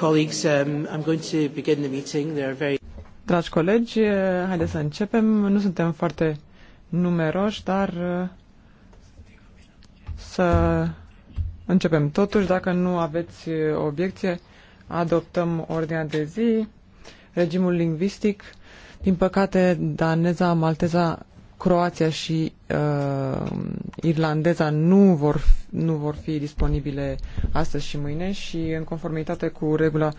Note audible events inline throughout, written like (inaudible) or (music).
colleagues, um, I'm going to begin the meeting. There are very... Dragi colegi, uh, haideți să începem. Nu suntem foarte numeroși, dar uh, să începem. Totuși, dacă nu aveți uh, obiecție, adoptăm ordinea de zi, regimul lingvistic. Din păcate, daneza, malteza, croația și uh, irlandeza nu vor, nu vor fi disponibile astăzi și mâine și în conformitate cu regula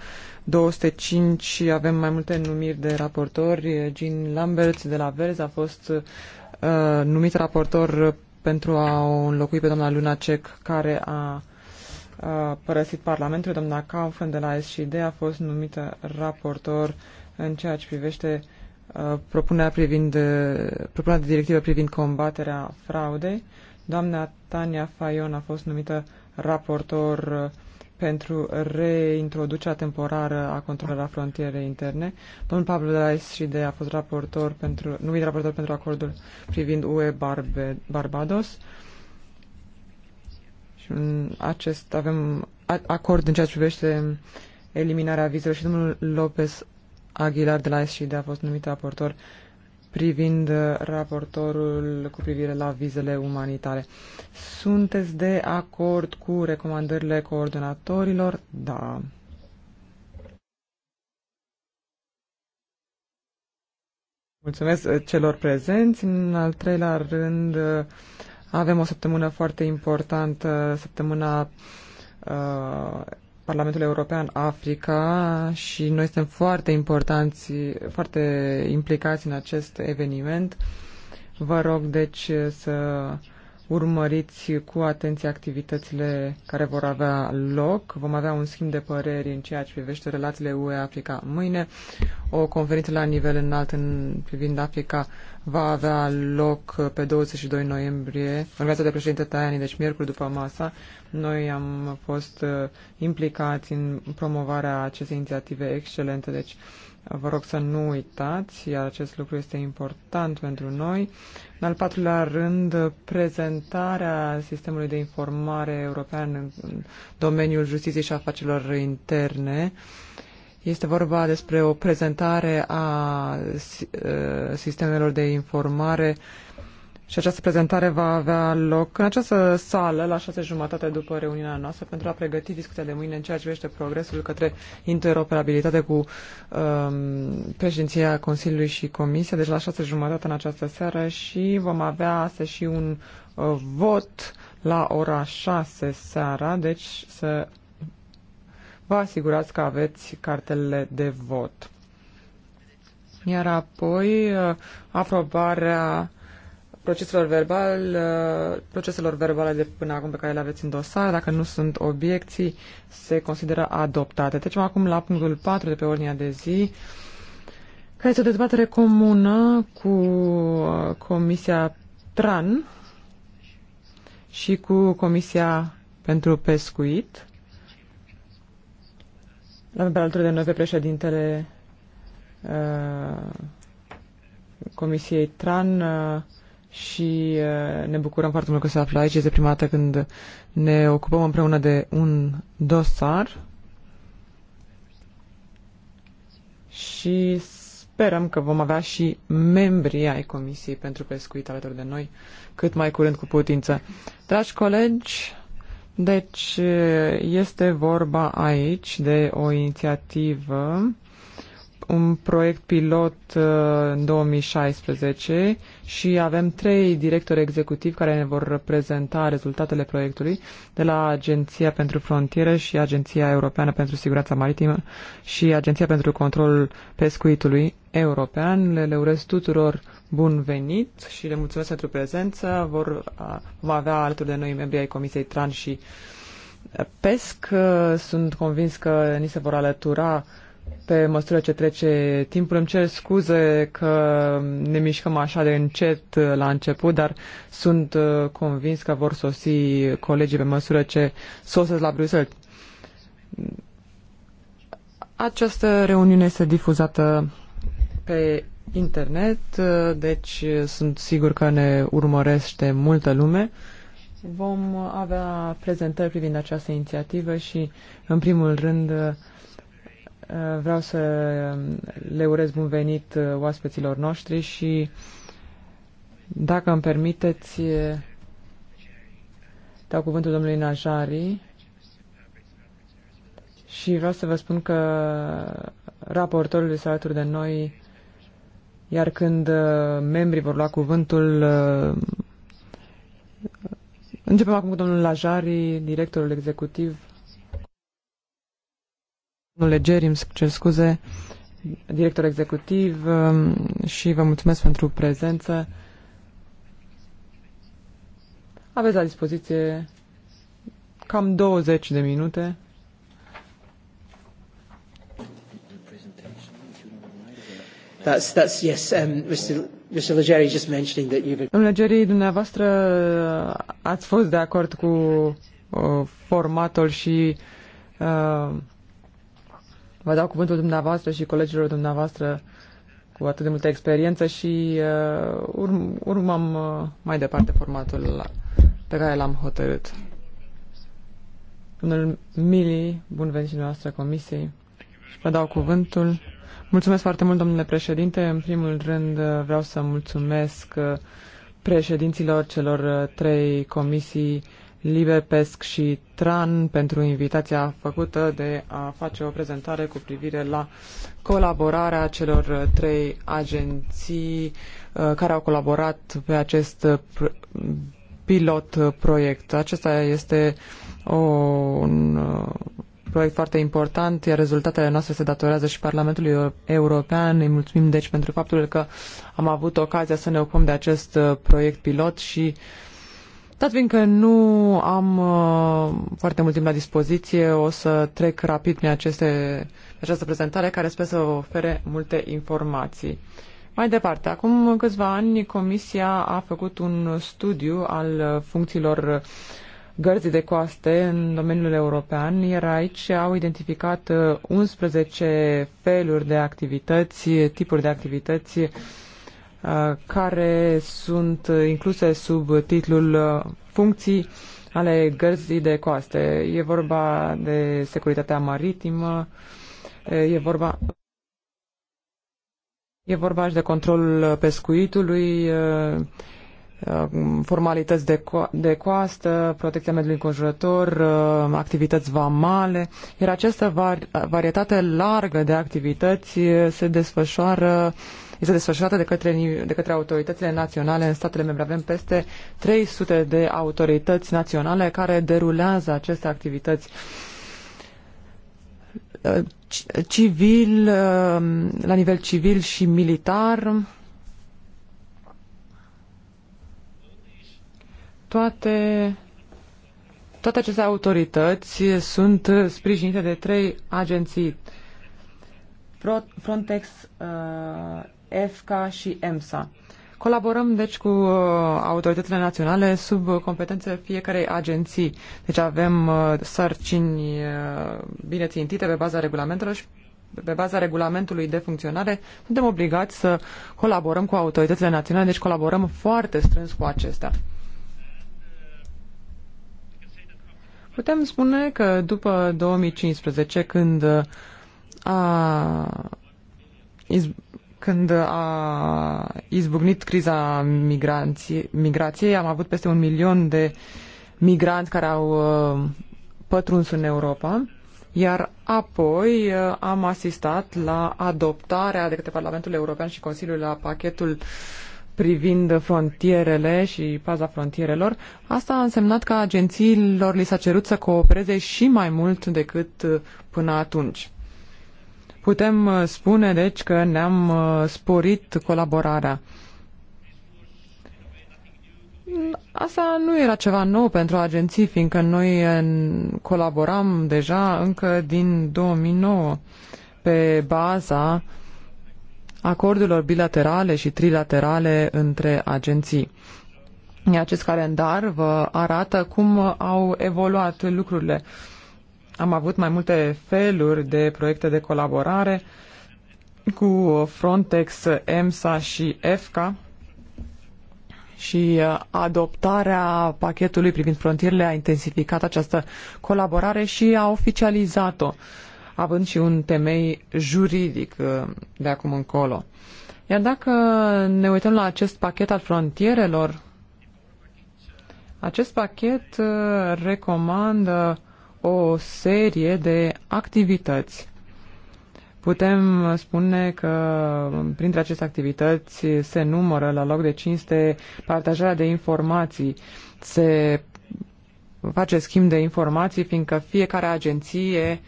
205 avem mai multe numiri de raportori. Jean Lambert de la Verz a fost uh, numit raportor pentru a o înlocui pe doamna Lunacek care a uh, părăsit Parlamentul. Doamna Kaufen de la SCD a fost numită raportor în ceea ce privește uh, Uh, propunerea, privind, uh, propunerea de directivă privind combaterea fraudei. Doamna Tania Fayon a fost numită raportor uh, pentru reintroducerea temporară a controlelor la frontiere interne. Domnul Pablo Dais și de a fost raportor pentru, numit raportor pentru acordul privind UE Barbe, Barbados. Și în acest avem acord în ceea ce privește eliminarea vizelor și domnul Lopez Aguilar de la SCD a fost numit raportor privind uh, raportorul cu privire la vizele umanitare. Sunteți de acord cu recomandările coordonatorilor? Da. Mulțumesc uh, celor prezenți. În al treilea rând, uh, avem o săptămână foarte importantă, săptămâna uh, Parlamentul European Africa și noi suntem foarte importanți, foarte implicați în acest eveniment. Vă rog deci să urmăriți cu atenție activitățile care vor avea loc. Vom avea un schimb de păreri în ceea ce privește relațiile UE-Africa mâine. O conferință la nivel înalt în privind Africa va avea loc pe 22 noiembrie, viața de președinte Tajani, deci miercuri după masa. Noi am fost uh, implicați în promovarea acestei inițiative excelente, deci Vă rog să nu uitați, iar acest lucru este important pentru noi. În al patrulea rând, prezentarea sistemului de informare european în domeniul justiției și afacerilor interne. Este vorba despre o prezentare a uh, sistemelor de informare uh, și această prezentare va avea loc în această sală la șase jumătate după reuniunea noastră pentru a pregăti discuția de mâine în ceea ce privește progresul către interoperabilitate cu um, președinția Consiliului și Comisia, deci la șase jumătate în această seară și vom avea astăzi și un uh, vot la ora 6 seara, deci să vă asigurați că aveți cartele de vot. Iar apoi uh, aprobarea proceselor, verbal, uh, proceselor verbale de până acum pe care le aveți în dosar. Dacă nu sunt obiecții, se consideră adoptate. Trecem acum la punctul 4 de pe ordinea de zi, care este o dezbatere comună cu uh, Comisia TRAN și cu Comisia pentru Pescuit. La pe alături de noi pe președintele uh, Comisiei TRAN, uh, și uh, ne bucurăm foarte mult că se află aici. Este prima dată când ne ocupăm împreună de un dosar și sperăm că vom avea și membrii ai Comisiei pentru Pescuit alături de noi cât mai curând cu putință. Dragi colegi, deci este vorba aici de o inițiativă un proiect pilot uh, în 2016 și avem trei directori executivi care ne vor prezenta rezultatele proiectului de la Agenția pentru Frontiere și Agenția Europeană pentru Siguranța Maritimă și Agenția pentru control Pescuitului European. Le, le urez tuturor bun venit și le mulțumesc pentru prezență. Vor, vom avea alături de noi membri ai Comisiei Tran și PESC. Sunt convins că ni se vor alătura pe măsură ce trece timpul. Îmi cer scuze că ne mișcăm așa de încet la început, dar sunt uh, convins că vor sosi colegii pe măsură ce sosesc la Bruxelles. Această reuniune este difuzată pe internet, uh, deci sunt sigur că ne urmărește multă lume. Vom avea prezentări privind această inițiativă și, în primul rând, Eh, vreau să mm, le urez bun venit eh, oaspeților noștri și, dacă îmi permiteți, eh, dau cuvântul domnului Najari și vreau să vă spun că raportorul este alături de noi, iar când membrii vor lua cuvântul, începem acum cu domnul Lajari, directorul executiv Domnule Gerim, cer scuze, director executiv um, și vă mulțumesc pentru prezență. Aveți la dispoziție cam 20 de minute. That's, that's, yes, um, Mr. Mr. Legeri just mentioning that you've... Domnule Legeri, dumneavoastră ați fost de acord cu uh, formatul și uh, vă dau cuvântul dumneavoastră și colegilor dumneavoastră cu atât de multă experiență și uh, urm, urmăm uh, mai departe formatul pe care l-am hotărât. Domnul Mili, bun venit și noastră comisiei. Vă dau cuvântul. Mulțumesc foarte mult, domnule președinte. În primul rând uh, vreau să mulțumesc uh, președinților celor uh, trei comisii Liber Pesc și Tran pentru invitația făcută de a face o prezentare cu privire la colaborarea celor trei agenții uh, care au colaborat pe acest pilot proiect. Acesta este o, un uh, proiect foarte important, iar rezultatele noastre se datorează și Parlamentului European. Îi mulțumim deci pentru faptul că am avut ocazia să ne ocupăm de acest uh, proiect pilot și uh, Dat fiindcă nu am uh, foarte mult timp la dispoziție, o să trec rapid prin aceste, această prezentare care sper să ofere multe informații. Mai departe, acum câțiva ani Comisia a făcut un studiu al funcțiilor gărzii de coaste în domeniul european, iar aici au identificat 11 uh, feluri de activități, tipuri de activități Uh, care sunt incluse sub titlul uh, Funcții ale gărzii de coaste. E vorba de securitatea maritimă, uh, e vorba... E vorba și de controlul pescuitului, formalități de, co- de coastă, protecția mediului înconjurător, activități vamale, iar această var- varietate largă de activități se desfășoară uh, este desfășurată de către, de către autoritățile naționale în statele membre. Avem peste 300 de autorități naționale care derulează aceste activități civil, um, la nivel civil și militar. Toate toate aceste autorități sunt sprijinite de trei agenții. Frontex, uh, FK și EMSA. Colaborăm, deci, cu uh, autoritățile naționale sub competențele fiecarei agenții. Deci avem uh, sarcini uh, bine țintite pe baza regulamentelor și pe baza regulamentului de funcționare, suntem obligați să colaborăm cu autoritățile naționale, deci colaborăm foarte strâns cu acestea. Putem spune că după 2015, când a, când a izbucnit criza migranție, migrației, am avut peste un milion de migranți care au uh, pătruns în Europa, iar apoi uh, am asistat la adoptarea de către Parlamentul European și Consiliul la pachetul privind frontierele și paza frontierelor. Asta a însemnat că agențiilor li s-a cerut să coopereze și mai mult decât uh, până atunci. Putem uh, spune, deci, că ne-am uh, sporit colaborarea. Asta nu era ceva nou pentru agenții, fiindcă noi uh, colaboram deja încă din 2009 pe baza acordurilor bilaterale și trilaterale între agenții. Acest calendar vă arată cum au evoluat lucrurile. Am avut mai multe feluri de proiecte de colaborare cu Frontex, EMSA și EFCA și uh, adoptarea pachetului privind frontierele a intensificat această colaborare și a oficializat-o, având și un temei juridic uh, de acum încolo. Iar dacă ne uităm la acest pachet al frontierelor, acest pachet uh, recomandă o serie de activități. Putem spune că printre aceste activități se numără la loc de cinste partajarea de informații, se face schimb de informații, fiindcă fiecare agenție uh,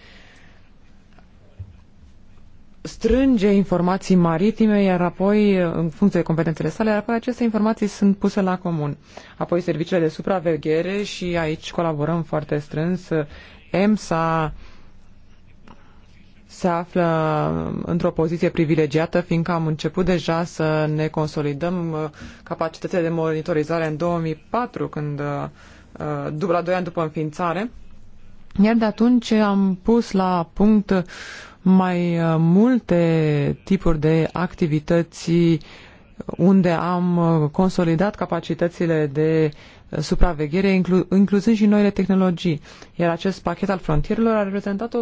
strânge informații maritime, iar apoi, în funcție de competențele sale, iar apoi aceste informații sunt puse la comun. Apoi serviciile de supraveghere și aici colaborăm foarte strâns. EMSA se află într-o poziție privilegiată, fiindcă am început deja să ne consolidăm uh, capacitățile de monitorizare în 2004, când, uh, la doi ani după înființare. Iar de atunci am pus la punct mai uh, multe tipuri de activități unde am uh, consolidat capacitățile de uh, supraveghere, inclu- incluzând și noile tehnologii. Iar acest pachet al frontierelor a reprezentat o,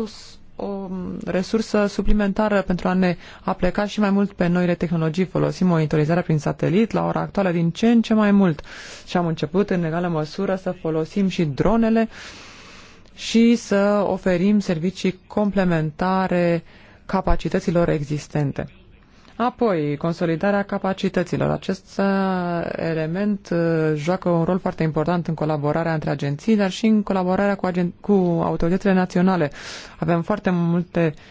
o mm, resursă suplimentară pentru a ne apleca și mai mult pe noile tehnologii. Folosim monitorizarea prin satelit la ora actuală din ce în ce mai mult și am început în egală măsură să folosim și dronele uh, și să oferim servicii complementare capacităților existente. Apoi, consolidarea capacităților. Acest uh, element uh, joacă un rol foarte important în colaborarea între agenții, dar și în colaborarea cu, agen- cu autoritățile naționale. Avem foarte multe uh,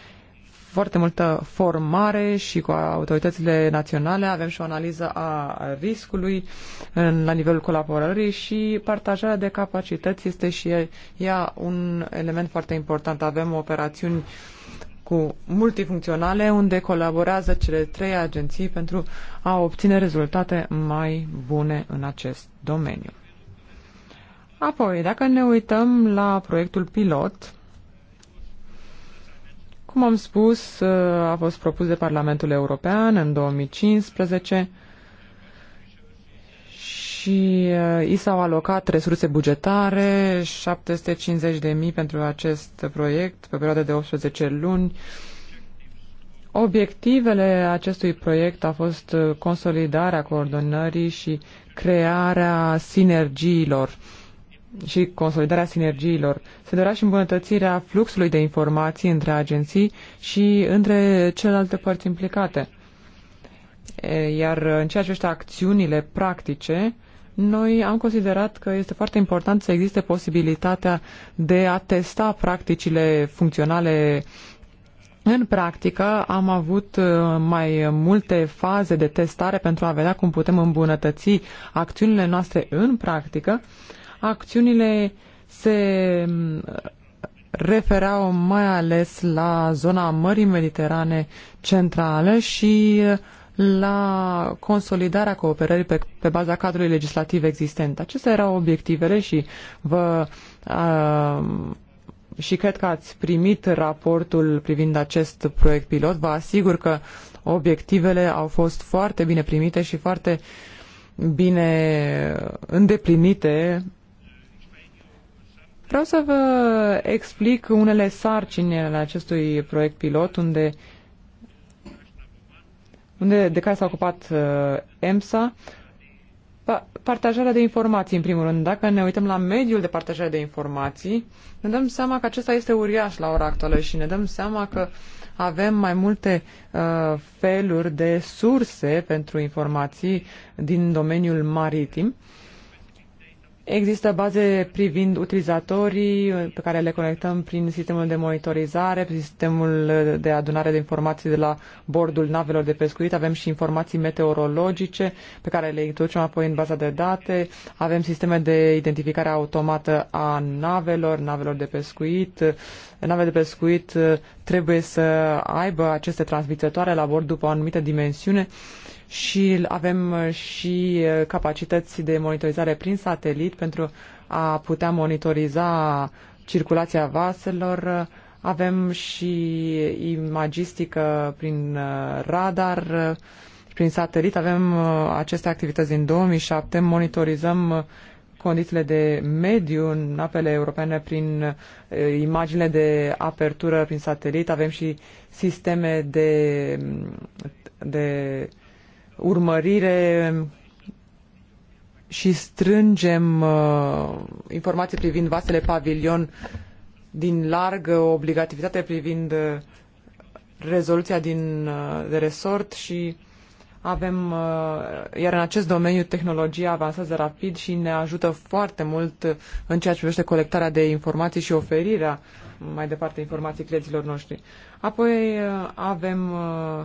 foarte multă formare și cu autoritățile naționale. Avem și o analiză a riscului în, la nivelul colaborării și partajarea de capacități este și ea un element foarte important. Avem operațiuni cu multifuncționale unde colaborează cele trei agenții pentru a obține rezultate mai bune în acest domeniu. Apoi, dacă ne uităm la proiectul pilot, cum am spus, uh, a fost propus de Parlamentul European în 2015 și uh, i s-au alocat resurse bugetare, 750.000 pentru acest proiect pe perioada de 18 luni. Obiectivele acestui proiect a fost uh, consolidarea coordonării și crearea sinergiilor și consolidarea sinergiilor. Se dorea și îmbunătățirea fluxului de informații între agenții și între celelalte părți implicate. Iar în ceea ce acțiunile practice, noi am considerat că este foarte important să existe posibilitatea de a testa practicile funcționale în practică am avut uh, mai multe faze de testare pentru a vedea cum putem îmbunătăți acțiunile noastre în practică Acțiunile se mm, referau mai ales la zona Mării Mediterane Centrale și la consolidarea cooperării pe, pe baza cadrului legislativ existent. Acestea erau obiectivele și vă a, uh, și cred că ați primit raportul privind acest proiect pilot. Vă asigur că obiectivele au fost foarte bine primite și foarte bine îndeplinite Vreau să vă explic unele sarcini ale acestui proiect pilot unde, unde de care s-a ocupat uh, EMSA. Pa, partajarea de informații, în primul rând. Dacă ne uităm la mediul de partajare de informații, ne dăm seama că acesta este uriaș la ora actuală și ne dăm seama că avem mai multe uh, feluri de surse pentru informații din domeniul maritim. Uh, Există baze privind utilizatorii uh, pe care le conectăm prin sistemul de monitorizare, prin sistemul uh, de adunare de informații de la bordul navelor de pescuit. Avem și informații meteorologice pe care le introducem apoi în baza de date. Avem sisteme de identificare automată a navelor, navelor de pescuit. Navele de pescuit uh, trebuie să aibă aceste transmițătoare la bord după o anumită dimensiune și avem uh, și uh, capacități de monitorizare prin satelit pentru a putea monitoriza circulația vaselor. Avem și imagistică prin uh, radar, prin satelit. Avem aceste activități din 2007. Monitorizăm condițiile de mediu în apele europene prin imagine de apertură prin satelit. Avem și sisteme de, de urmărire și strângem uh, informații privind vasele pavilion din largă obligativitate privind uh, rezoluția din, uh, de resort și avem, uh, iar în acest domeniu tehnologia avansează rapid și ne ajută foarte mult în ceea ce privește colectarea de informații și oferirea mai departe informații clienților noștri. Apoi avem uh,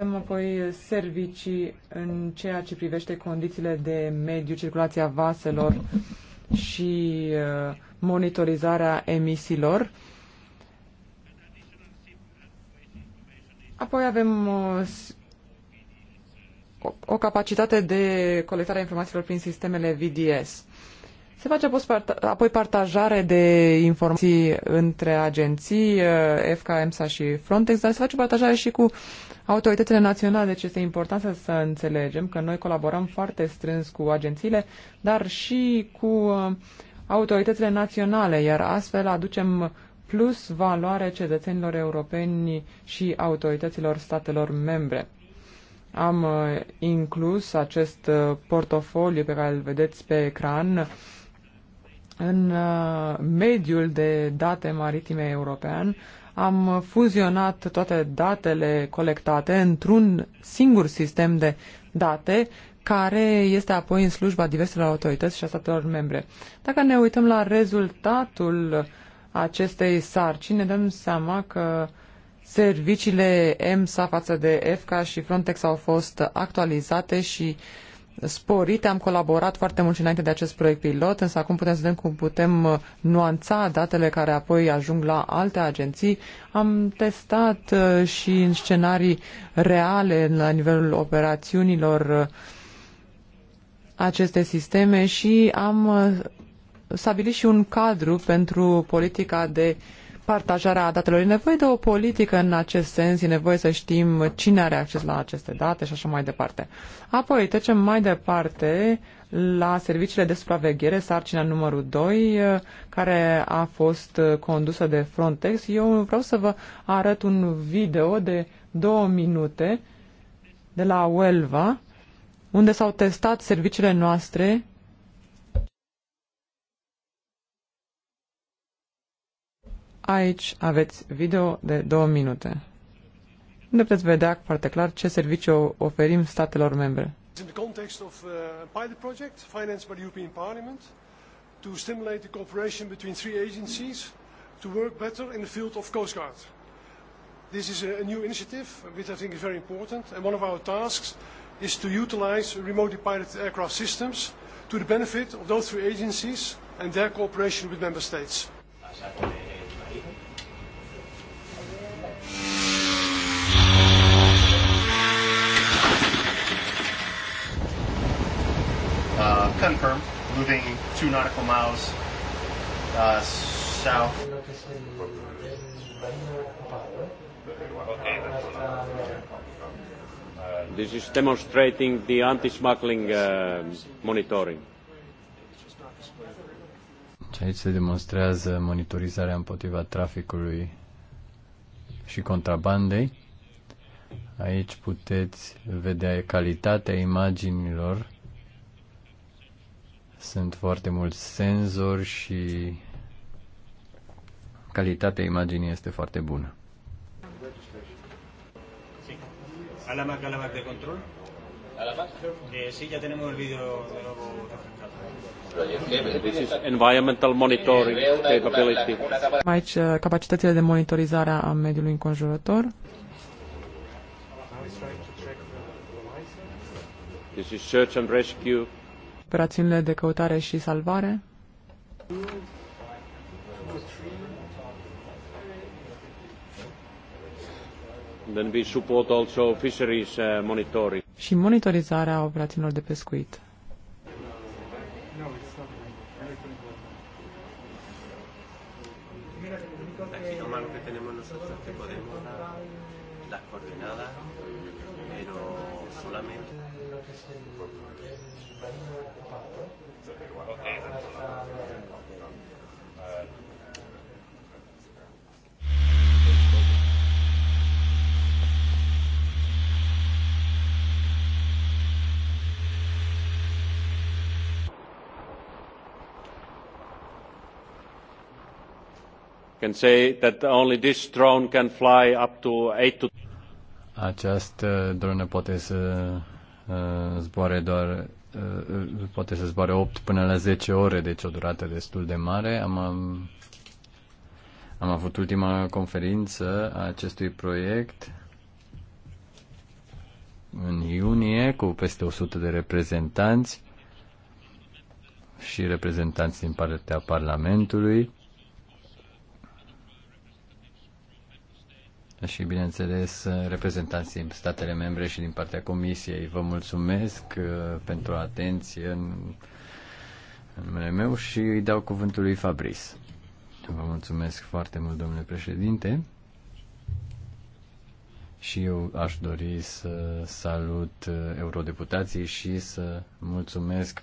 Avem apoi servicii în ceea ce privește condițiile de mediu, circulația vaselor și uh, monitorizarea emisiilor. Apoi avem uh, o, o capacitate de colectare a informațiilor prin sistemele VDS. Se face apoi partajare de informații între agenții, uh, FKMSA și Frontex, dar se face partajare și cu autoritățile naționale. Deci este important să înțelegem că noi colaborăm foarte strâns cu agențiile, dar și cu uh, autoritățile naționale, iar astfel aducem plus valoare cetățenilor europeni și autorităților statelor membre. Am uh, inclus acest uh, portofoliu pe care îl vedeți pe ecran în mediul de date maritime european, am fuzionat toate datele colectate într-un singur sistem de date care este apoi în slujba diverselor autorități și a statelor membre. Dacă ne uităm la rezultatul acestei sarcini, ne dăm seama că serviciile EMSA față de EFCA și Frontex au fost actualizate și uh, sporite. Am colaborat foarte mult și înainte de acest proiect pilot, însă acum putem să vedem cum putem uh, nuanța datele care apoi ajung la alte agenții. Am testat uh, și în scenarii reale la nivelul operațiunilor uh, aceste sisteme și am stabilit și un cadru pentru politica de uh, partajarea datelor. E nevoie de o politică în acest sens, e nevoie să știm cine are acces la aceste date și așa mai departe. Apoi trecem mai departe la serviciile de supraveghere, sarcina numărul 2, care a fost condusă de Frontex. Eu vreau să vă arăt un video de două minute de la Uelva, unde s-au testat serviciile noastre Aici aveți video de două minute. Unde puteți vedea foarte clar ce serviciu oferim statelor membre. In the context of uh, a pilot project financed by the European Parliament to stimulate the cooperation between three agencies to work better in the field of Coast Guard. This is a new initiative which I think is very important and one of our tasks is to utilize remotely piloted aircraft systems to the benefit of those three agencies and their cooperation with member states. Așa, uh, confirmed, moving two nautical miles uh, south. This is demonstrating the anti-smuggling uh, monitoring. Aici se demonstrează monitorizarea împotriva traficului și contrabandei. Aici puteți vedea calitatea imaginilor sunt foarte mulți senzori și calitatea imaginii este foarte bună. Alamac, Alamac de control. Eh, environmental monitoring capability. Aici eh, capacitățile de monitorizare a mediului înconjurător. This is search and rescue operațiunile de căutare și salvare. Then we support also fisheries uh, monitoring. Și monitorizarea operațiunilor de pescuit. can say that only this drone can fly up to 8 to Această dronă poate să uh, zboare doar uh, poate să zboare 8 până la 10 ore, deci o durată destul de mare. Am am avut ultima conferință a acestui proiect în iunie cu peste 100 de reprezentanți și reprezentanți din partea Parlamentului și, bineînțeles, reprezentanții statele membre și din partea Comisiei. Vă mulțumesc uh, pentru atenție în, în numele meu și îi dau cuvântul lui Fabris. Vă mulțumesc foarte mult, domnule președinte. Și eu aș dori să salut uh, eurodeputații și să mulțumesc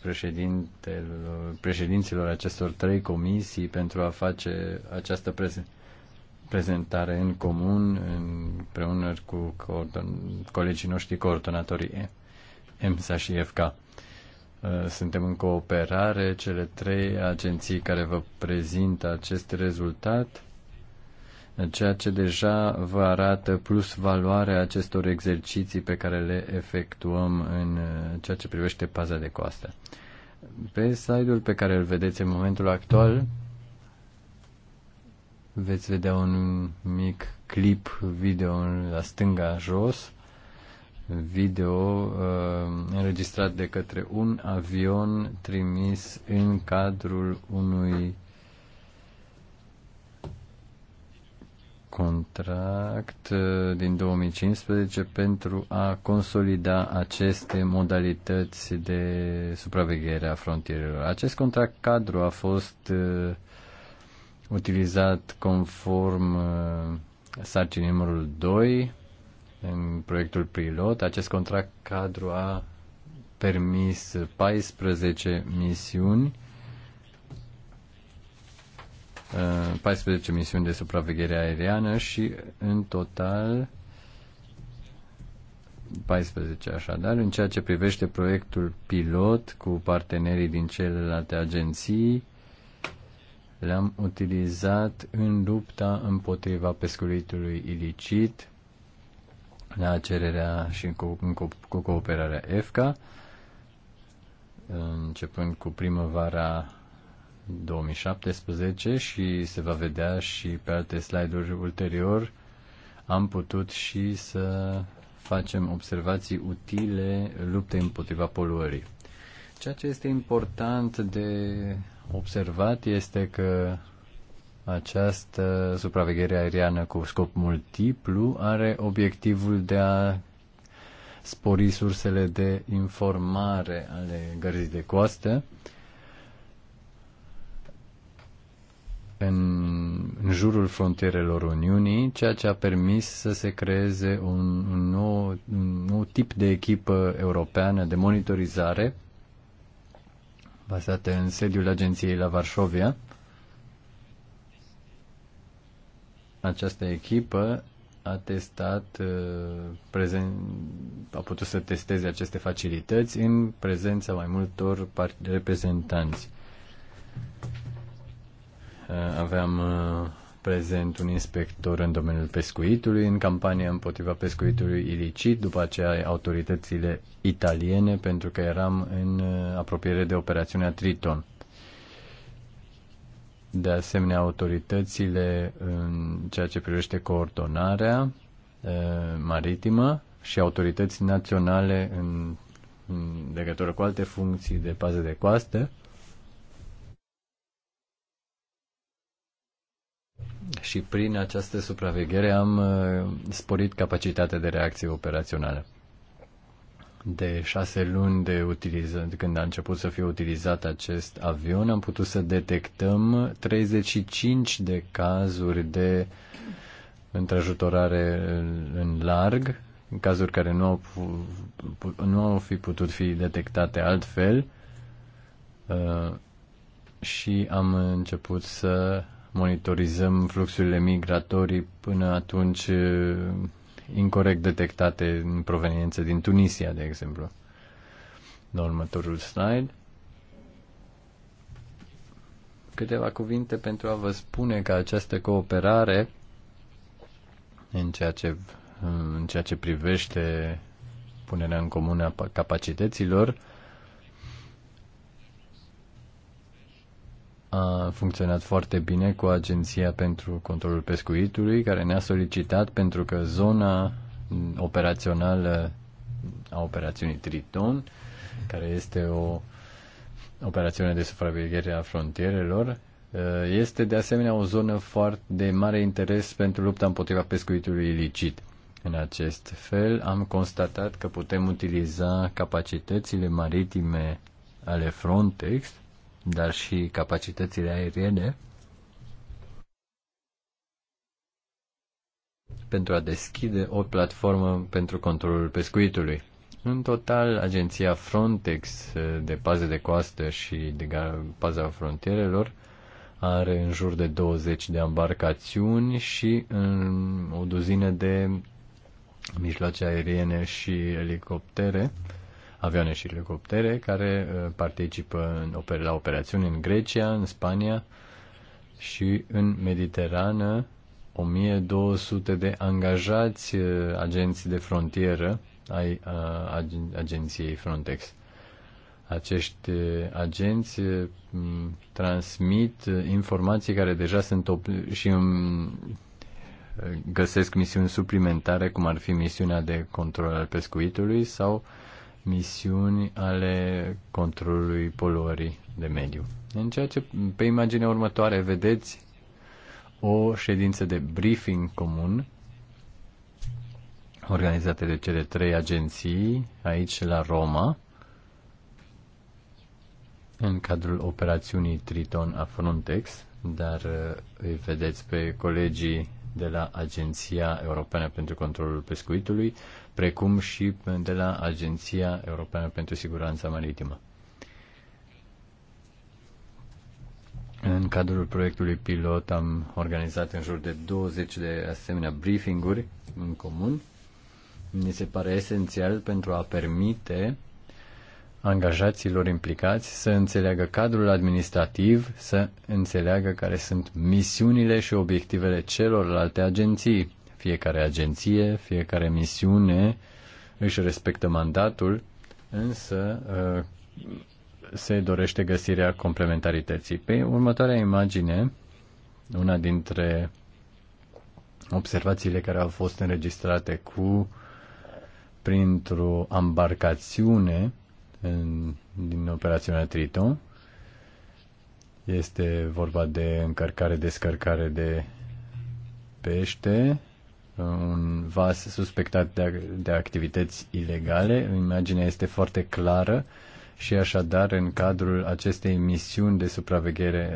președinților acestor trei comisii pentru a face această prezentare prezentare în comun împreună cu colegii noștri coordonatorii EMSA și FK. Uh, suntem în cooperare, cele trei agenții care vă prezintă acest rezultat, ceea ce deja vă arată plus valoarea acestor exerciții pe care le efectuăm în uh, ceea ce privește paza de coastă. Pe site-ul pe care îl vedeți în momentul actual, veți vedea un mic clip video la stânga jos, video uh, înregistrat de către un avion trimis în cadrul unui contract uh, din 2015 pentru a consolida aceste modalități de supraveghere a frontierelor. Acest contract cadru a fost uh, utilizat conform uh, sarcinii numărul 2 în proiectul pilot. Acest contract cadru a permis 14 misiuni 14 uh, misiuni de supraveghere aeriană și în total 14 așadar, în ceea ce privește proiectul pilot cu partenerii din celelalte agenții, le-am utilizat în lupta împotriva pescuitului ilicit, la cererea și cu, cu, cu cooperarea EFCA, începând cu primăvara 2017 și se va vedea și pe alte slide-uri ulterior, am putut și să facem observații utile luptei împotriva poluării. Ceea ce este important de observat este că această supraveghere aeriană cu scop multiplu are obiectivul de a spori sursele de informare ale gărzii de coastă în, în jurul frontierelor Uniunii, ceea ce a permis să se creeze un, un, nou, un nou tip de echipă europeană de monitorizare bazate în sediul agenției la Varșovia. Această echipă a testat, uh, prezen, a putut să testeze aceste facilități în prezența mai multor reprezentanți. Uh, aveam uh, prezent un inspector în domeniul pescuitului, în campania împotriva pescuitului ilicit, după aceea autoritățile italiene, pentru că eram în uh, apropiere de operațiunea Triton. De asemenea, autoritățile în ceea ce privește coordonarea uh, maritimă și autorități naționale în, în legătură cu alte funcții de pază de coastă, și prin această supraveghere am uh, sporit capacitatea de reacție operațională. De șase luni de utiliză, când a început să fie utilizat acest avion, am putut să detectăm 35 de cazuri de întrajutorare în larg, în cazuri care nu au, nu au fi putut fi detectate altfel uh, și am început să monitorizăm fluxurile migratorii până atunci eh, incorrect detectate în proveniență din Tunisia, de exemplu. La următorul slide. Câteva cuvinte pentru a vă spune că această cooperare în ceea ce, în ceea ce privește punerea în comun a capacităților a funcționat foarte bine cu Agenția pentru Controlul Pescuitului, care ne-a solicitat pentru că zona operațională a operațiunii Triton, care este o operațiune de supraveghere a frontierelor, uh, este de asemenea o zonă foarte de mare interes pentru lupta împotriva pescuitului ilicit. În acest fel am constatat că putem utiliza capacitățile maritime ale Frontex dar și capacitățile aeriene pentru a deschide o platformă pentru controlul pescuitului. În total, agenția Frontex de pază de coastă și de paza frontierelor are în jur de 20 de embarcațiuni și în o duzină de mijloace aeriene și elicoptere avioane și elicoptere care uh, participă în, oper- la operațiuni în Grecia, în Spania și în Mediterană 1200 de angajați uh, agenți de frontieră ai uh, agenției Frontex. Acești agenți transmit informații care deja sunt și um, găsesc misiuni suplimentare, cum ar fi misiunea de control al pescuitului sau uh, misiuni ale controlului poluării de mediu. În ceea ce pe imaginea următoare vedeți o ședință de briefing comun organizată de cele trei agenții aici la Roma în cadrul operațiunii Triton a Frontex, dar uh, îi vedeți pe colegii de la Agenția Europeană pentru Controlul Pescuitului, precum și de la Agenția Europeană pentru Siguranța Maritimă. În cadrul proiectului pilot am organizat în jur de 20 de asemenea briefinguri în comun. Mi se pare esențial pentru a permite angajaților implicați să înțeleagă cadrul administrativ, să înțeleagă care sunt misiunile și obiectivele celorlalte agenții, fiecare agenție, fiecare misiune își respectă mandatul, însă uh, se dorește găsirea complementarității. Pe următoarea imagine, una dintre observațiile care au fost înregistrate cu printr-o embarcațiune în, din operațiunea Triton. Este vorba de încărcare-descărcare de pește un vas suspectat de, de activități ilegale. Imaginea este foarte clară și așadar în cadrul acestei misiuni de supraveghere,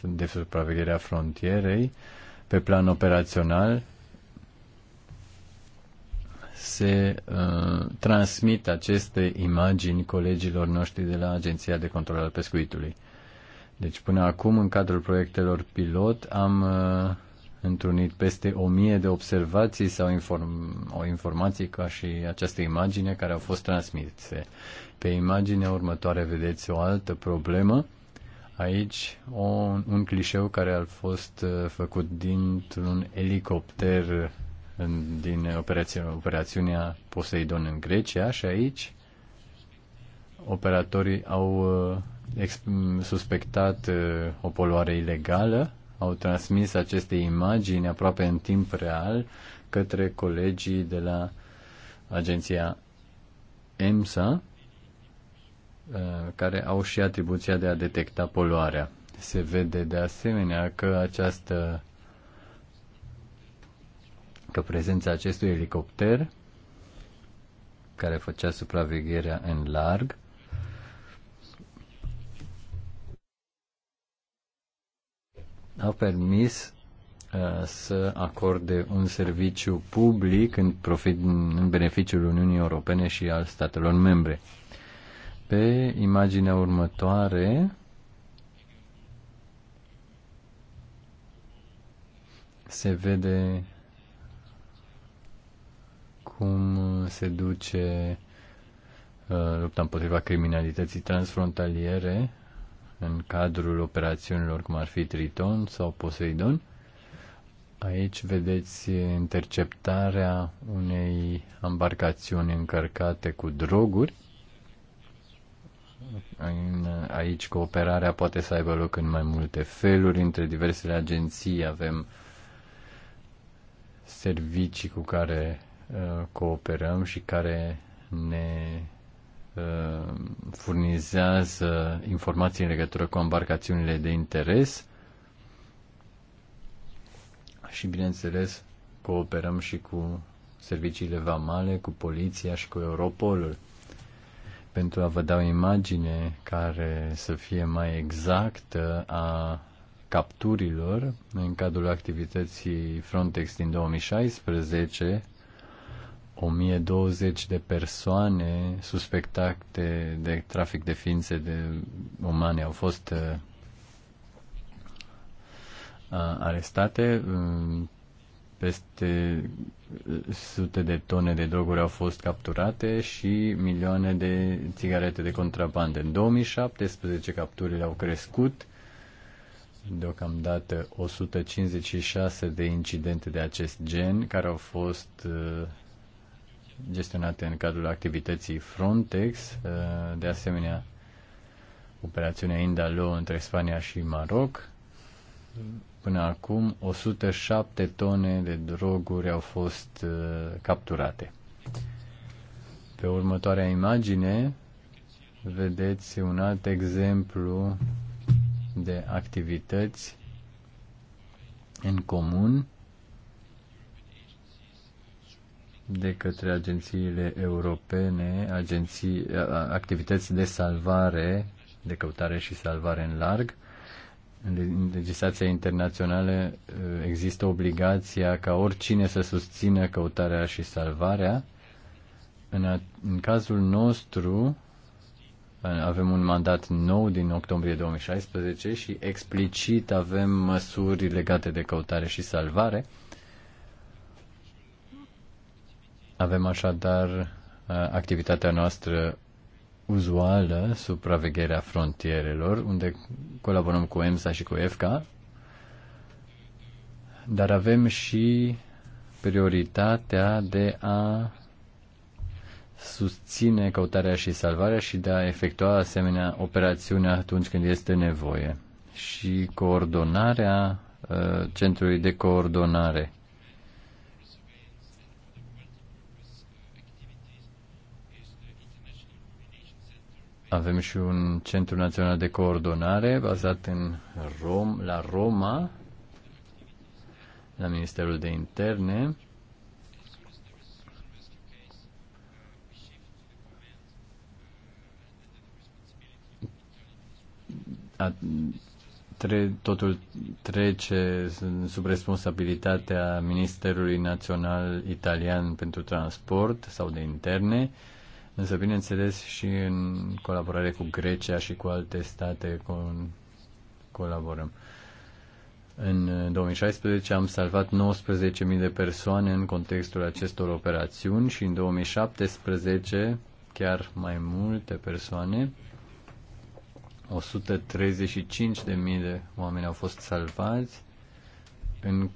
de supraveghere a frontierei pe plan operațional se uh, transmit aceste imagini colegilor noștri de la Agenția de Control al Pescuitului. Deci până acum, în cadrul proiectelor pilot, am uh, întrunit peste o mie de observații sau inform, o informații ca și această imagine care au fost transmise. Pe imaginea următoare vedeți o altă problemă. Aici o, un clișeu care a fost uh, făcut dintr-un elicopter uh, în, din operațiunea, operațiunea Poseidon în Grecia și aici operatorii au uh, suspectat o poluare ilegală au transmis aceste imagini aproape în timp real către colegii de la agenția EMSA, uh, care au și atribuția de a detecta poluarea. Se vede de asemenea că această că prezența acestui elicopter care făcea supravegherea în larg a permis uh, să acorde un serviciu public în, profit, în beneficiul Uniunii Europene și al statelor membre. Pe imaginea următoare se vede cum se duce uh, lupta împotriva criminalității transfrontaliere în cadrul operațiunilor cum ar fi Triton sau Poseidon. Aici vedeți interceptarea unei embarcațiuni încărcate cu droguri. Aici cooperarea poate să aibă loc în mai multe feluri. Între diversele agenții avem servicii cu care uh, cooperăm și care ne Uh, furnizează informații în legătură cu embarcațiunile de interes și, bineînțeles, cooperăm și cu serviciile vamale, cu poliția și cu Europolul pentru a vă da o imagine care să fie mai exactă a capturilor în cadrul activității Frontex din 2016, 1020 de persoane suspectate de trafic de ființe de umane au fost uh, arestate. Mm, peste sute de tone de droguri au fost capturate și milioane de țigarete de contrabandă. În 2017 capturile au crescut deocamdată 156 de incidente de acest gen care au fost uh, gestionate în cadrul activității Frontex, uh, de asemenea operațiunea Indalo între Spania și Maroc. Până acum 107 tone de droguri au fost uh, capturate. Pe următoarea imagine vedeți un alt exemplu de activități în comun de către agențiile europene, agenții, activități de salvare, de căutare și salvare în larg. În legislația internațională există obligația ca oricine să susțină căutarea și salvarea. În, a, în cazul nostru, avem un mandat nou din octombrie 2016 și explicit avem măsuri legate de căutare și salvare Avem așadar uh, activitatea noastră uzuală, supravegherea frontierelor, unde colaborăm cu EMSA și cu EFCA, dar avem și prioritatea de a susține căutarea și salvarea și de a efectua asemenea operațiune atunci când este nevoie și coordonarea uh, centrului de coordonare Avem și un centru național de coordonare bazat în Rom, la Roma, la Ministerul de Interne. A, tre, totul trece sub responsabilitatea Ministerului Național Italian pentru Transport sau de Interne. Uh, Însă, bineînțeles, și în colaborare cu Grecia și cu alte state colaborăm. În 2016 am salvat 19.000 de persoane în contextul acestor operațiuni și în 2017 chiar mai multe persoane. 135.000 de oameni au fost salvați în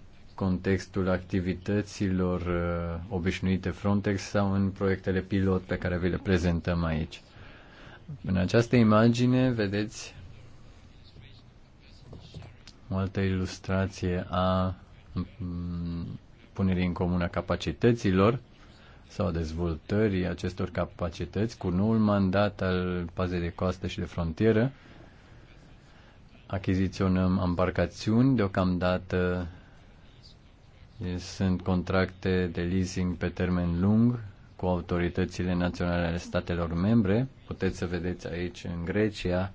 contextul activităților uh, obișnuite Frontex sau în proiectele pilot pe care vi le prezentăm aici. În această imagine vedeți o altă ilustrație a mm, punerii în comun a capacităților sau dezvoltării acestor capacități cu noul mandat al pazei de coastă și de frontieră. Achiziționăm embarcațiuni deocamdată sunt contracte de leasing pe termen lung cu autoritățile naționale ale statelor membre. Puteți să vedeți aici în Grecia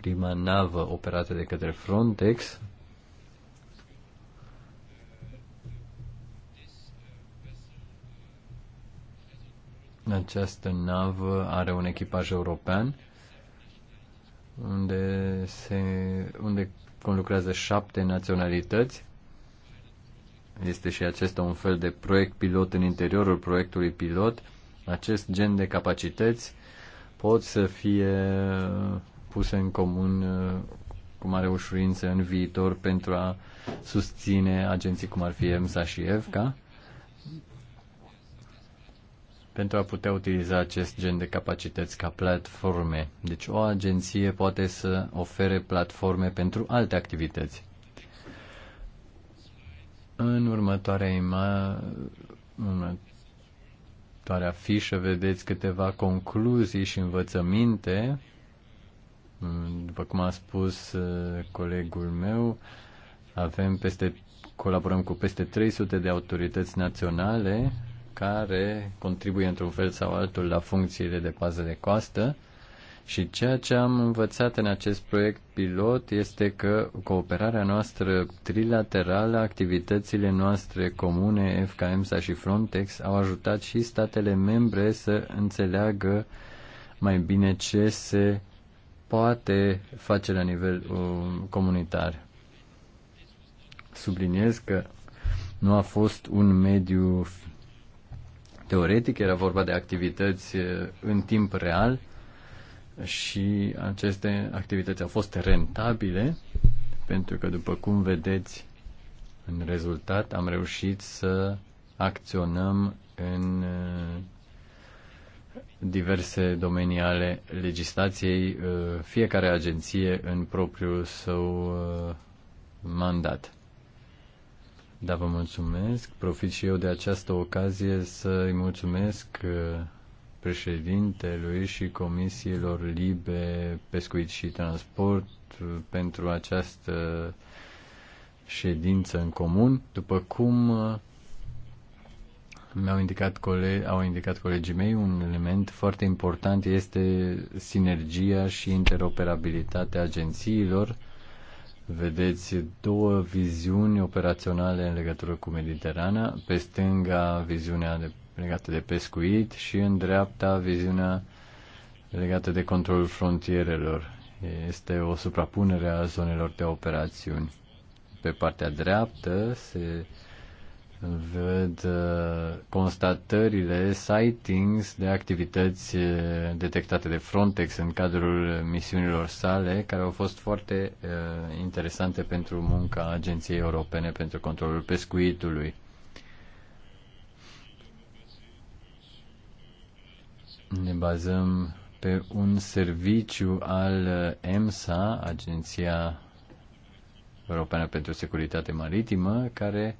prima navă operată de către Frontex. Această navă are un echipaj european unde, se, unde conlucrează șapte naționalități. Este și acesta un fel de proiect pilot în interiorul proiectului pilot. Acest gen de capacități pot să fie puse în comun uh, cu mare ușurință în viitor pentru a susține agenții cum ar fi EMSA și EVCA pentru a putea utiliza acest gen de capacități ca platforme. Deci o agenție poate să ofere platforme pentru alte activități. În următoarea ima, următoarea fișă vedeți câteva concluzii și învățăminte. După cum a spus uh, colegul meu, avem peste, colaborăm cu peste 300 de autorități naționale care contribuie într-un fel sau altul la funcțiile de pază de coastă. Și ceea ce am învățat în acest proiect pilot este că cooperarea noastră trilaterală, activitățile noastre comune, FKMSA și Frontex, au ajutat și statele membre să înțeleagă mai bine ce se poate face la nivel um, comunitar. Subliniez că nu a fost un mediu teoretic, era vorba de activități în timp real și aceste activități au fost rentabile pentru că, după cum vedeți, în rezultat am reușit să acționăm în diverse domenii ale legislației, fiecare agenție în propriul său mandat. Da, vă mulțumesc. Profit și eu de această ocazie să i mulțumesc uh, președintelui și comisiilor LIBE, Pescuit și Transport uh, pentru această ședință în comun. După cum uh, mi-au indicat colegi, au indicat colegii mei, un element foarte important este sinergia și interoperabilitatea agențiilor vedeți două viziuni operaționale în legătură cu Mediterana, pe stânga viziunea de, legată de pescuit și în dreapta viziunea legată de controlul frontierelor. Este o suprapunere a zonelor de operațiuni. Pe partea dreaptă se uh, văd uh, constatările sightings de activități uh, detectate de Frontex în cadrul misiunilor sale, care au fost foarte uh, interesante pentru munca Agenției Europene pentru Controlul Pescuitului. Ne bazăm pe un serviciu al uh, EMSA, Agenția Europeană pentru Securitate Maritimă, care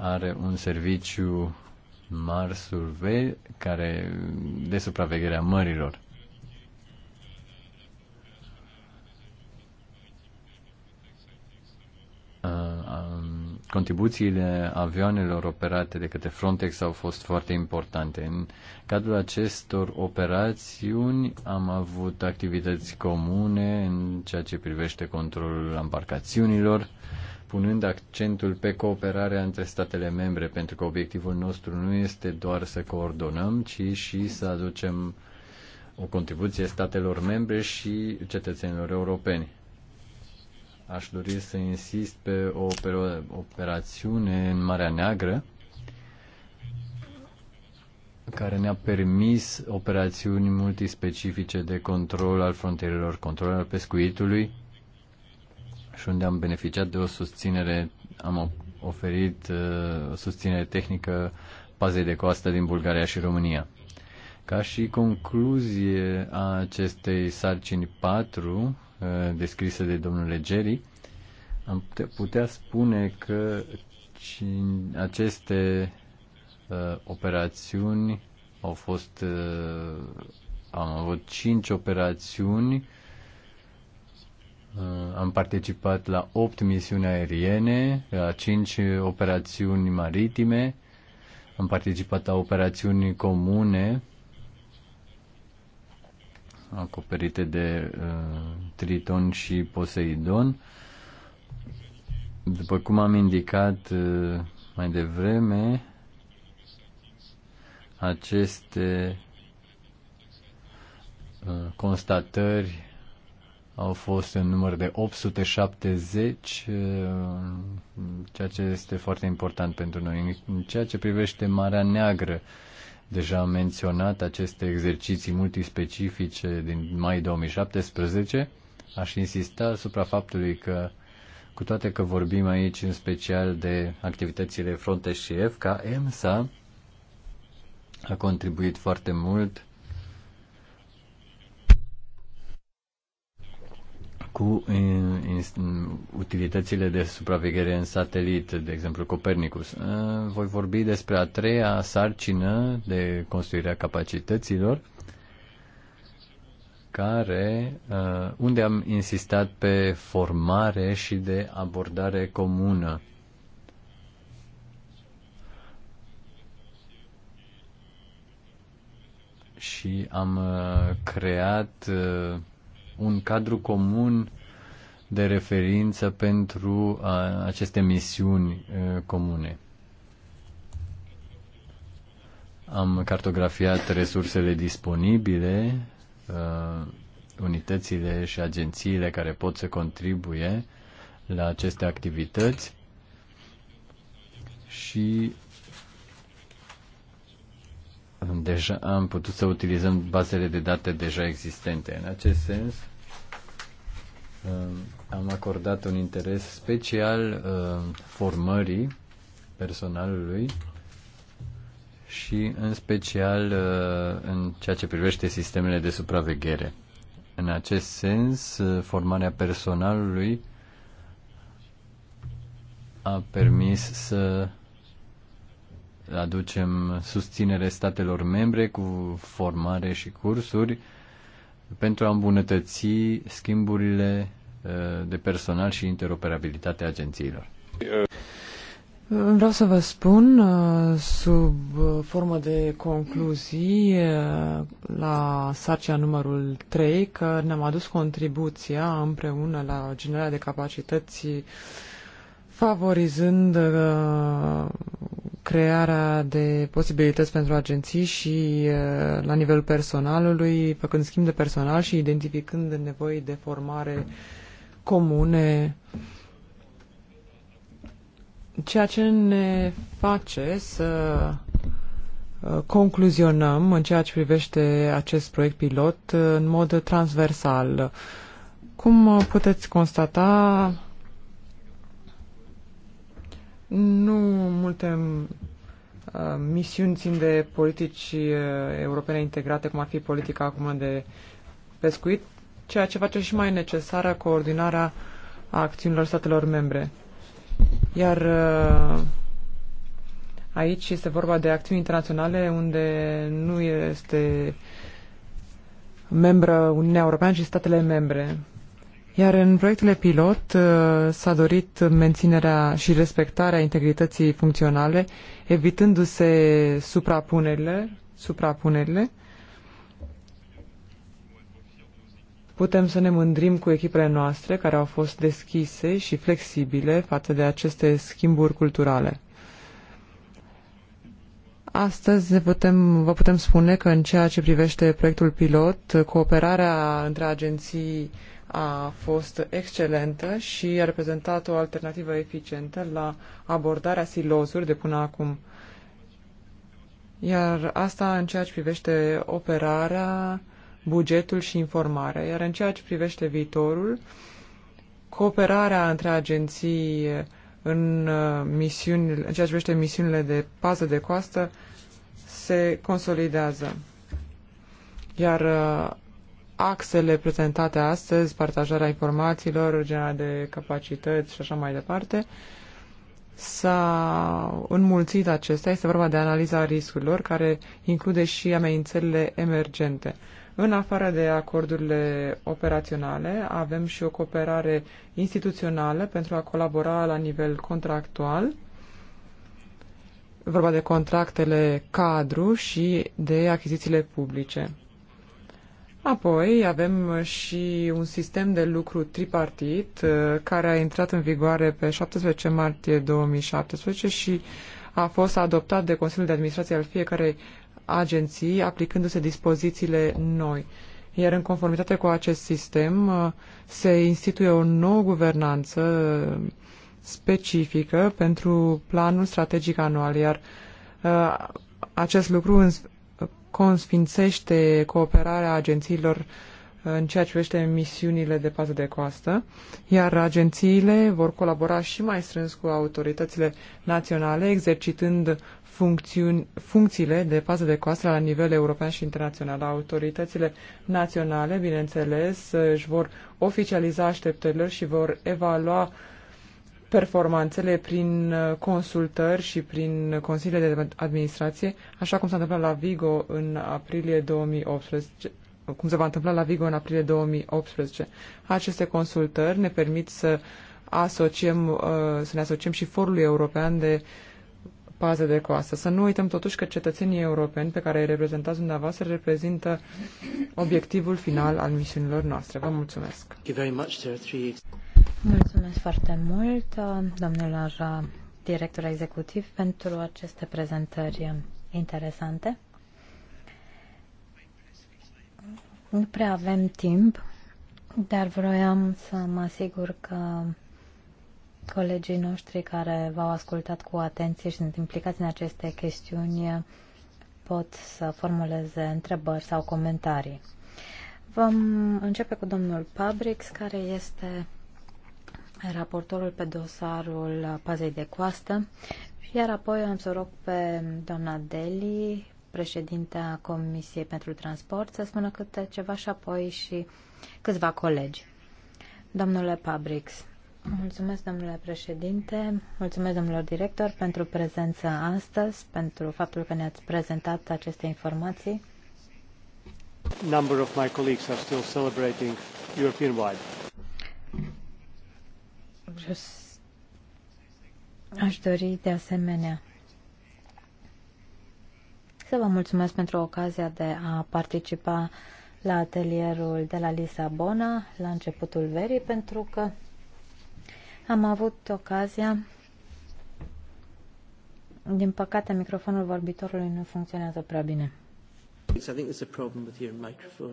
are un serviciu Mar Survey care de supraveghere a mărilor. Contribuțiile avioanelor operate de către Frontex au fost foarte importante. În cadrul acestor operațiuni am avut activități comune în ceea ce privește controlul embarcațiunilor, punând accentul pe cooperarea între statele membre, pentru că obiectivul nostru nu este doar să coordonăm, ci și să aducem o contribuție statelor membre și cetățenilor europeni. Aș dori să insist pe o operațiune în Marea Neagră care ne-a permis operațiuni multispecifice de control al frontierelor, control al pescuitului, și unde am beneficiat de o susținere, am oferit o uh, susținere tehnică pazei de coastă din Bulgaria și România. Ca și concluzie a acestei sarcini 4, uh, descrise de domnul Legeri, am putea spune că aceste uh, operațiuni au fost am avut cinci operațiuni Uh, am participat la 8 misiuni aeriene, la 5 operațiuni maritime, am participat la operațiuni comune acoperite de uh, Triton și Poseidon. După cum am indicat uh, mai devreme, aceste uh, constatări au fost în număr de 870, uh, ceea ce este foarte important pentru noi. În ceea ce privește Marea Neagră, deja am menționat aceste exerciții multispecifice din mai 2017, aș insista asupra faptului că cu toate că vorbim aici în special de activitățile Frontex și EFCA, EMSA a contribuit foarte mult cu utilitățile de supraveghere în satelit, de exemplu Copernicus. Uh, voi vorbi despre a treia sarcină de construirea capacităților, care, uh, unde am insistat pe formare și de abordare comună. Și am uh, creat un cadru comun de referință pentru aceste misiuni comune. Am cartografiat resursele disponibile, unitățile și agențiile care pot să contribuie la aceste activități și deja am putut să utilizăm bazele de date deja existente. În acest sens, um, am acordat un interes special um, formării personalului și în special uh, în ceea ce privește sistemele de supraveghere. În acest sens, uh, formarea personalului a permis să aducem susținere statelor membre cu formare și cursuri pentru a îmbunătăți schimburile uh, de personal și interoperabilitatea agențiilor. Vreau să vă spun, uh, sub uh, formă de concluzii, la sarcia numărul 3, că ne-am adus contribuția împreună la generarea de capacități favorizând crearea de posibilități pentru agenții și uh, la nivelul personalului, făcând schimb de personal și identificând nevoi de formare comune, ceea ce ne face să uh, concluzionăm în ceea ce privește acest proiect pilot uh, în mod transversal. Cum puteți constata, nu multe uh, misiuni țin de politici uh, europene integrate, cum ar fi politica acum de pescuit, ceea ce face și mai necesară coordonarea acțiunilor statelor membre. Iar uh, aici este vorba de acțiuni internaționale unde nu este membră Uniunea Europeană, ci statele membre. Iar în proiectele pilot uh, s-a dorit menținerea și respectarea integrității funcționale, evitându-se suprapunerile, suprapunerile. Putem să ne mândrim cu echipele noastre care au fost deschise și flexibile față de aceste schimburi culturale. Astăzi ne putem, vă putem spune că în ceea ce privește proiectul pilot, cooperarea între agenții a fost excelentă și a reprezentat o alternativă eficientă la abordarea silozuri de până acum. Iar asta în ceea ce privește operarea, bugetul și informarea. Iar în ceea ce privește viitorul, cooperarea între agenții în, uh, misiunile, în ceea ce privește misiunile de pază de coastă se consolidează. Iar uh, axele prezentate astăzi, partajarea informațiilor, generarea de capacități și așa mai departe, s-a înmulțit acestea. Este vorba de analiza riscurilor, care include și amenințările emergente. În afară de acordurile operaționale, avem și o cooperare instituțională pentru a colabora la nivel contractual, vorba de contractele cadru și de achizițiile publice. Apoi avem și un sistem de lucru tripartit uh, care a intrat în vigoare pe 17 martie 2017 și a fost adoptat de Consiliul de Administrație al fiecarei agenții, aplicându-se dispozițiile noi. Iar în conformitate cu acest sistem uh, se instituie o nouă guvernanță uh, specifică pentru planul strategic anual, iar acest lucru consfințește cooperarea agențiilor uh, în ceea ce privește misiunile de pază de coastă, iar agențiile vor colabora și mai strâns cu autoritățile naționale, exercitând funcțiuni, funcțiile de pază de coastă la nivel european și internațional. Autoritățile naționale, bineînțeles, își vor oficializa așteptările și vor evalua uh, performanțele prin uh, consultări și prin consiliile de administrație, așa cum s-a întâmplat la Vigo în aprilie 2018, cum se va întâmpla la Vigo în aprilie 2018. Aceste consultări ne permit să asociem, uh, să ne asociem și Forului European de uh, paze de coastă. Să nu uităm totuși că cetățenii europeni pe care îi reprezentați dumneavoastră reprezintă obiectivul final al misiunilor noastre. Vă mulțumesc! Mulțumesc foarte mult, domnilor director executiv, pentru aceste prezentări interesante. Nu prea avem timp, dar vroiam să mă asigur că colegii noștri care v-au ascultat cu atenție și sunt implicați în aceste chestiuni pot să formuleze întrebări sau comentarii. Vom începe cu domnul Pabrix, care este raportorul pe dosarul pazei de coastă, iar apoi am să rog pe doamna Deli, președintea Comisiei pentru Transport, să spună câte ceva și apoi și câțiva colegi. Domnule Pabrix, Mulțumesc, domnule președinte, mulțumesc, domnilor director, pentru prezența astăzi, pentru faptul că ne-ați prezentat aceste informații. Number of my colleagues are still celebrating European-wide. Aș dori de asemenea să vă mulțumesc pentru ocazia de a participa la atelierul de la Lisabona la începutul verii, pentru că am avut ocazia din păcate, microfonul vorbitorului nu funcționează prea bine. I think there's a problem with your microphone.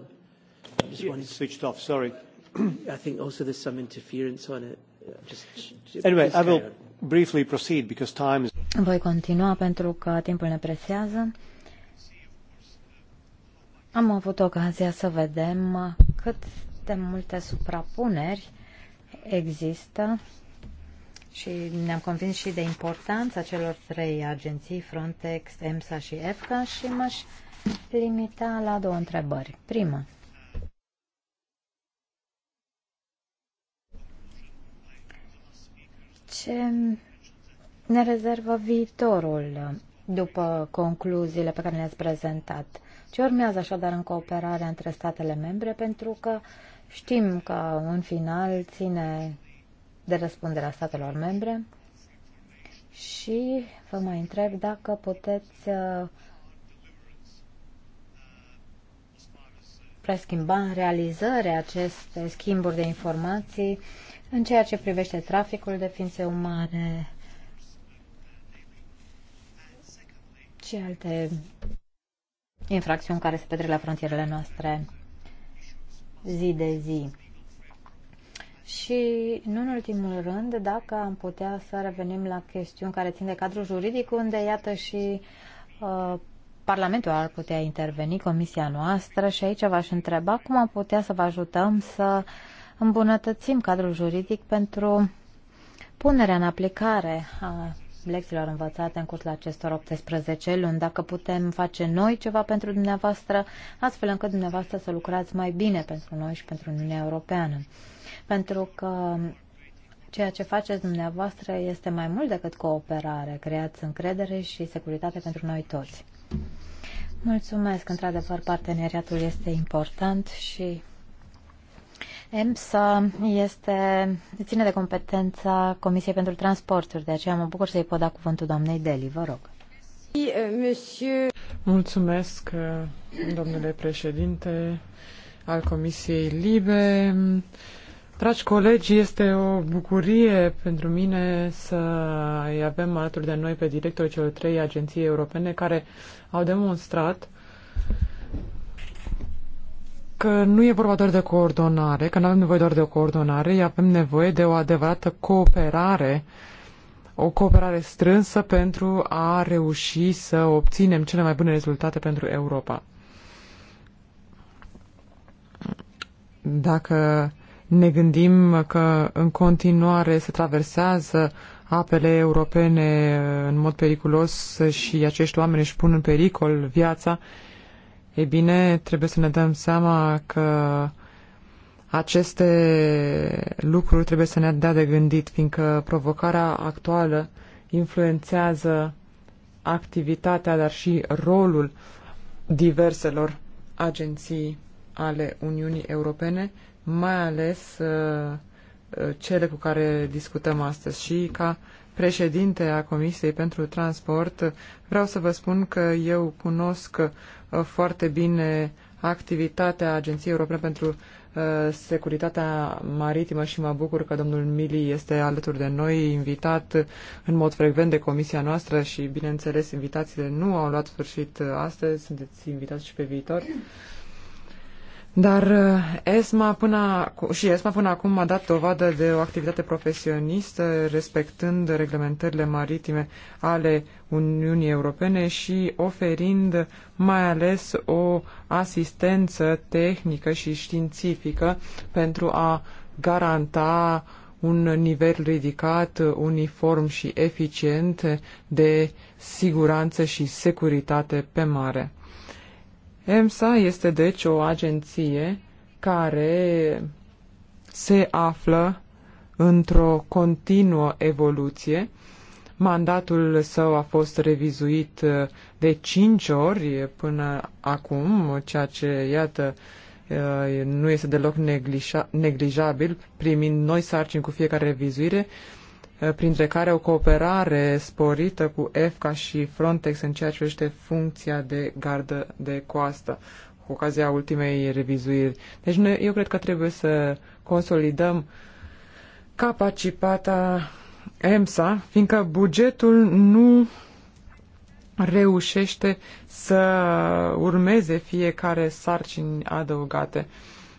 I just wanted... switched off, sorry. (clears throat) I think also there's some interference on it. Uh, just... Anyway, I will briefly proceed because time is... Voi continua pentru că timpul ne presează. Am avut ocazia să vedem cât de multe suprapuneri există și ne-am convins și de importanța celor trei agenții, Frontex, EMSA și EFCA și m-aș limita la două întrebări. Prima. Ce ne rezervă viitorul după concluziile pe care le-ați prezentat? Ce urmează așadar în cooperarea între statele membre? Pentru că știm că în final ține de răspundere a statelor membre și vă mai întreb dacă puteți uh, preschimba realizare aceste schimburi de informații în ceea ce privește traficul de ființe umane și alte infracțiuni care se petrec la frontierele noastre zi de zi. Și, nu în ultimul rând, dacă am putea să revenim la chestiuni care țin de cadrul juridic, unde, iată, și uh, Parlamentul ar putea interveni, comisia noastră, și aici v-aș întreba cum am putea să vă ajutăm să îmbunătățim cadrul juridic pentru punerea în aplicare a lecțiilor învățate în cursul acestor 18 luni, dacă putem face noi ceva pentru dumneavoastră, astfel încât dumneavoastră să lucrați mai bine pentru noi și pentru Uniunea Europeană pentru că ceea ce faceți dumneavoastră este mai mult decât cooperare. Creați încredere și securitate pentru noi toți. Mulțumesc, într-adevăr, parteneriatul este important și EMSA este, ține de competența Comisiei pentru Transporturi, de aceea mă bucur să-i pot da cuvântul doamnei Deli, vă rog. Mulțumesc, domnule președinte al Comisiei Libe. Dragi colegi, este o bucurie pentru mine să îi avem alături de noi pe directorii celor trei agenții europene care au demonstrat că nu e vorba doar de coordonare, că nu avem nevoie doar de o coordonare, avem nevoie de o adevărată cooperare, o cooperare strânsă pentru a reuși să obținem cele mai bune rezultate pentru Europa. Dacă ne gândim că în continuare se traversează apele europene în mod periculos și acești oameni își pun în pericol viața, e bine, trebuie să ne dăm seama că aceste lucruri trebuie să ne dea de gândit, fiindcă provocarea actuală influențează activitatea, dar și rolul diverselor agenții ale Uniunii Europene mai ales uh, cele cu care discutăm astăzi și ca președinte a Comisiei pentru Transport, vreau să vă spun că eu cunosc uh, foarte bine activitatea Agenției Europene pentru uh, Securitatea Maritimă și mă bucur că domnul Mili este alături de noi, invitat în mod frecvent de comisia noastră și, bineînțeles, invitațiile nu au luat sfârșit astăzi, sunteți invitați și pe viitor. Dar uh, ESMA până, și ESMA până acum a dat dovadă de o activitate profesionistă, respectând reglementările maritime ale Uniunii Europene și oferind mai ales o asistență tehnică și științifică pentru a garanta un nivel ridicat, uniform și eficient de siguranță și securitate pe mare. EMSA este deci o agenție care se află într-o continuă evoluție. Mandatul său a fost revizuit uh, de cinci ori până acum, ceea ce, iată, uh, nu este deloc neglijabil, primind noi sarcini cu fiecare revizuire Eh, printre care o cooperare sporită cu EFCA și Frontex în ceea ce privește funcția de gardă de coastă cu ocazia ultimei revizuiri. Deci noi, eu cred că trebuie să consolidăm capacitatea EMSA, fiindcă bugetul nu reușește să urmeze fiecare sarcini adăugate.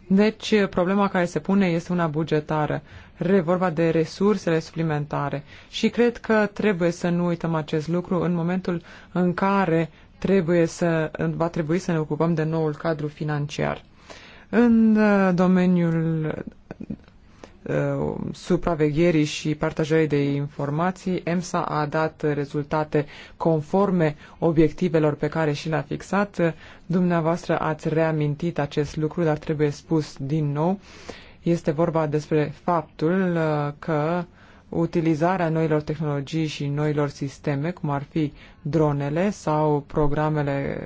Deci, problema care se pune este una bugetară, Re, vorba de resursele suplimentare. Și cred că trebuie să nu uităm acest lucru în momentul în care trebuie să, va trebui să ne ocupăm de noul cadru financiar. În uh, domeniul uh, supravegherii și partajării de informații, EMSA a dat rezultate conforme obiectivelor pe care și le-a fixat. Dumneavoastră ați reamintit acest lucru, dar trebuie spus din nou. Este vorba despre faptul uh, că utilizarea noilor tehnologii și noilor sisteme, cum ar fi dronele sau programele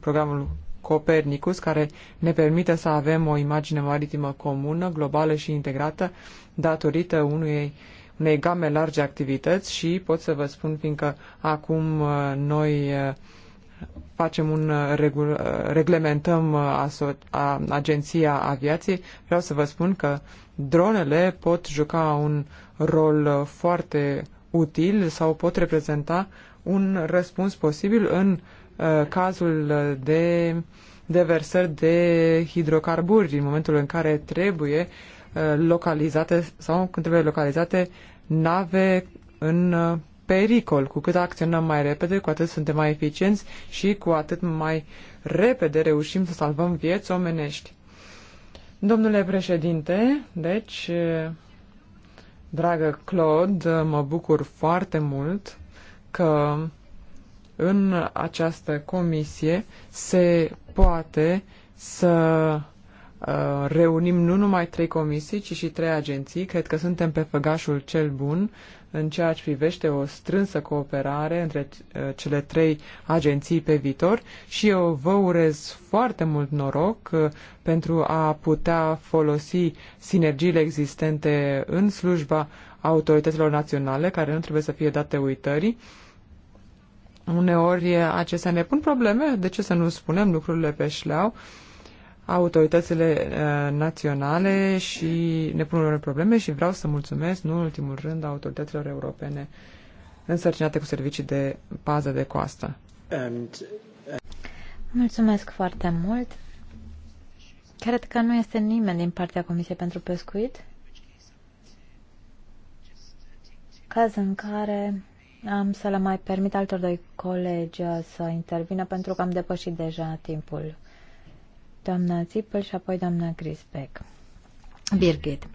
programul Copernicus, care ne permite să avem o imagine maritimă comună, globală și integrată, datorită unui, unei game largi activități și pot să vă spun, fiindcă acum uh, noi uh, facem un uh, regul, reglementăm aso, a, agenția aviației, vreau să vă spun că dronele pot juca un rol foarte util sau pot reprezenta un răspuns posibil în uh, Uh, cazul de deversări de hidrocarburi în momentul în care trebuie uh, localizate sau când trebuie localizate nave în uh, pericol. Cu cât acționăm mai repede, cu atât suntem mai eficienți și cu atât mai repede reușim să salvăm vieți omenești. Domnule președinte, deci, dragă Claude, mă bucur foarte mult că în această comisie se poate să uh, reunim nu numai trei comisii, ci și trei agenții. Cred că suntem pe făgașul cel bun în ceea ce privește o strânsă cooperare între uh, cele trei agenții pe viitor și eu vă urez foarte mult noroc uh, pentru a putea folosi sinergiile existente în slujba autorităților naționale, care nu trebuie să fie date uitării, Uneori eh, acestea ne pun probleme, de ce să nu spunem lucrurile pe șleau, autoritățile uh, naționale și ne pun uneori probleme și vreau să mulțumesc, nu în ultimul rând, autorităților europene însărcinate cu servicii de pază de coastă. And, uh... Mulțumesc foarte mult. Cred că nu este nimeni din partea Comisiei pentru Pescuit. Caz în care am să le mai permit altor doi colegi uh, să intervină pentru că am depășit deja timpul. Doamna Zipel și apoi doamna Grisbeck. Birgit.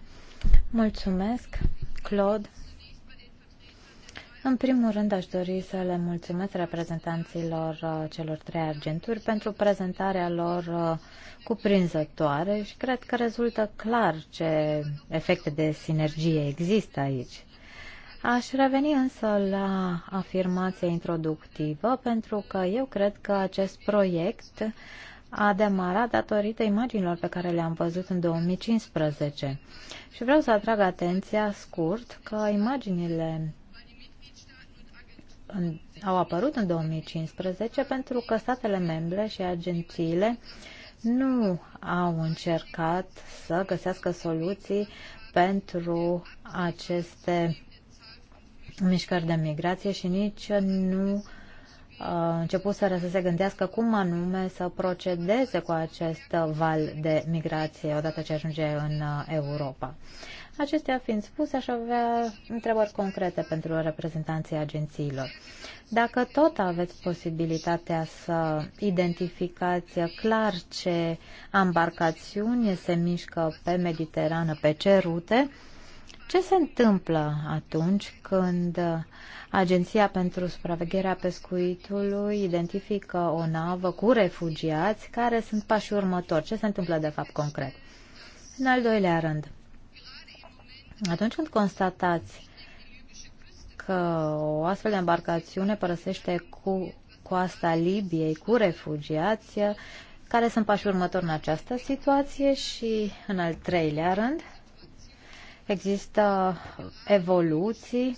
Mulțumesc, Claude. În primul rând aș dori să le mulțumesc reprezentanților uh, celor trei argenturi pentru prezentarea lor uh, cuprinzătoare și cred că rezultă clar ce efecte de sinergie există aici. Aș reveni însă la afirmația introductivă, pentru că eu cred că acest proiect a demarat datorită imaginilor pe care le-am văzut în 2015. Și vreau să atrag atenția scurt că imaginile în, au apărut în 2015 pentru că statele membre și agențiile nu au încercat să găsească soluții pentru aceste mișcări de migrație și nici nu uh, început să se gândească cum anume să procedeze cu acest val de migrație odată ce ajunge în uh, Europa. Acestea fiind spuse, aș avea întrebări concrete pentru reprezentanții agențiilor. Dacă tot aveți posibilitatea să identificați clar ce embarcațiuni se mișcă pe Mediterană, pe ce rute, ce se întâmplă atunci când Agenția pentru Supravegherea Pescuitului identifică o navă cu refugiați care sunt pașii următori? Ce se întâmplă de fapt concret? În al doilea rând, atunci când constatați că o astfel de embarcațiune părăsește cu coasta Libiei cu refugiați, care sunt pașii următori în această situație și, în al treilea rând, Există evoluții,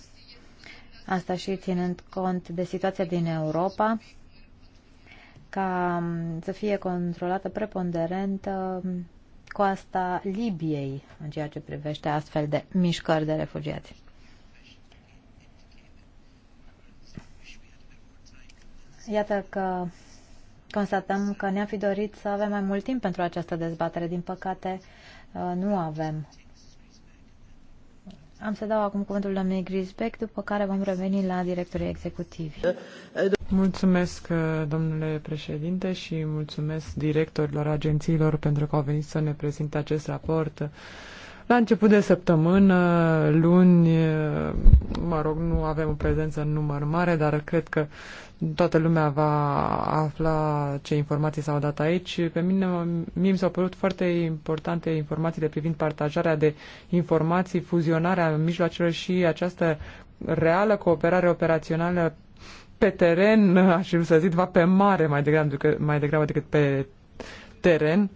asta și ținând cont de situația din Europa, ca să fie controlată preponderent coasta Libiei în ceea ce privește astfel de mișcări de refugiați. Iată că constatăm că ne-am fi dorit să avem mai mult timp pentru această dezbatere. Din păcate, uh, nu avem am să dau acum cuvântul doamnei Grisbeck, după care vom reveni la directorii executivi. Mulțumesc, uh, domnule președinte, și mulțumesc directorilor agențiilor pentru că au venit să ne prezinte acest raport. La început de săptămână, luni, mă rog, nu avem o prezență în număr mare, dar cred că toată lumea va afla ce informații s-au dat aici. Pe mine mie mi s-au părut foarte importante informațiile privind partajarea de informații, fuzionarea mijloacelor și această reală cooperare operațională pe teren, aș vrea să zic, va pe mare mai degrabă decât, mai degrabă decât pe teren. Uh,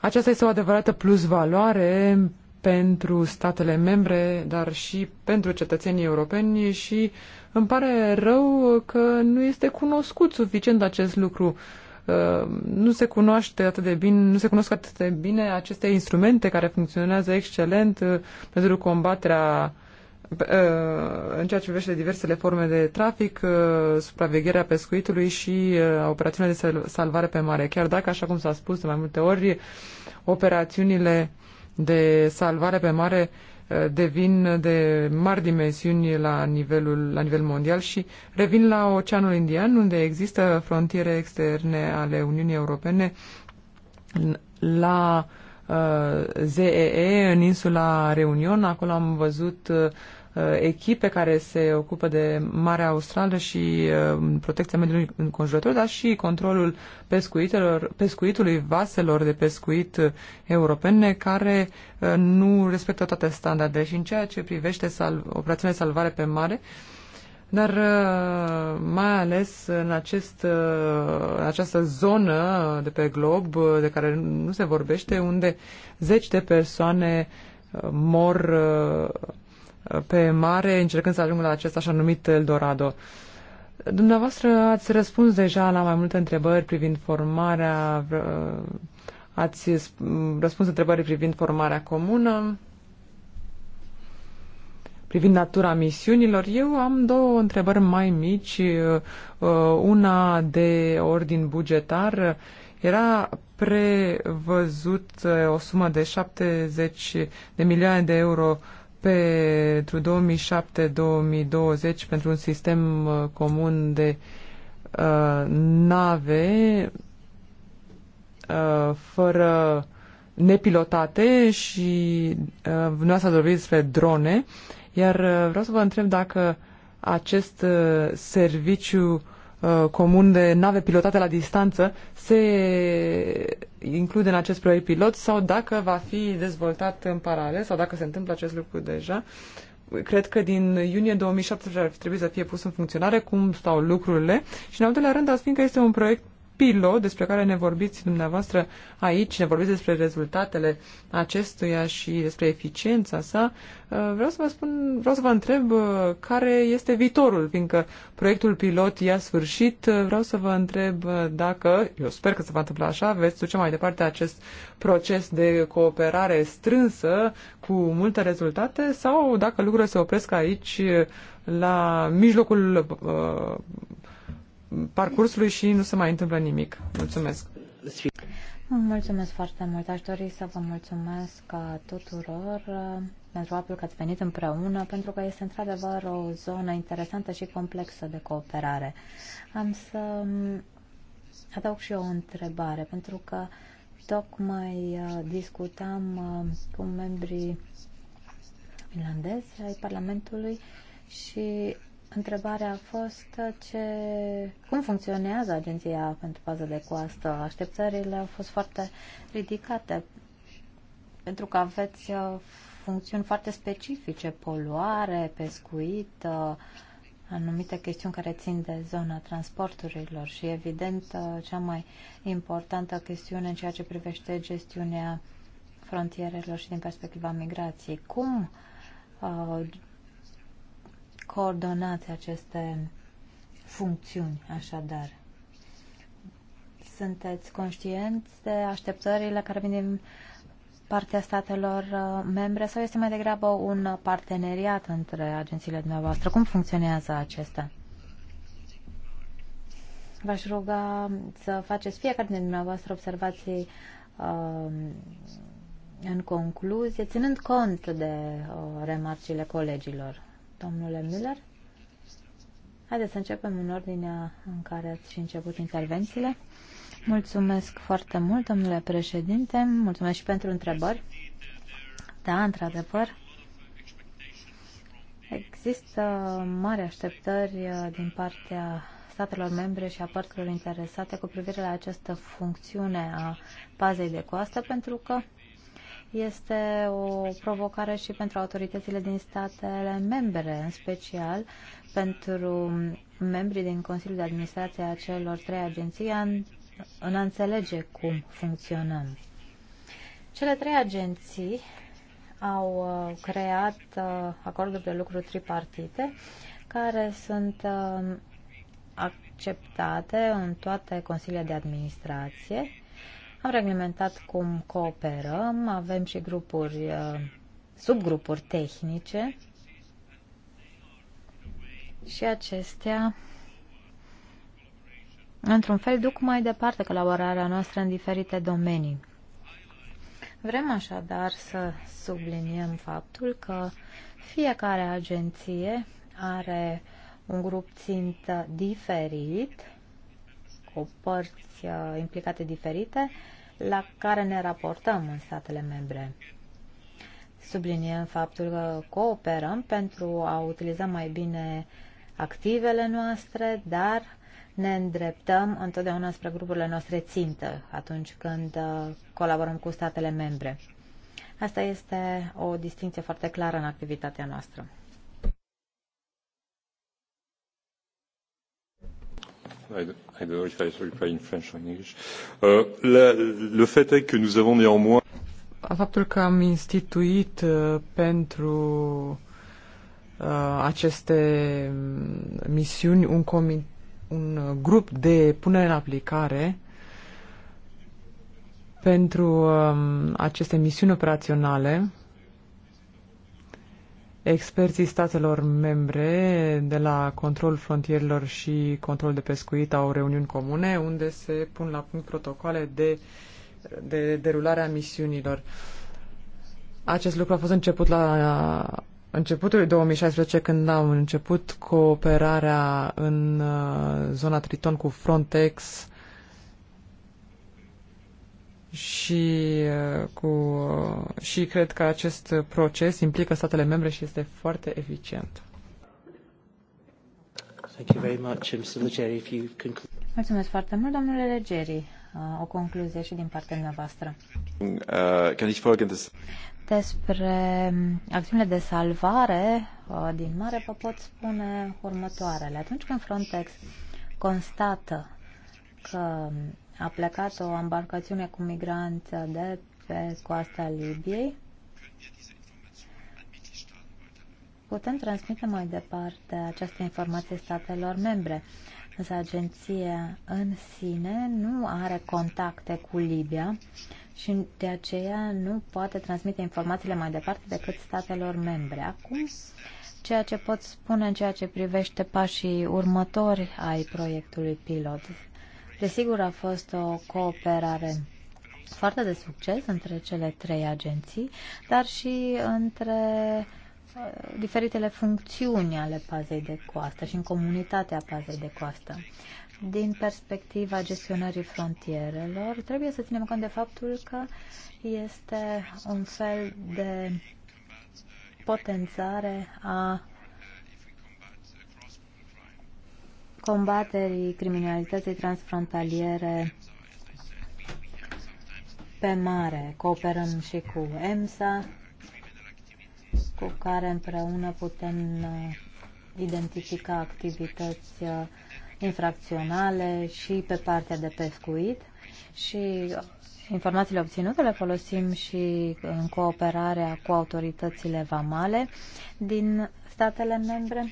aceasta este o adevărată plusvaloare pentru statele membre, dar și pentru cetățenii europeni și îmi pare rău că nu este cunoscut suficient acest lucru. Uh, nu se cunoaște atât de bine, nu se cunosc atât de bine aceste instrumente care funcționează excelent uh, pentru combaterea uh, Uh, în ceea ce privește diversele forme de trafic, uh, supravegherea pescuitului și uh, operațiunile de salvare pe mare. Chiar dacă, așa cum s-a spus de mai multe ori, operațiunile de salvare pe mare devin de mari dimensiuni la, nivelul, la nivel mondial și revin la Oceanul Indian, unde există frontiere externe ale Uniunii Europene la uh, ZEE, în insula Reunion. Acolo am văzut uh, Uh, echipe care se ocupă de Marea Australă și uh, protecția mediului înconjurător, dar și controlul pescuitelor, pescuitului vaselor de pescuit uh, europene care nu respectă toate standardele și în ceea ce privește sal- operațiunile de salvare pe mare, dar mai ales în, acest, această zonă de pe glob de care nu se vorbește, unde zeci de persoane mor pe mare, încercând să ajungă la acest așa numit Eldorado. Dumneavoastră ați răspuns deja la mai multe întrebări privind formarea, ați răspuns întrebări privind formarea comună, privind natura misiunilor. Eu am două întrebări mai mici, uh, una de ordin bugetar. Era prevăzut uh, o sumă de 70 de milioane de euro pentru 2007-2020 pentru un sistem uh, comun de uh, nave uh, fără nepilotate și uh, dumneavoastră ați vorbit despre drone, iar uh, vreau să vă întreb dacă acest uh, serviciu uh, Uh, comun de nave pilotate la distanță se include în acest proiect pilot sau dacă va fi dezvoltat în paralel sau dacă se întâmplă acest lucru deja. Cred că din iunie 2017 ar trebui să fie pus în funcționare cum stau lucrurile și în al doilea rând, ați fiindcă este un proiect Pilo, despre care ne vorbiți dumneavoastră aici, ne vorbiți despre rezultatele acestuia și despre eficiența sa, uh, vreau să vă spun, vreau să vă întreb uh, care este viitorul, fiindcă proiectul pilot i-a sfârșit, uh, vreau să vă întreb dacă, eu sper că se va întâmpla așa, veți duce mai departe acest proces de cooperare strânsă cu multe rezultate sau dacă lucrurile se opresc aici la mijlocul uh, parcursului și nu se mai întâmplă nimic. Mulțumesc! Mulțumesc foarte mult. Aș dori să vă mulțumesc uh, tuturor uh, pentru faptul că ați venit împreună, pentru că este într-adevăr o zonă interesantă și complexă de cooperare. Am să um, adaug și eu o întrebare, pentru că tocmai uh, discutam cu membrii finlandezi ai Parlamentului și Întrebarea a fost ce, cum funcționează Agenția pentru Pază de Coastă. Așteptările au fost foarte ridicate pentru că aveți uh, funcțiuni foarte specifice, poluare, pescuit, uh, anumite chestiuni care țin de zona transporturilor și, evident, uh, cea mai importantă chestiune în ceea ce privește gestiunea frontierelor și din perspectiva migrației. Cum coordonați aceste funcțiuni, așadar. Sunteți conștienți de așteptările care vin din partea statelor uh, membre sau este mai degrabă un parteneriat între agențiile dumneavoastră? Cum funcționează acesta? V-aș ruga să faceți fiecare din dumneavoastră observații uh, în concluzie, ținând cont de uh, remarcile colegilor domnule Müller. Haideți să începem în ordinea în care ați și început intervențiile. Mulțumesc foarte mult, domnule președinte. Mulțumesc și pentru întrebări. Da, într-adevăr, există mari așteptări uh, din partea statelor membre și a părților interesate cu privire la această funcțiune a pazei de coastă, pentru că este o provocare și pentru autoritățile din statele membre, în special pentru membrii din Consiliul de Administrație a celor trei agenții în, în a înțelege cum funcționăm. Cele trei agenții au uh, creat uh, acorduri de lucru tripartite care sunt uh, acceptate în toate consiliile de administrație am reglementat cum cooperăm, avem și grupuri, uh, subgrupuri tehnice și acestea într-un fel duc mai departe colaborarea noastră în diferite domenii. Vrem așadar să subliniem faptul că fiecare agenție are un grup țintă diferit cu părți uh, implicate diferite, la care ne raportăm în statele membre. Subliniem faptul că cooperăm pentru a utiliza mai bine activele noastre, dar ne îndreptăm întotdeauna spre grupurile noastre țintă atunci când uh, colaborăm cu statele membre. Asta este o distinție foarte clară în activitatea noastră. I don't know if I reply in French or in English. Uh, la, le fait est que nous avons néanmoins faptul că am instituit uh, pentru uh, aceste mm, misiuni un, comi- un uh, grup de punere în aplicare pentru um, aceste misiuni operaționale Experții statelor membre de la control frontierilor și control de pescuit au reuniuni comune unde se pun la punct protocoale de, de derularea misiunilor. Acest lucru a fost început la începutul 2016 când am început cooperarea în uh, zona Triton cu Frontex și, uh, cu, și cred că acest proces implică statele membre și este foarte eficient. Thank you very much, uh, Mr. Legeri, if you Mulțumesc foarte mult, domnule Legeri. Uh, o concluzie și din partea dumneavoastră. Uh, Despre um, acțiunile de salvare din mare vă pot spune următoarele. Atunci când Frontex constată că um, a plecat o embarcațiune cu migranță de pe coasta Libiei. Putem transmite mai departe această informație statelor membre, însă agenția în sine nu are contacte cu Libia și de aceea nu poate transmite informațiile mai departe decât statelor membre. Acum, ceea ce pot spune în ceea ce privește pașii următori ai proiectului pilot. Desigur, a fost o cooperare foarte de succes între cele trei agenții, dar și între uh, diferitele funcțiuni ale pazei de coastă și în comunitatea pazei de coastă. Din perspectiva gestionării frontierelor, trebuie să ținem cont de faptul că este un fel de potențare a combaterii criminalității transfrontaliere pe mare. Cooperăm și cu EMSA, cu care împreună putem uh, identifica activități uh, infracționale și pe partea de pescuit și informațiile obținute le folosim și în cooperarea cu autoritățile vamale din statele membre.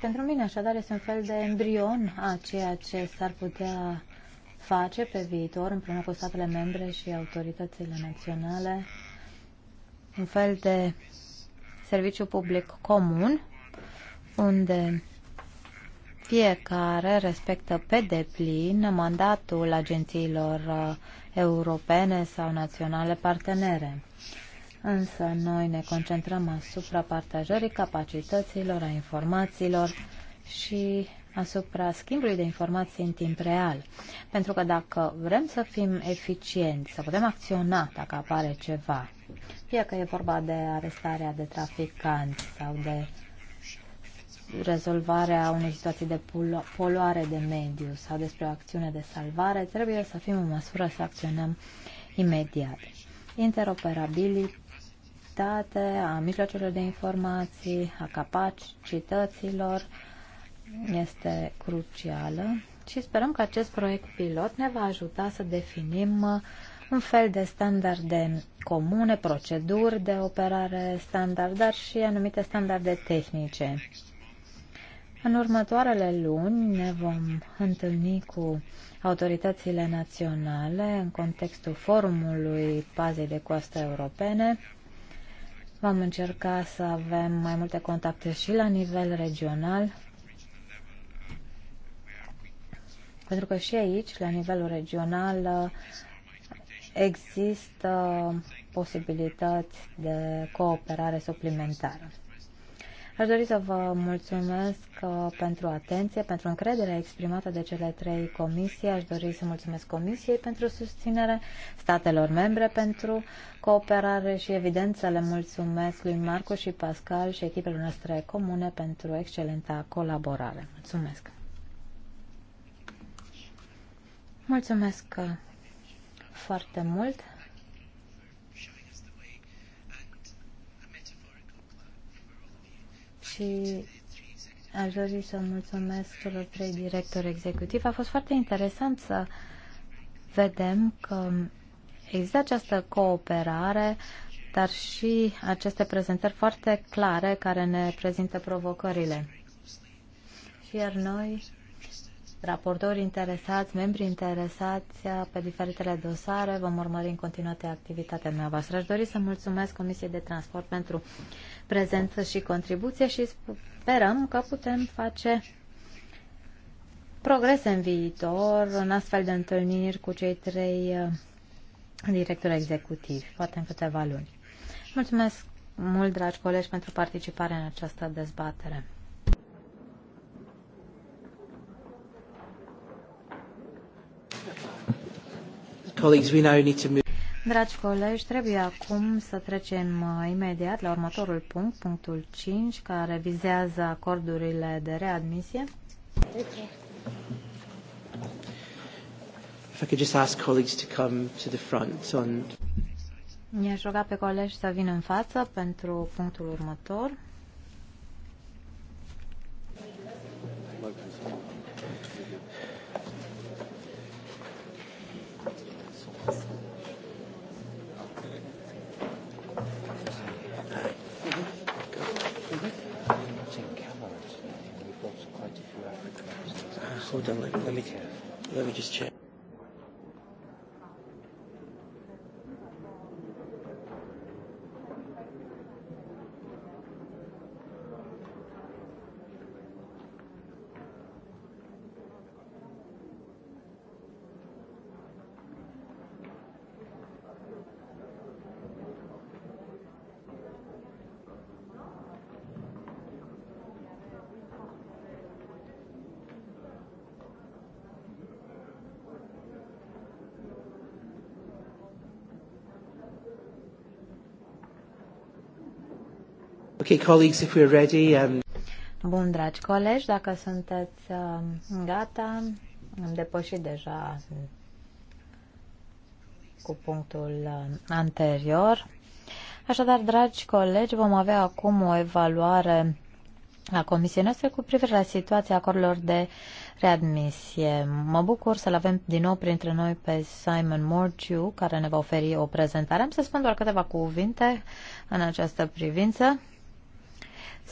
Pentru mine, așadar, este un fel de embrion a ceea ce s-ar putea face pe viitor împreună cu statele membre și autoritățile naționale, un fel de serviciu public comun, unde fiecare respectă pe deplin mandatul agențiilor uh, europene sau naționale partenere însă noi ne concentrăm asupra partajării capacităților, a informațiilor și asupra schimbului de informații în timp real. Pentru că dacă vrem să fim eficienți, să putem acționa dacă apare ceva, fie că e vorba de arestarea de traficanți sau de rezolvarea unei situații de poluare de mediu sau despre o acțiune de salvare, trebuie să fim în măsură să acționăm imediat. Interoperabilitatea securitate, a mijloacelor de informații, a capacităților este crucială și sperăm că acest proiect pilot ne va ajuta să definim un fel de standarde comune, proceduri de operare standard, dar și anumite standarde tehnice. În următoarele luni ne vom întâlni cu autoritățile naționale în contextul forumului pazei de coastă europene Vom încerca să avem mai multe contacte și la nivel regional, pentru că și aici, la nivelul regional, există posibilități de cooperare suplimentară. Aș dori să vă mulțumesc uh, pentru atenție, pentru încrederea exprimată de cele trei comisii. Aș dori să mulțumesc comisiei pentru susținere, statelor membre pentru cooperare și, evident, să le mulțumesc lui Marco și Pascal și echipelor noastre comune pentru excelenta colaborare. Mulțumesc! Mulțumesc uh, foarte mult! și aș dori să mulțumesc celor trei directori executivi. A fost foarte interesant să vedem că există această cooperare, dar și aceste prezentări foarte clare care ne prezintă provocările. Și iar noi raportori interesați, membri interesați uh, pe diferitele dosare. Vom urmări în continuare activitatea noastră. Aș dori să mulțumesc Comisiei de Transport pentru prezență și contribuție și sperăm că putem face progrese în viitor în astfel de întâlniri cu cei trei uh, directori executivi, poate în câteva luni. Mulțumesc mult, dragi colegi, pentru participarea în această dezbatere. Dragi colegi, trebuie acum să trecem uh, imediat la următorul punct, punctul 5, care vizează acordurile de readmisie. If I could just ask colleagues to come to the front on... I-aș ruga pe colegi să vină în față pentru punctul următor. Let me just check. Okay, colleagues, if we're ready, um... Bun, dragi colegi, dacă sunteți um, gata, am depășit deja cu punctul um, anterior. Așadar, dragi colegi, vom avea acum o evaluare a comisiei noastre cu privire la situația acordurilor de readmisie. Mă bucur să-l avem din nou printre noi pe Simon Morgiu, care ne va oferi o prezentare. Am să spun doar câteva cuvinte în această privință.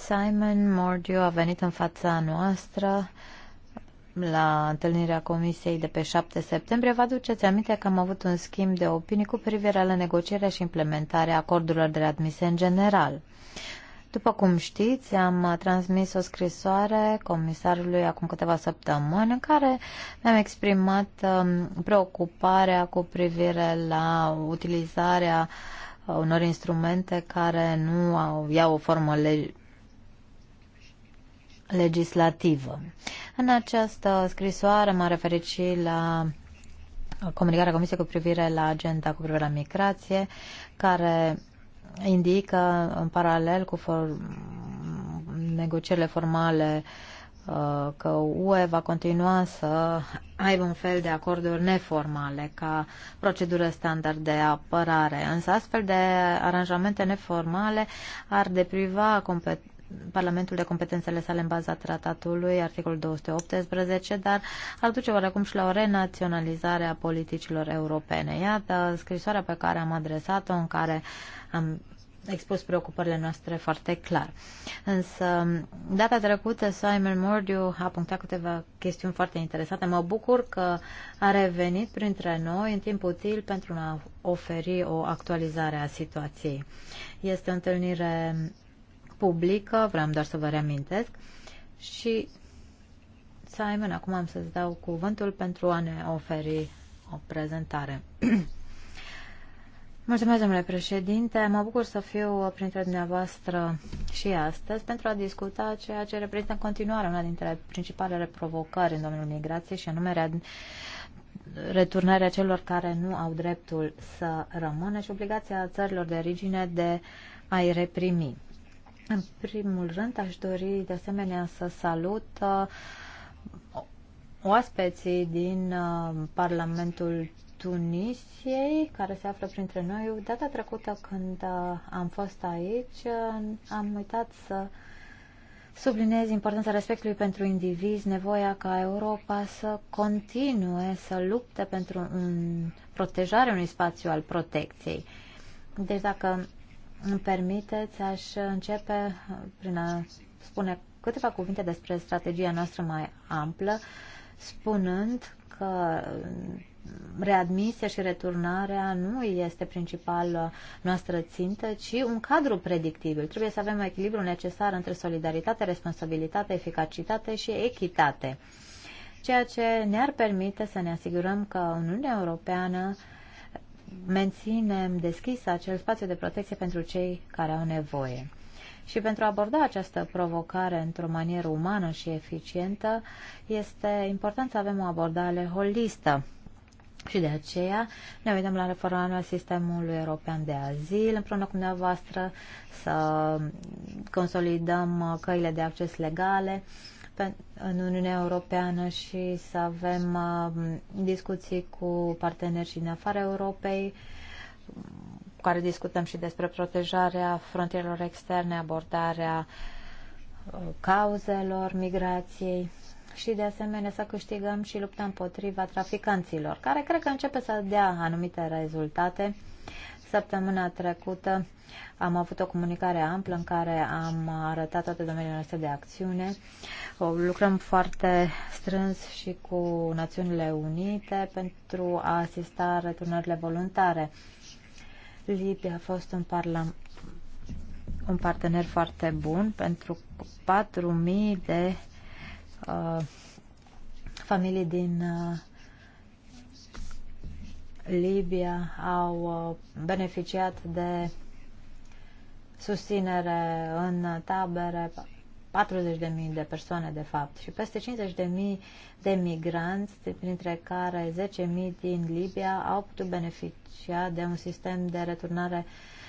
Simon Mordiu a venit în fața noastră la întâlnirea Comisiei de pe 7 septembrie. Vă aduceți aminte că am avut un schimb de opinii cu privire la negocierea și implementarea acordurilor de admisie în general. După cum știți, am transmis o scrisoare comisarului acum câteva săptămâni în care mi-am exprimat um, preocuparea cu privire la utilizarea unor instrumente care nu au, iau o formă legislativă. În această scrisoare m a referit și la comunicarea Comisiei cu privire la agenda cu privire la migrație, care indică în paralel cu for- negocierile formale uh, că UE va continua să aibă un fel de acorduri neformale ca procedură standard de apărare. Însă astfel de aranjamente neformale ar depriva competența Parlamentul de competențele sale în baza tratatului, articolul 218, dar ar duce oarecum și la o renaționalizare a politicilor europene. Iată scrisoarea pe care am adresat-o, în care am expus preocupările noastre foarte clar. Însă, data trecută, Simon Mordiu a punctat câteva chestiuni foarte interesante. Mă bucur că a revenit printre noi în timp util pentru a oferi o actualizare a situației. Este o întâlnire publică, vreau doar să vă reamintesc, și Simon, acum am să-ți dau cuvântul pentru a ne oferi o prezentare. (clears throat) Mulțumesc, domnule președinte. Mă bucur să fiu printre dumneavoastră și astăzi pentru a discuta ceea ce reprezintă în continuare una dintre principalele provocări în domeniul migrației și anume returnarea celor care nu au dreptul să rămână și obligația țărilor de origine de a-i reprimi. În primul rând, aș dori de asemenea să salut uh, oaspeții din uh, Parlamentul Tunisiei, care se află printre noi. Data trecută când uh, am fost aici, am uitat să subliniez importanța respectului pentru indivizi, nevoia ca Europa să continue să lupte pentru un protejarea unui spațiu al protecției. Deci dacă îmi permiteți, aș începe prin a spune câteva cuvinte despre strategia noastră mai amplă, spunând că readmisia și returnarea nu este principal noastră țintă, ci un cadru predictibil. Trebuie să avem echilibru necesar între solidaritate, responsabilitate, eficacitate și echitate, ceea ce ne-ar permite să ne asigurăm că Uniunea Europeană uh, menținem deschis acel spațiu de protecție pentru cei care au nevoie. Și pentru a aborda această provocare într-o manieră umană și eficientă, este important să avem o abordare holistă. Și de aceea ne uităm la reformarea sistemului european de azil împreună cu dumneavoastră, să consolidăm căile de acces legale, uh, în Uniunea Europeană și să avem uh, discuții cu parteneri și din afara Europei, cu care discutăm și despre protejarea frontierelor externe, abordarea uh, cauzelor migrației și de asemenea să câștigăm și lupta împotriva traficanților, care cred că începe să dea anumite rezultate Săptămâna trecută am avut o comunicare amplă în care am arătat toate domeniile noastre de acțiune. Lucrăm foarte strâns și cu Națiunile Unite pentru a asista returnările voluntare. Libia a fost un, parlam, un partener foarte bun pentru 4.000 de uh, familii din uh, Libia au uh, beneficiat de susținere în tabere 40.000 de persoane, de fapt, și peste 50.000 de migranți, printre care 10.000 din Libia, au putut beneficia de un sistem de returnare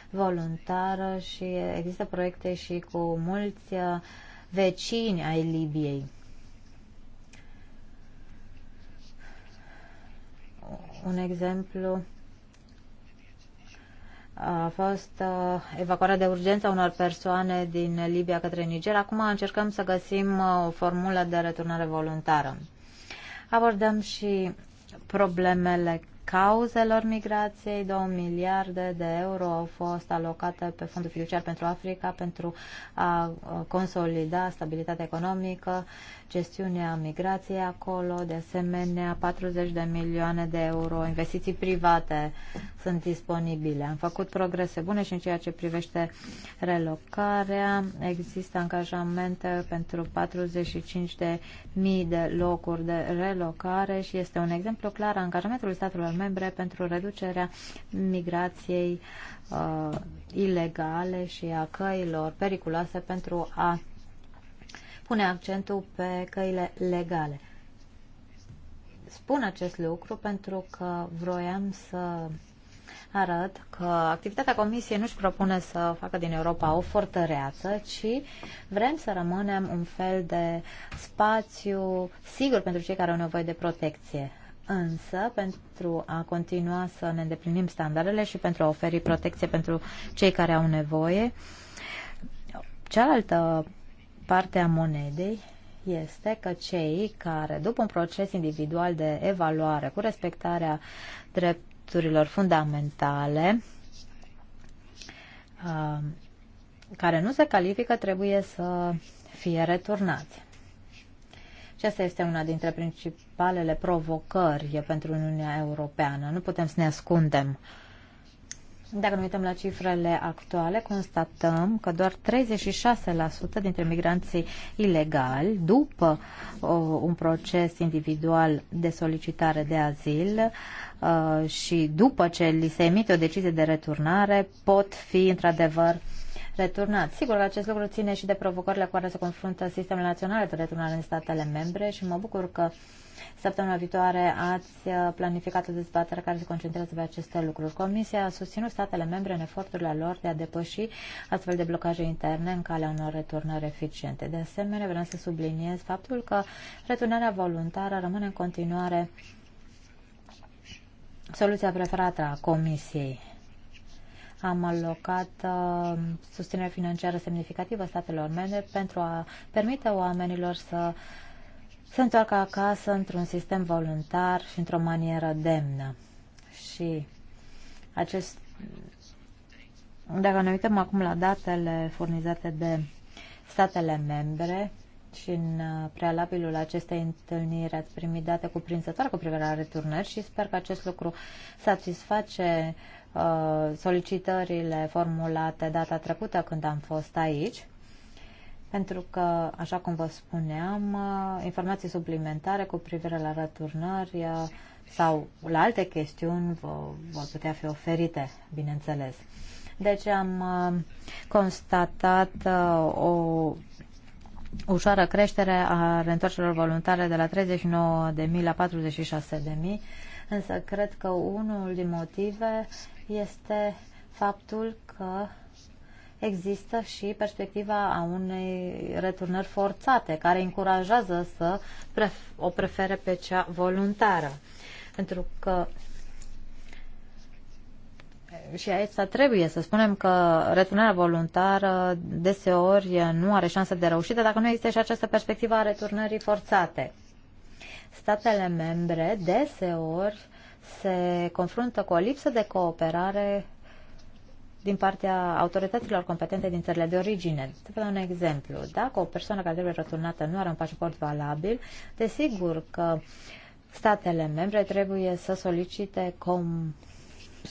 voluntară și există proiecte și cu mulți uh, vecini ai Libiei. Un exemplu a fost uh, evacuarea de urgență a unor persoane din Libia către Niger. Acum încercăm să găsim uh, o formulă de returnare voluntară. Abordăm și problemele cauzelor migrației. 2 miliarde de euro au fost alocate pe Fondul Fiduciar pentru Africa pentru a consolida stabilitatea economică, gestiunea migrației acolo, de asemenea 40 de milioane de euro investiții private sunt disponibile. Am făcut progrese bune și în ceea ce privește relocarea. Există angajamente pentru 45.000 de locuri de relocare și este un exemplu clar a angajamentului statelor membre pentru reducerea migrației uh, ilegale și a căilor periculoase pentru a pune accentul pe căile legale. Spun acest lucru pentru că vroiam să arăt că activitatea Comisiei nu își propune să facă din Europa o fortăreață, ci vrem să rămânem un fel de spațiu sigur pentru cei care au nevoie de protecție. Însă, pentru a continua să ne îndeplinim standardele și pentru a oferi protecție pentru cei care au nevoie, cealaltă parte a monedei este că cei care, după un proces individual de evaluare cu respectarea drept drepturilor fundamentale uh, care nu se califică trebuie să fie returnați. Și asta este una dintre principalele provocări pentru Uniunea Europeană. Nu putem să ne ascundem. Dacă ne uităm la cifrele actuale, constatăm că doar 36% dintre migranții ilegali, după o, uh, un proces individual de solicitare de azil, Uh, și după ce li se emite o decizie de returnare pot fi într-adevăr returnat. Sigur că acest lucru ține și de provocările cu care se confruntă sistemele naționale de returnare în statele membre și mă bucur că săptămâna viitoare ați uh, planificat o dezbatere care se concentrează pe aceste lucruri. Comisia a susținut statele membre în eforturile lor de a depăși astfel de blocaje interne în calea unor returnări eficiente. De asemenea, vreau să subliniez faptul că returnarea voluntară rămâne în continuare soluția preferată a Comisiei. Am alocat uh, susținere financiară semnificativă statelor membre pentru a permite oamenilor să se întoarcă acasă într-un sistem voluntar și într-o manieră demnă. Și acest dacă ne uităm acum la datele furnizate de statele membre, și în uh, prealabilul acestei întâlniri ați primit date cuprinzătoare cu privire la returnări și sper că acest lucru satisface uh, solicitările formulate data trecută când am fost aici. Pentru că, așa cum vă spuneam, uh, informații suplimentare cu privire la returnări uh, sau la alte chestiuni vor putea fi oferite, bineînțeles. Deci am uh, constatat uh, o ușoară creștere a reîntoarcerilor voluntare de la 39.000 la 46.000, însă cred că unul din motive este faptul că există și perspectiva a unei returnări forțate, care încurajează să pref- o prefere pe cea voluntară. Pentru că și aici trebuie să spunem că returnarea voluntară deseori nu are șanse de reușită dacă nu există și această perspectivă a returnării forțate. Statele membre deseori se confruntă cu o lipsă de cooperare din partea autorităților competente din țările de origine. Să vă dau un exemplu. Dacă o persoană care trebuie returnată nu are un pașaport valabil, desigur că statele membre trebuie să solicite com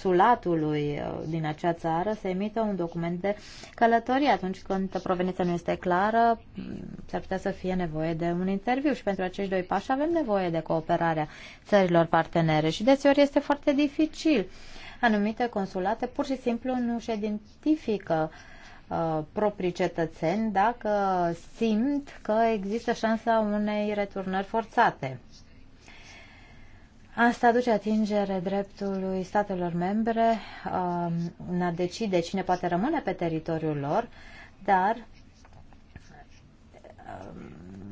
consulatului uh, din acea țară să emită un document de călătorie. Atunci când provenița nu este clară, mm, s-ar putea să fie nevoie de un interviu și pentru acești doi pași avem nevoie de cooperarea țărilor partenere și deseori este foarte dificil. Anumite consulate pur și simplu nu își identifică uh, proprii cetățeni dacă simt că există șansa unei returnări forțate. Asta aduce atingere dreptului statelor membre um, în a decide cine poate rămâne pe teritoriul lor, dar um,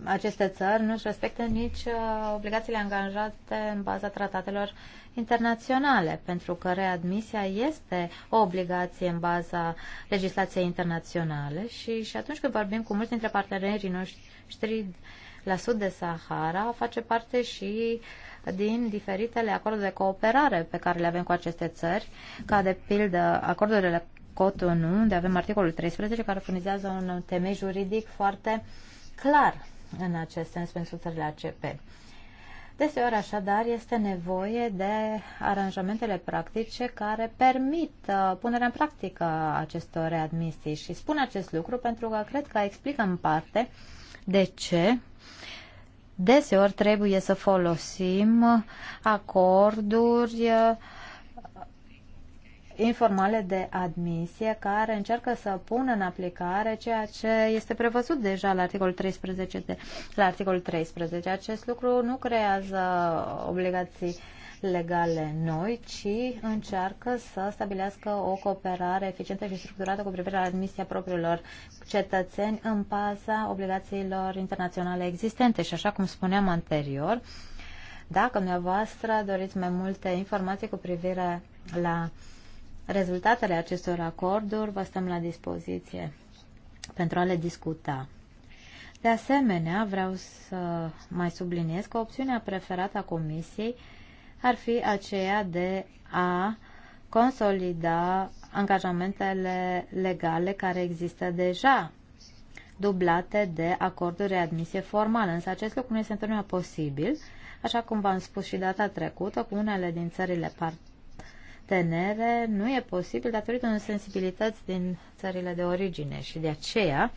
aceste țări nu își respectă nici uh, obligațiile angajate în baza tratatelor internaționale, pentru că readmisia este o obligație în baza legislației internaționale și, și atunci când vorbim cu mulți dintre partenerii noștri la sud de Sahara, face parte și din diferitele acorduri de cooperare pe care le avem cu aceste țări, ca de pildă acordurile Cotonou, unde avem articolul 13 care furnizează un temei juridic foarte clar în acest sens pentru țările ACP. Deseori, așadar, este nevoie de aranjamentele practice care permit uh, punerea în practică acestor readmisii și spun acest lucru pentru că cred că explică în parte de ce deseori trebuie să folosim acorduri uh, informale de admisie care încearcă să pună în aplicare ceea ce este prevăzut deja la articolul 13 de, la articolul 13. Acest lucru nu creează obligații legale noi, ci încearcă să stabilească o cooperare eficientă și structurată cu privire la admisia propriilor cetățeni în baza obligațiilor internaționale existente. Și așa cum spuneam anterior, dacă dumneavoastră doriți mai multe informații cu privire la rezultatele acestor acorduri, vă stăm la dispoziție pentru a le discuta. De asemenea, vreau să mai subliniez că opțiunea preferată a Comisiei ar fi aceea de a consolida angajamentele legale care există deja, dublate de acorduri de admisie formală. Însă acest lucru nu este întotdeauna posibil, așa cum v-am spus și data trecută, cu unele din țările partenere nu e posibil datorită unei sensibilități din țările de origine și de aceea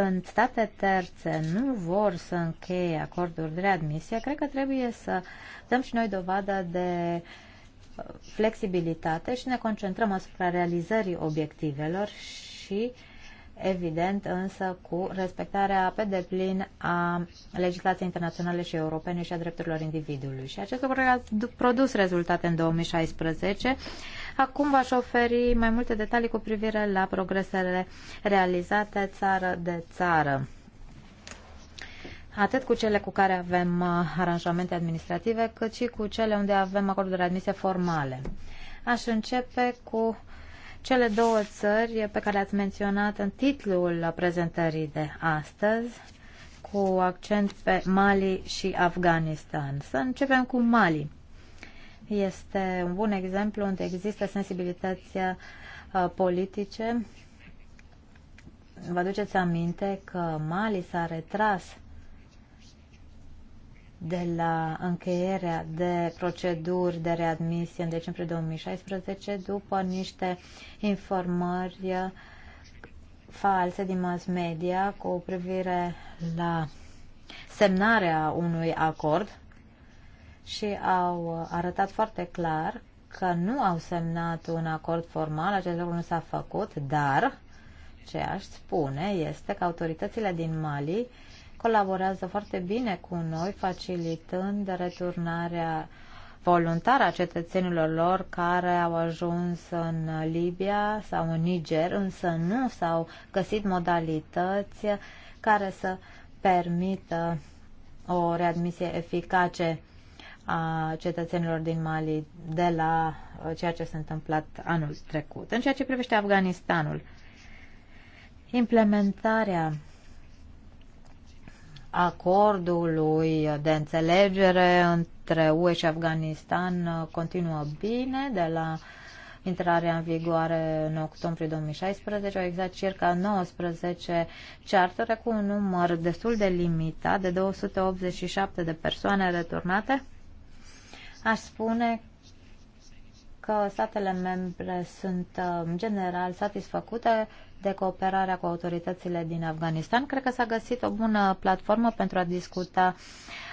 când state terțe nu vor să încheie acorduri de readmisie, cred că trebuie să dăm și noi dovadă de uh, flexibilitate și ne concentrăm asupra realizării obiectivelor și evident însă cu respectarea pe deplin a legislației internaționale și europene și a drepturilor individului. Și acest lucru a produs rezultate în 2016 Acum v-aș oferi mai multe detalii cu privire la progresele realizate țară de țară atât cu cele cu care avem uh, aranjamente administrative, cât și cu cele unde avem acorduri de admisie formale. Aș începe cu cele două țări pe care le-ați menționat în titlul prezentării de astăzi, cu accent pe Mali și Afganistan. Să începem cu Mali este un bun exemplu unde există sensibilitatea uh, politice. Vă aduceți aminte că Mali s-a retras de la încheierea de proceduri de readmisie în decembrie 2016 după niște informări uh, false din mass media cu privire la semnarea unui acord și au arătat foarte clar că nu au semnat un acord formal, acest lucru nu s-a făcut, dar ce aș spune este că autoritățile din Mali colaborează foarte bine cu noi, facilitând returnarea voluntară a cetățenilor lor care au ajuns în Libia sau în Niger, însă nu s-au găsit modalități care să permită o readmisie eficace a cetățenilor din Mali de la uh, ceea ce s-a întâmplat anul trecut. În ceea ce privește Afganistanul, implementarea acordului de înțelegere între UE și Afganistan uh, continuă bine de la intrarea în vigoare în octombrie 2016, au exact circa 19 ceartere cu un număr destul de limitat de 287 de persoane returnate Aș spune că statele membre sunt uh, în general satisfăcute de cooperarea cu autoritățile din Afganistan. Cred că s-a găsit o bună platformă pentru a discuta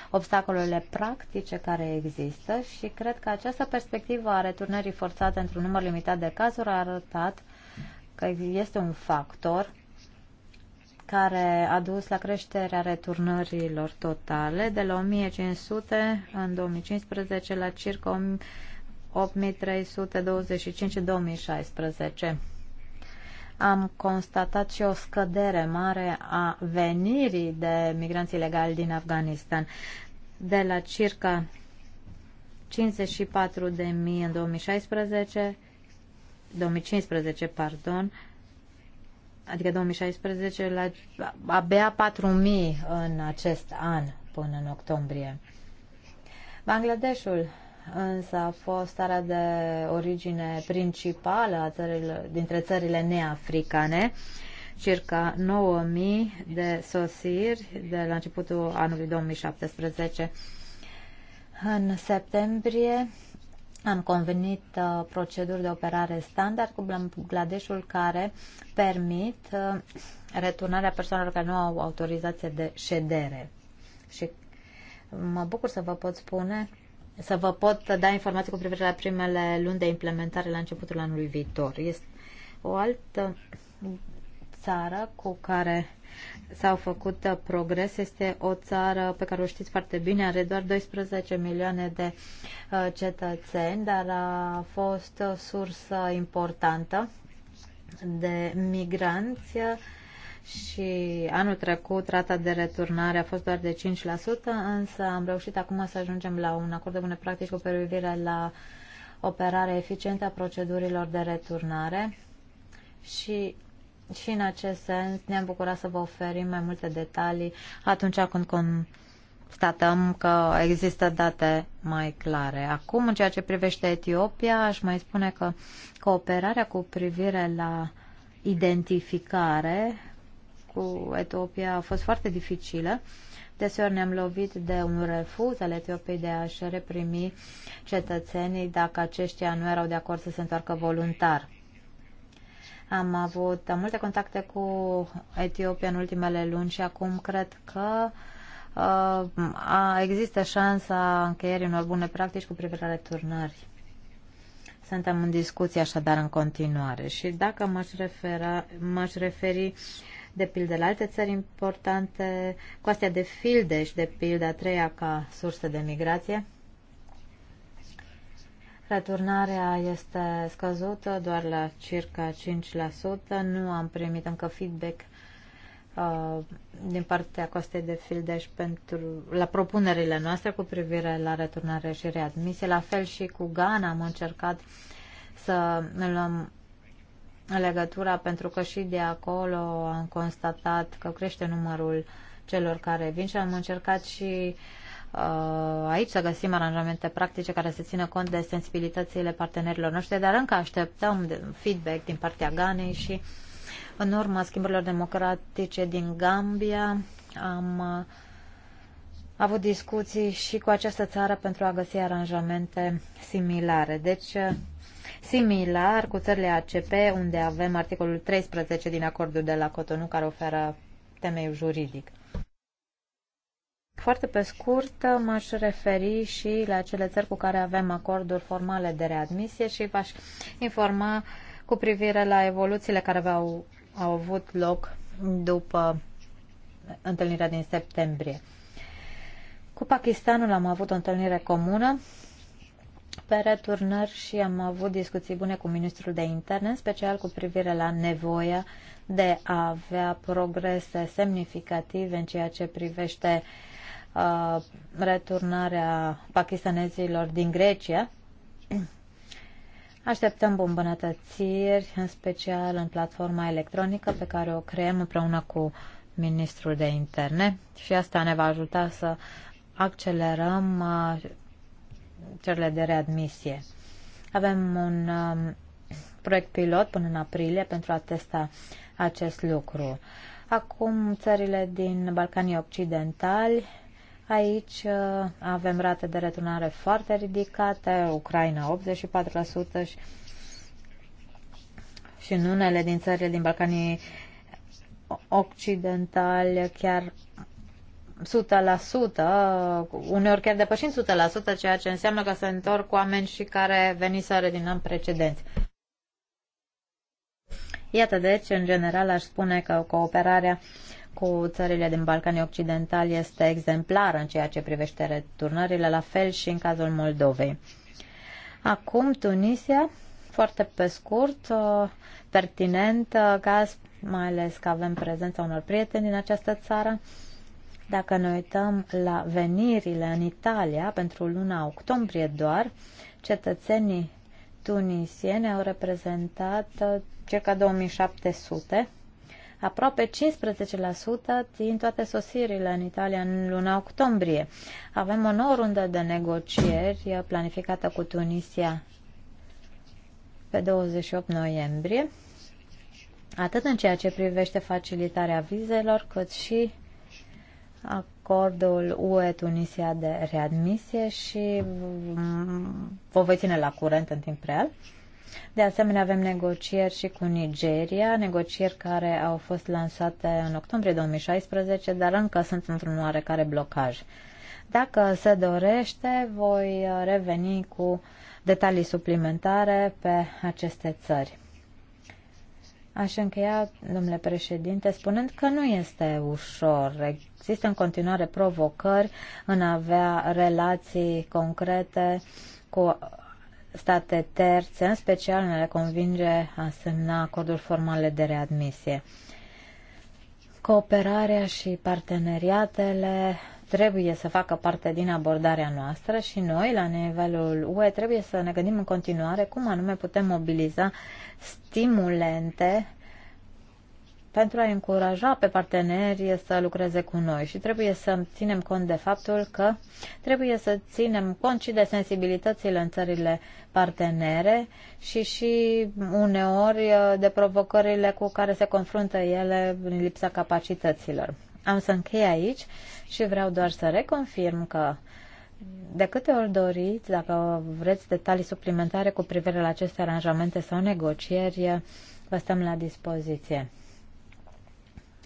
obstacolele practice care există și cred că această perspectivă a returnării forțate într-un număr limitat de cazuri a arătat că este un factor care a dus la creșterea returnărilor totale de la 1500 în 2015 la circa 8325 în 2016. Am constatat și o scădere mare a venirii de migranți ilegali din Afganistan de la circa 54.000 în 2016 2015, pardon, adică 2016, la abia 4.000 în acest an până în octombrie. Bangladeshul însă a fost starea de origine principală a țărilor, dintre țările neafricane, circa 9.000 de sosiri de la începutul anului 2017. În septembrie am convenit uh, proceduri de operare standard cu Bangladeshul care permit uh, returnarea persoanelor care nu au autorizație de ședere. Și mă bucur să vă pot spune, să vă pot da informații cu privire la primele luni de implementare la începutul anului viitor. Este o altă țară cu care s-au făcut progrese. Este o țară pe care o știți foarte bine, are doar 12 milioane de uh, cetățeni, dar a fost o sursă importantă de migranți uh, și anul trecut rata de returnare a fost doar de 5%, însă am reușit acum să ajungem la un acord de bune practici cu privire la operarea eficientă a procedurilor de returnare și și în acest sens ne-am bucurat să vă oferim mai multe detalii atunci când constatăm că există date mai clare. Acum, în ceea ce privește Etiopia, aș mai spune că cooperarea cu privire la identificare cu Etiopia a fost foarte dificilă. Deseori ne-am lovit de un refuz al Etiopiei de a-și reprimi cetățenii dacă aceștia nu erau de acord să se întoarcă voluntar. Am avut multe contacte cu Etiopia în ultimele luni și acum cred că uh, există șansa încheierii unor bune practici cu privire la returnări. Suntem în discuție așadar în continuare și dacă m-aș, refera, m-aș referi de pildă la alte țări importante, cu astea de Fildeș, de pildă a treia ca sursă de migrație, Returnarea este scăzută doar la circa 5%. Nu am primit încă feedback uh, din partea Costei de Fildeș pentru, la propunerile noastre cu privire la returnare și readmisie. La fel și cu Ghana am încercat să ne luăm legătura pentru că și de acolo am constatat că crește numărul celor care vin și am încercat și uh, Uh, aici să găsim aranjamente practice care să țină cont de sensibilitățile partenerilor noștri, dar încă așteptăm feedback din partea Ganei și în urma schimbărilor democratice din Gambia am uh, avut discuții și cu această țară pentru a găsi aranjamente similare. Deci, uh, similar cu țările ACP, unde avem articolul 13 din acordul de la Cotonou, care oferă temeiul juridic. Foarte pe scurt, m-aș referi și la cele țări cu care avem acorduri formale de readmisie și v-aș informa cu privire la evoluțiile care au, au avut loc după întâlnirea din septembrie. Cu Pakistanul am avut o întâlnire comună pe returnări și am avut discuții bune cu ministrul de interne, în special cu privire la nevoia de a avea progrese semnificative în ceea ce privește uh, Uh, returnarea pakistanezilor din Grecia. (clears throat) Așteptăm îmbunătățiri, în special în platforma electronică pe care o creăm împreună cu ministrul de interne și asta ne va ajuta să accelerăm uh, de readmisie. Avem un um, proiect pilot până în aprilie pentru a testa acest lucru. Acum țările din Balcanii Occidentali Aici uh, avem rate de returnare foarte ridicate, Ucraina 84% și, și în unele din țările din Balcanii Occidentali chiar 100%, uneori chiar depășind 100%, ceea ce înseamnă că se întorc oameni și care veniseră din an precedent. Iată deci, în general, aș spune că cooperarea cu țările din Balcanii Occidentali este exemplară în ceea ce privește returnările, la fel și în cazul Moldovei. Acum, Tunisia, foarte pe scurt, uh, pertinent, uh, gaz, mai ales că avem prezența unor prieteni din această țară. Dacă ne uităm la venirile în Italia pentru luna octombrie doar, cetățenii tunisieni au reprezentat uh, circa 2700 aproape 15% din toate sosirile în Italia în luna octombrie. Avem o nouă rundă de negocieri planificată cu Tunisia pe 28 noiembrie, atât în ceea ce privește facilitarea vizelor, cât și acordul UE-Tunisia de readmisie și mm, vă voi ține la curent în timp real. De asemenea, avem negocieri și cu Nigeria, negocieri care au fost lansate în octombrie 2016, dar încă sunt într-un oarecare blocaj. Dacă se dorește, voi reveni cu detalii suplimentare pe aceste țări. Aș încheia, domnule președinte, spunând că nu este ușor. Există în continuare provocări în a avea relații concrete cu state terțe, în special ne le convinge a semna acorduri formale de readmisie. Cooperarea și parteneriatele trebuie să facă parte din abordarea noastră și noi, la nivelul UE, trebuie să ne gândim în continuare cum anume putem mobiliza stimulente pentru a încuraja pe parteneri să lucreze cu noi și trebuie să ținem cont de faptul că trebuie să ținem cont și de sensibilitățile în țările partenere și și uneori de provocările cu care se confruntă ele în lipsa capacităților. Am să închei aici și vreau doar să reconfirm că de câte ori doriți, dacă vreți detalii suplimentare cu privire la aceste aranjamente sau negocieri, vă stăm la dispoziție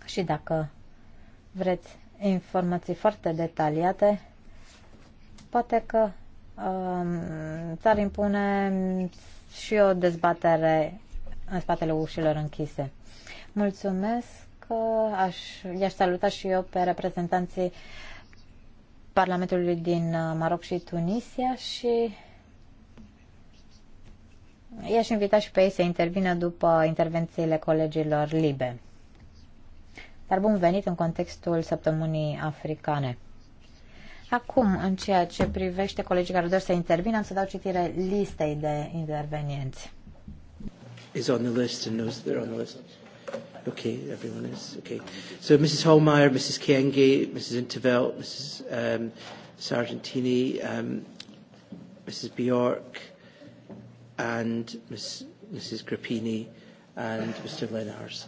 și dacă vreți informații foarte detaliate, poate că uh, s-ar impune și o dezbatere în spatele ușilor închise. Mulțumesc că uh, aș, i-aș saluta și eu pe reprezentanții Parlamentului din uh, Maroc și Tunisia și i-aș invita și pe ei să intervină după intervențiile colegilor libe. Dar bun venit în contextul săptămânii africane. Acum, în ceea ce privește colegii care doresc să intervină, am să dau citire listei de intervenienți. Is on the list and knows they're on the list. Okay, everyone is. Okay. So Mrs. Hallmeyer, Mrs. Kenge, Mrs. Intervelt, Mrs. Um, Sargentini, um, Mrs. Bjork, and Ms. Mrs. Grappini, and Mr. Lenars.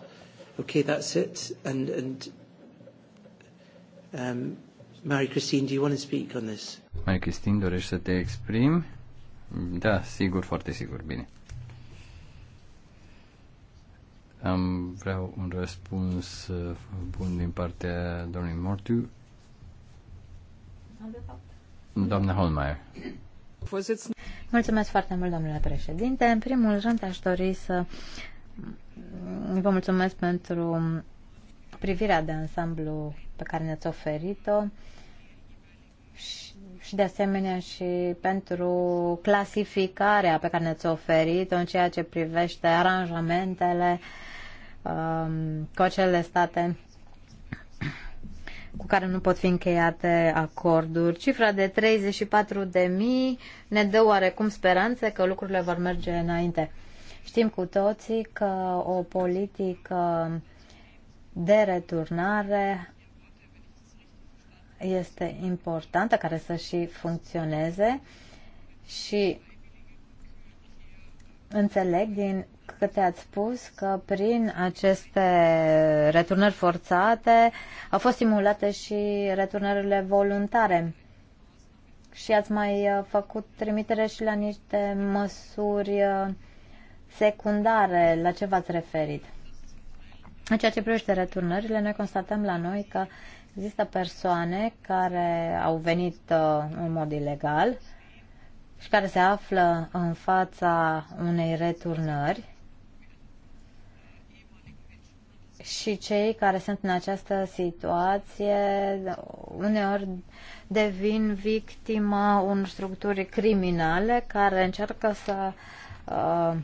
Okay, that's it. And, and um, Marie-Christine, do you want to speak on this? Marie-Christine, dorești să te exprimi? Da, sigur, foarte sigur, bine. Am vreau un răspuns uh, bun din partea domnului Mortu. Doamna Holmeier. Mulțumesc foarte mult, domnule președinte. În primul rând, aș dori să Vă mulțumesc pentru privirea de ansamblu pe care ne-ați oferit-o și, și de asemenea și pentru clasificarea pe care ne-ați oferit-o în ceea ce privește aranjamentele um, cu acele state cu care nu pot fi încheiate acorduri. Cifra de 34.000 ne dă oarecum speranțe că lucrurile vor merge înainte. Știm cu toții că o politică de returnare este importantă, care să și funcționeze și înțeleg din câte ați spus că prin aceste returnări forțate au fost simulate și returnările voluntare. Și ați mai uh, făcut trimitere și la niște măsuri uh, secundare, la ce v-ați referit? În ceea ce privește returnările, noi constatăm la noi că există persoane care au venit uh, în mod ilegal și care se află în fața unei returnări și cei care sunt în această situație uneori devin victima unor structuri criminale care încearcă să uh,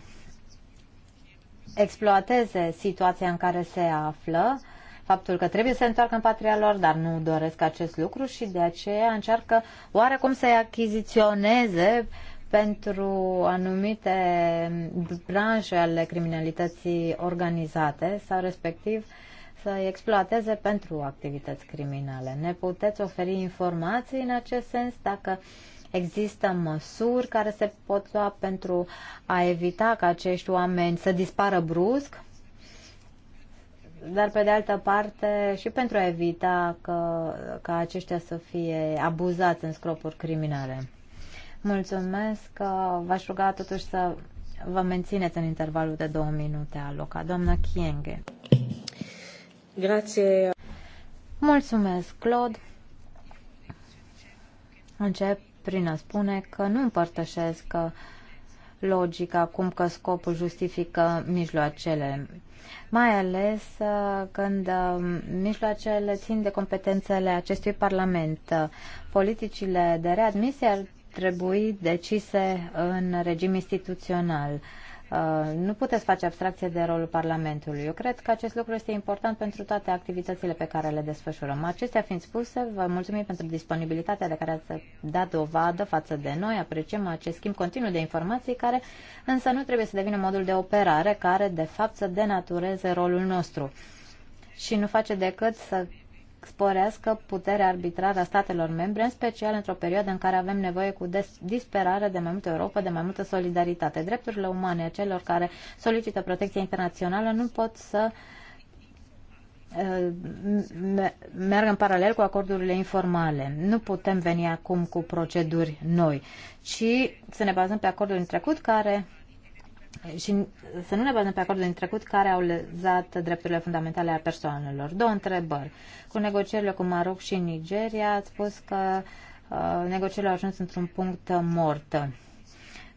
exploateze situația în care se află, faptul că trebuie să se întoarcă în patria lor, dar nu doresc acest lucru și de aceea încearcă oarecum să-i achiziționeze pentru anumite branșe ale criminalității organizate sau respectiv să-i exploateze pentru activități criminale. Ne puteți oferi informații în acest sens dacă uh, Există măsuri care se pot lua pentru a evita ca acești oameni să dispară brusc, dar pe de altă parte și pentru a evita că, ca aceștia să fie abuzați în scopuri criminale. Mulțumesc că v-aș ruga totuși să vă mențineți în intervalul de două minute alocat. Doamna Chienghe. Grație. Mulțumesc, Claude. Încep prin a spune că nu împărtășesc uh, logica cum că scopul justifică mijloacele, mai ales uh, când uh, mijloacele țin de competențele acestui Parlament. Politicile de readmisie ar trebui decise în regim instituțional. Uh, nu puteți face abstracție de rolul Parlamentului. Eu cred că acest lucru este important pentru toate activitățile pe care le desfășurăm. Acestea fiind spuse, vă mulțumim pentru disponibilitatea de care ați dat dovadă față de noi. Apreciem acest schimb continuu de informații care însă nu trebuie să devină modul de operare care de fapt să denatureze rolul nostru și nu face decât să sporească puterea arbitrară a statelor membre, în special într-o perioadă în care avem nevoie cu disperare de mai multă Europa, de mai multă solidaritate. Drepturile umane a celor care solicită protecție internațională nu pot să uh, meargă în paralel cu acordurile informale. Nu putem veni acum cu proceduri noi, ci să ne bazăm pe acordul din trecut care și să nu ne bazăm pe acordul din trecut care au lezat drepturile fundamentale a persoanelor. Două întrebări. Cu negocierile cu Maroc și Nigeria, ați spus că uh, negocierile au ajuns într-un punct mort.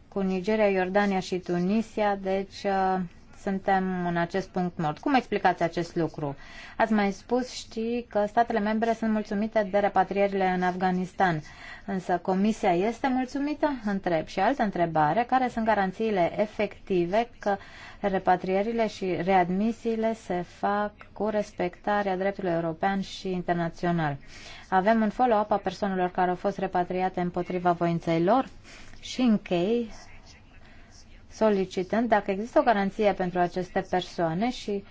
Cu Nigeria, Iordania și Tunisia, deci uh, suntem în acest punct mort. Cum explicați acest lucru? Ați mai spus, știi, că statele membre sunt mulțumite de repatrierile în Afganistan, însă Comisia este mulțumită? Întreb. Și altă întrebare, care sunt garanțiile efective că repatrierile și readmisiile se fac cu respectarea dreptului european și internațional? Avem un follow-up a persoanelor care au fost repatriate împotriva voinței lor? Și închei, solicitând dacă există o garanție pentru aceste persoane și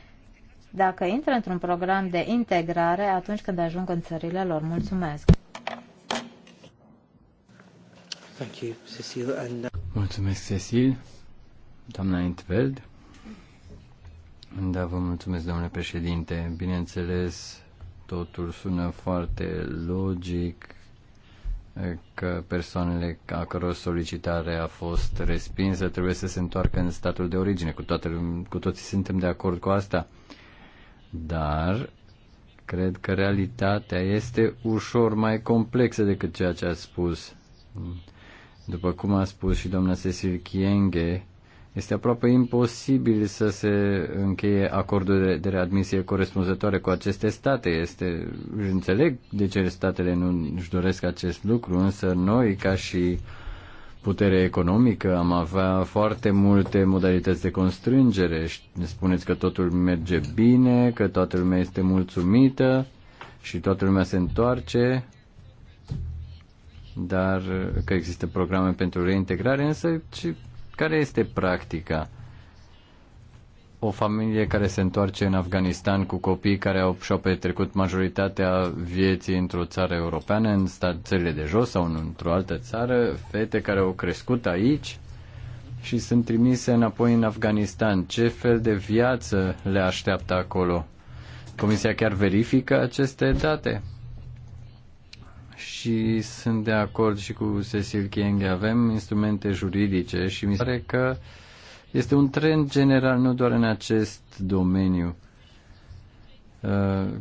dacă intră într-un program de integrare atunci când ajung în țările lor. Mulțumesc! Thank you, Cecil. And... Uh, mulțumesc, Cecil. Doamna Intveld. Da, vă mulțumesc, domnule președinte. Bineînțeles, totul sună foarte logic, că persoanele a căror solicitare a fost respinsă trebuie să se întoarcă în statul de origine. Cu, toate, cu toții suntem de acord cu asta. Dar cred că realitatea este ușor mai complexă decât ceea ce a spus. După cum a spus și doamna Cecil Kienge, este aproape imposibil să se încheie acordul de, readmisie corespunzătoare cu aceste state. Este, înțeleg de ce statele nu își doresc acest lucru, însă noi, ca și putere economică, am avea foarte multe modalități de constrângere. Spuneți că totul merge bine, că toată lumea este mulțumită și toată lumea se întoarce, dar că există programe pentru reintegrare, însă care este practica? O familie care se întoarce în Afganistan cu copii care au și-au petrecut majoritatea vieții într-o țară europeană, în țările de jos sau într-o altă țară, fete care au crescut aici și sunt trimise înapoi în Afganistan. Ce fel de viață le așteaptă acolo? Comisia chiar verifică aceste date? și sunt de acord și cu Cecil Kienge. Avem instrumente juridice și mi se pare că este un trend general, nu doar în acest domeniu. Uh,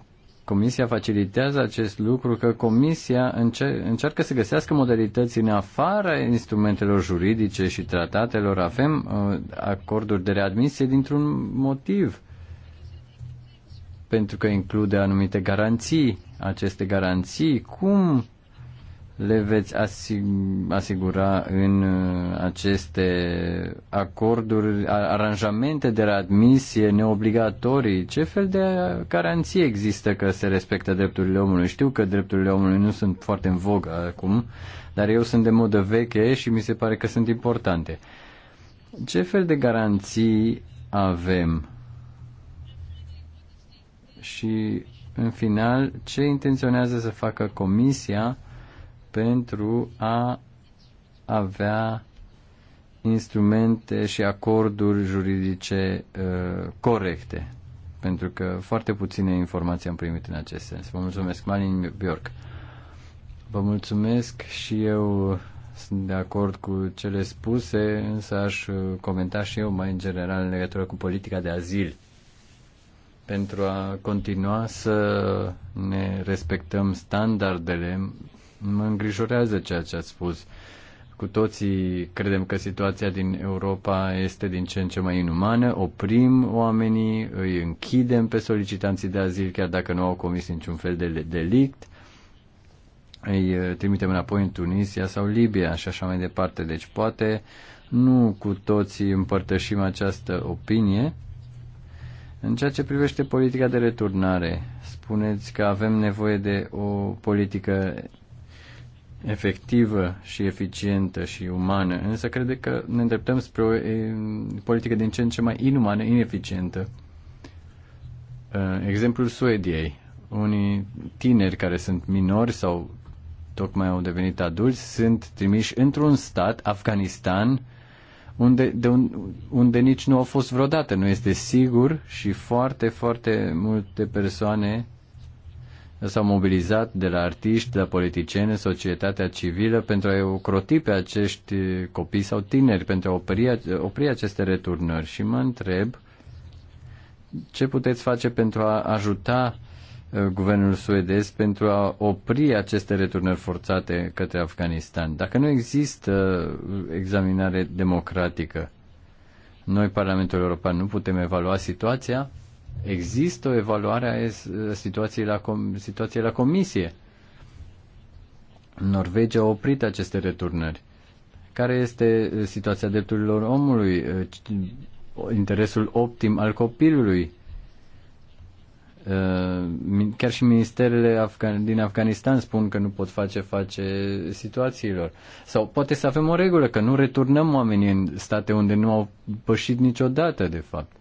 Comisia facilitează acest lucru, că Comisia încer- încearcă să găsească modalități în afara instrumentelor juridice și tratatelor. Avem uh, acorduri de readmisie dintr-un motiv, pentru că include anumite garanții aceste garanții, cum le veți asigura în uh, aceste acorduri, aranjamente de readmisie neobligatorii? Ce fel de garanții există că se respectă drepturile omului? Știu că drepturile omului nu sunt foarte în vogă acum, dar eu sunt de modă veche și mi se pare că sunt importante. Ce fel de garanții avem? Și în final, ce intenționează să facă Comisia pentru a avea instrumente și acorduri juridice uh, corecte? Pentru că foarte puține informații am primit în acest sens. Vă mulțumesc, Malin Bjork. Vă mulțumesc și eu sunt de acord cu cele spuse, însă aș uh, comenta și eu mai în general în legătură cu politica de azil pentru a continua să ne respectăm standardele, mă îngrijorează ceea ce ați spus. Cu toții credem că situația din Europa este din ce în ce mai inumană, oprim oamenii, îi închidem pe solicitanții de azil chiar dacă nu au comis niciun fel de delict, îi uh, trimitem înapoi în Tunisia sau Libia și așa mai departe. Deci poate nu cu toții împărtășim această opinie, în ceea ce privește politica de returnare, spuneți că avem nevoie de o politică efectivă și eficientă și umană, însă cred că ne îndreptăm spre o politică din ce în ce mai inumană, ineficientă. Exemplul Suediei. Unii tineri care sunt minori sau tocmai au devenit adulți sunt trimiși într-un stat, Afganistan, unde, de un, unde nici nu au fost vreodată. Nu este sigur și foarte, foarte multe persoane s-au mobilizat de la artiști, de la politicieni, societatea civilă pentru a ocroti pe acești copii sau tineri, pentru a opri, opri aceste returnări. Și mă întreb ce puteți face pentru a ajuta Uh, guvernul suedez pentru a opri aceste returnări forțate către Afganistan. Dacă nu există uh, examinare democratică, noi, Parlamentul European, nu putem evalua situația. Există o evaluare a uh, situației la, com- situației la Comisie. Norvegia a oprit aceste returnări. Care este situația drepturilor omului? Interesul optim al copilului? Uh, chiar și ministerele Afgan- din Afganistan spun că nu pot face face situațiilor. Sau poate să avem o regulă că nu returnăm oamenii în state unde nu au pășit niciodată, de fapt.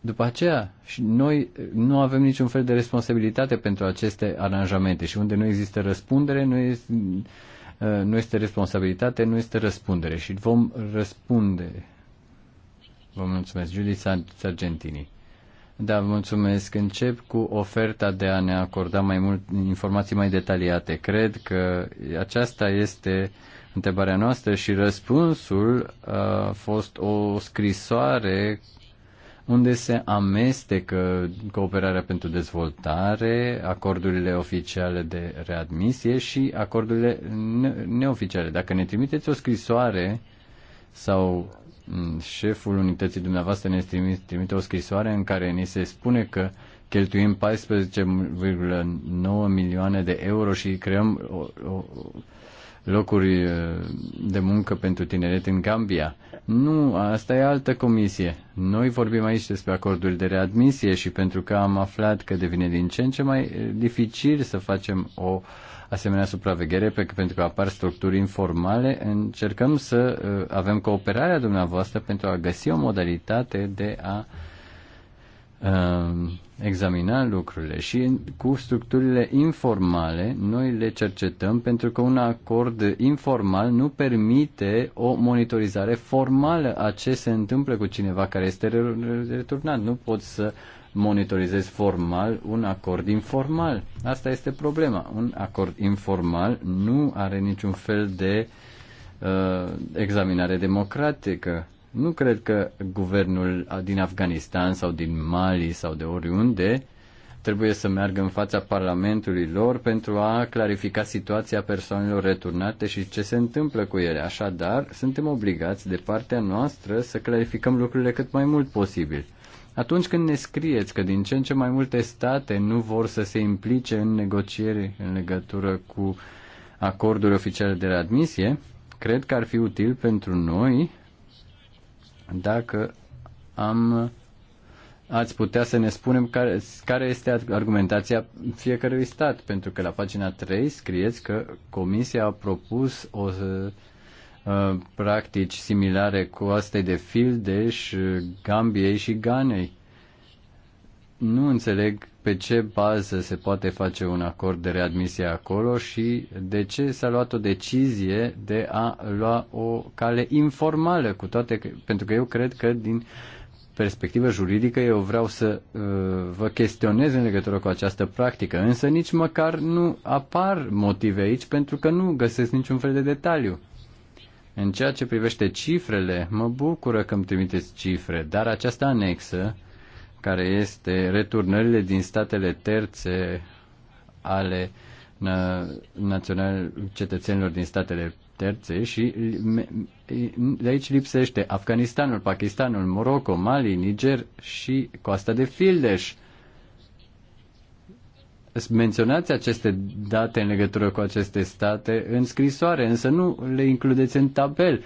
După aceea, noi nu avem niciun fel de responsabilitate pentru aceste aranjamente și unde nu există răspundere, nu este, uh, nu este responsabilitate, nu este răspundere și vom răspunde Vă mulțumesc, Judith Sargentini. Da, mulțumesc. Încep cu oferta de a ne acorda mai mult informații mai detaliate. Cred că aceasta este întrebarea noastră și răspunsul a fost o scrisoare unde se amestecă cooperarea pentru dezvoltare, acordurile oficiale de readmisie și acordurile neoficiale. Dacă ne trimiteți o scrisoare sau Mm, șeful unității dumneavoastră ne trimite, trimite o scrisoare în care ni se spune că cheltuim 14,9 milioane de euro și creăm o, o, locuri uh, de muncă pentru tineret în Gambia. Nu, asta e altă comisie. Noi vorbim aici despre acorduri de readmisie și pentru că am aflat că devine din ce în ce mai uh, dificil să facem o uh, asemenea supraveghere pe, pentru că apar structuri informale, încercăm să uh, avem cooperarea dumneavoastră pentru a găsi o modalitate de a uh, examina lucrurile și cu structurile informale noi le cercetăm pentru că un acord informal nu permite o monitorizare formală a ce se întâmplă cu cineva care este returnat. Nu poți să monitorizezi formal un acord informal. Asta este problema. Un acord informal nu are niciun fel de uh, examinare democratică. Nu cred că guvernul din Afganistan sau din Mali sau de oriunde trebuie să meargă în fața Parlamentului lor pentru a clarifica situația persoanelor returnate și ce se întâmplă cu ele. Așadar, suntem obligați de partea noastră să clarificăm lucrurile cât mai mult posibil. Atunci când ne scrieți că din ce în ce mai multe state nu vor să se implice în negocieri în legătură cu acorduri oficiale de readmisie, cred că ar fi util pentru noi dacă am ați putea să ne spunem care, care este argumentația fiecărui stat, pentru că la pagina 3 scrieți că Comisia a propus o Uh, practici similare cu astea de Fildeș, uh, Gambiei și Ganei. Nu înțeleg pe ce bază se poate face un acord de readmisie acolo și de ce s-a luat o decizie de a lua o cale informală, cu toate că, pentru că eu cred că din perspectivă juridică eu vreau să uh, vă chestionez în legătură cu această practică, însă nici măcar nu apar motive aici pentru că nu găsesc niciun fel de detaliu. În ceea ce privește cifrele, mă bucură că îmi trimiteți cifre, dar această anexă, care este returnările din statele terțe ale na- național cetățenilor din statele terțe și de aici lipsește Afganistanul, Pakistanul, Morocco, Mali, Niger și Coasta de Fildeș menționați aceste date în legătură cu aceste state în scrisoare, însă nu le includeți în tabel.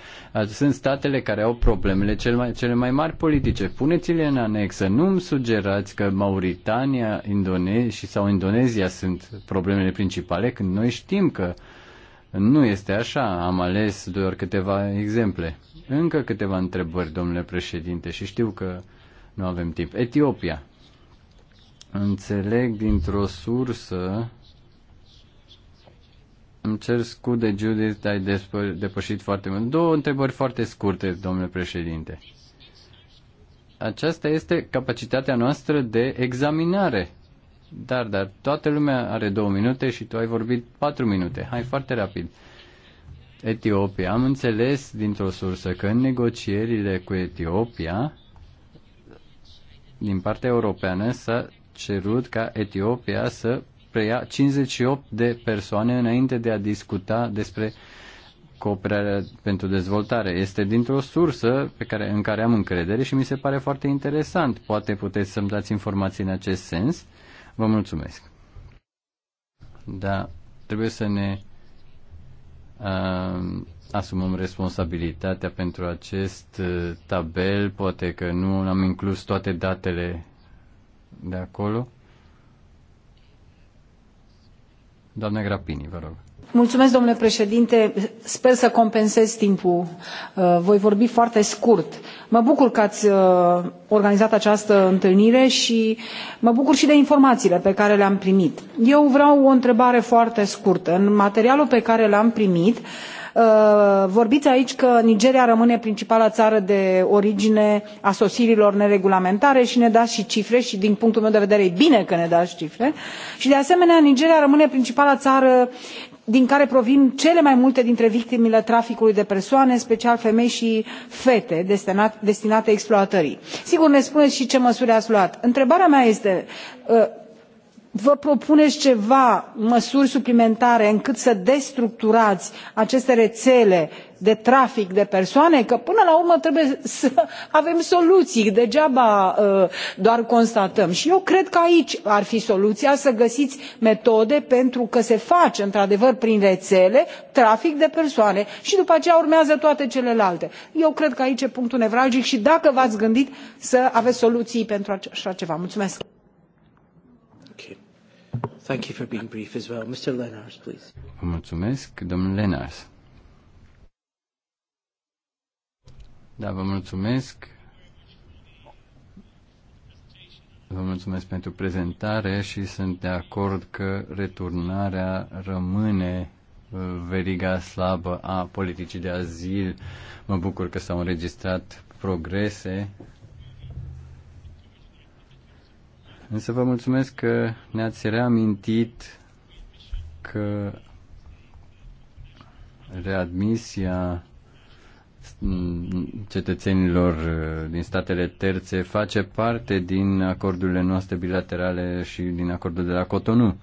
Sunt statele care au problemele cele mai, cele mai mari politice. Puneți-le în anexă. Nu îmi sugerați că Mauritania Indonezia sau Indonezia sunt problemele principale, când noi știm că nu este așa. Am ales doar câteva exemple. Încă câteva întrebări, domnule președinte, și știu că nu avem timp. Etiopia. Înțeleg dintr-o sursă îmi cer de Judith, ai depășit foarte mult. Două întrebări foarte scurte, domnule președinte. Aceasta este capacitatea noastră de examinare. Dar, dar, toată lumea are două minute și tu ai vorbit patru minute. Hai foarte rapid. Etiopia. Am înțeles dintr-o sursă că în negocierile cu Etiopia, din partea europeană, s-a cerut ca Etiopia să preia 58 de persoane înainte de a discuta despre cooperarea pentru dezvoltare. Este dintr-o sursă pe care, în care am încredere și mi se pare foarte interesant. Poate puteți să-mi dați informații în acest sens. Vă mulțumesc. Da, trebuie să ne uh, asumăm responsabilitatea pentru acest uh, tabel. Poate că nu am inclus toate datele de acolo. Doamna Grapini, vă rog. Mulțumesc, domnule președinte. Sper să compensez timpul. Uh, voi vorbi foarte scurt. Mă bucur că ați uh, organizat această întâlnire și mă bucur și de informațiile pe care le-am primit. Eu vreau o întrebare foarte scurtă. În materialul pe care l-am primit, Uh, vorbiți aici că nigeria rămâne principala țară de origine a sosirilor neregulamentare și ne dați și cifre și din punctul meu de vedere e bine că ne dați cifre și de asemenea nigeria rămâne principala țară din care provin cele mai multe dintre victimele traficului de persoane în special femei și fete destinate exploatării. sigur ne spuneți și ce măsuri ați luat. întrebarea mea este uh, vă propuneți ceva măsuri suplimentare încât să destructurați aceste rețele de trafic de persoane că până la urmă trebuie să (laughs) avem soluții degeaba uh, doar constatăm și eu cred că aici ar fi soluția să găsiți metode pentru că se face într adevăr prin rețele trafic de persoane și după aceea urmează toate celelalte. eu cred că aici e punctul nevralgic și dacă v ați gândit să aveți soluții pentru așa ceva. mulțumesc. Thank you for being brief as well. Mr. Lenars, please. Vă mulțumesc, domnul Lenars. Da, vă mulțumesc. Vă mulțumesc pentru prezentare și sunt de acord că returnarea rămâne uh, veriga slabă a politicii de azil. Mă bucur că s-au înregistrat progrese Însă vă mulțumesc că ne-ați reamintit că readmisia cetățenilor uh, din statele terțe face parte din acordurile noastre bilaterale și din acordul de la Cotonou.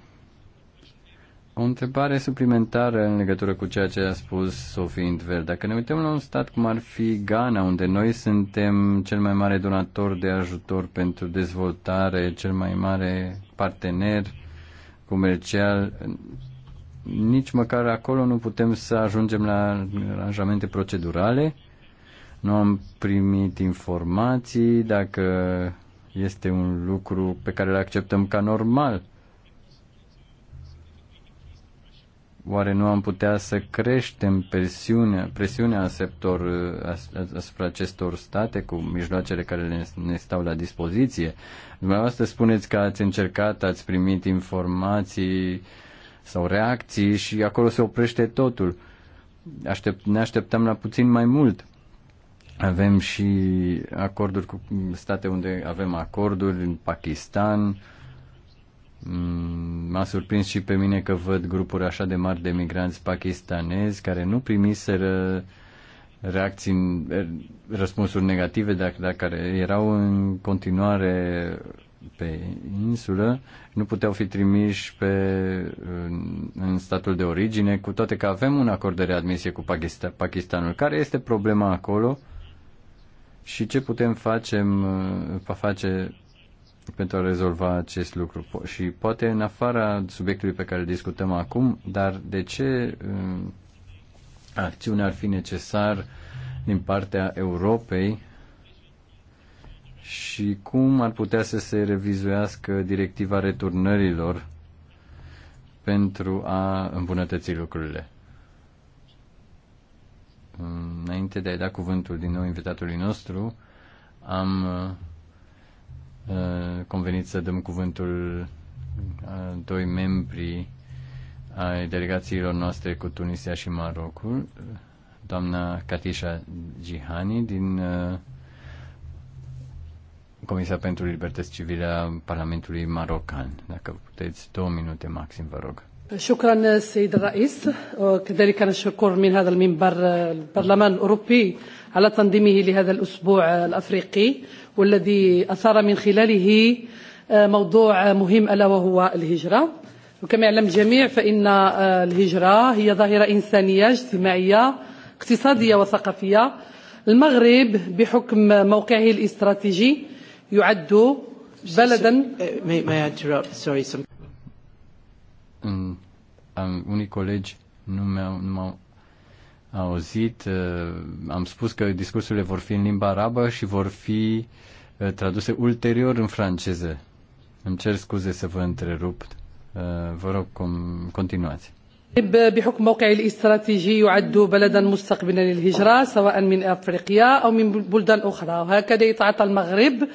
O întrebare suplimentară în legătură cu ceea ce a spus Sofie Intver. Dacă ne uităm la un stat cum ar fi Ghana, unde noi suntem cel mai mare donator de ajutor pentru dezvoltare, cel mai mare partener comercial, nici măcar acolo nu putem să ajungem la aranjamente procedurale. Nu am primit informații dacă este un lucru pe care îl acceptăm ca normal Oare nu am putea să creștem presiunea, presiunea as, asupra acestor state cu mijloacele care ne, ne stau la dispoziție? Dumneavoastră spuneți că ați încercat, ați primit informații sau reacții și acolo se oprește totul. Aștept, ne așteptăm la puțin mai mult. Avem și acorduri cu state unde avem acorduri, în Pakistan, Mm, m-a surprins și pe mine că văd grupuri așa de mari de migranți pakistanezi care nu primiseră reacții, răspunsuri negative, dar, dacă care erau în continuare pe insulă, nu puteau fi trimiși pe, în, în statul de origine, cu toate că avem un acord de readmisie cu Pakistan, Pakistanul. Care este problema acolo și ce putem face, face pentru a rezolva acest lucru. Și poate în afara subiectului pe care discutăm acum, dar de ce um, acțiunea ar fi necesar din partea Europei și cum ar putea să se revizuiască directiva returnărilor pentru a îmbunătăți lucrurile. Înainte de a-i da cuvântul din nou invitatului nostru, am uh, Uh, convenit să dăm cuvântul a uh, doi membri ai delegațiilor noastre cu Tunisia și Marocul, doamna Katisha Jihani din uh, Comisia pentru Libertăți Civile a Parlamentului Marocan. Dacă puteți, două minute maxim, vă rog. شكرا سيد الرئيس وكذلك نشكر من هذا المنبر البرلمان الأوروبي على تنظيمه لهذا الأسبوع الأفريقي والذي أثار من خلاله موضوع مهم ألا وهو الهجرة وكما يعلم الجميع فإن الهجرة هي ظاهرة إنسانية اجتماعية اقتصادية وثقافية المغرب بحكم موقعه الاستراتيجي يعد بلدا unii colegi nu m-au auzit, am spus că discursurile vor fi în limba arabă și vor fi traduse ulterior în franceză. Îmi cer scuze să vă întrerup. Vă rog, continuați. بحكم موقعه الاستراتيجي يعد بلدا مستقبلا للهجرة سواء من أفريقيا أو من بلدان أخرى وهكذا يتعاطى المغرب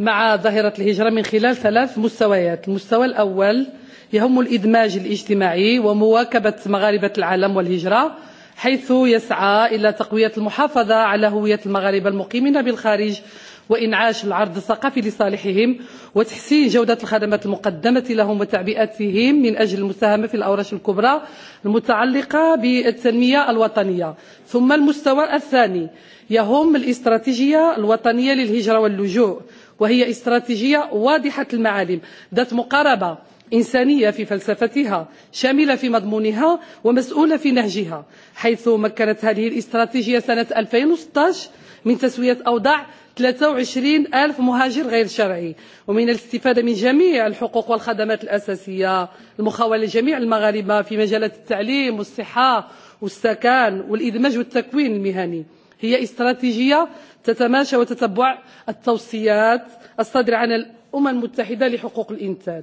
مع ظاهرة الهجرة من خلال ثلاث مستويات المستوى الأول يهم الإدماج الاجتماعي ومواكبة مغاربة العالم والهجرة حيث يسعى إلى تقوية المحافظة على هوية المغاربة المقيمين بالخارج وإنعاش العرض الثقافي لصالحهم وتحسين جودة الخدمات المقدمة لهم وتعبئتهم من أجل المساهمة في الأورش الكبرى المتعلقة بالتنمية الوطنية ثم المستوى الثاني يهم الاستراتيجية الوطنية للهجرة واللجوء وهي استراتيجية واضحة المعالم ذات مقاربة إنسانية في فلسفتها شاملة في مضمونها ومسؤولة في نهجها حيث مكنت هذه الاستراتيجية سنة 2016 من تسوية أوضاع 23 ألف مهاجر غير شرعي ومن الاستفادة من جميع الحقوق والخدمات الأساسية المخاولة لجميع المغاربة في مجالات التعليم والصحة والسكن والإدماج والتكوين المهني هي استراتيجية تتماشى وتتبع التوصيات الصادرة عن الأمم المتحدة لحقوق الإنسان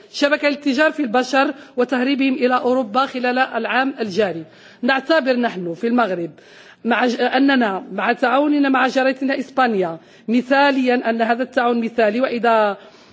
شبكة الاتجار في البشر وتهريبهم إلى أوروبا خلال العام الجاري نعتبر نحن في المغرب مع ج... أننا مع تعاوننا مع جارتنا إسبانيا مثاليا أن هذا التعاون مثالي وإذا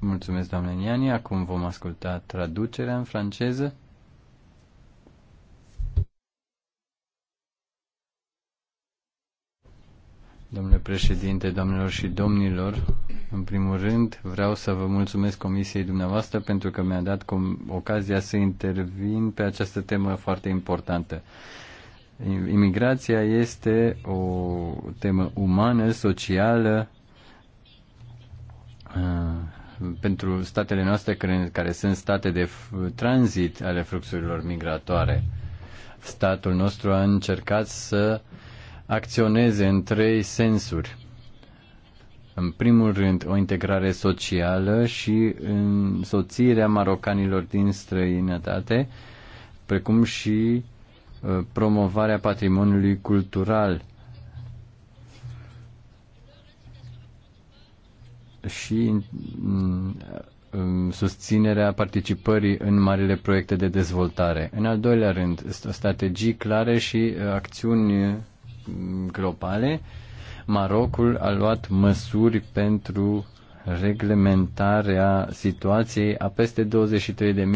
Mulțumesc, doamne Niani. Acum vom asculta traducerea în franceză. Domnule președinte, domnilor și domnilor, în primul rând vreau să vă mulțumesc comisiei dumneavoastră pentru că mi-a dat ocazia să intervin pe această temă foarte importantă. Imigrația este o temă umană, socială, uh, pentru statele noastre care, care sunt state de tranzit ale fluxurilor migratoare. Statul nostru a încercat să acționeze în trei sensuri. În primul rând, o integrare socială și însoțirea marocanilor din străinătate, precum și uh, promovarea patrimoniului cultural și mm, mm, susținerea participării în marile proiecte de dezvoltare. În al doilea rând, strategii clare și uh, acțiuni mm, globale. Marocul a luat măsuri pentru reglementarea situației a peste 23.000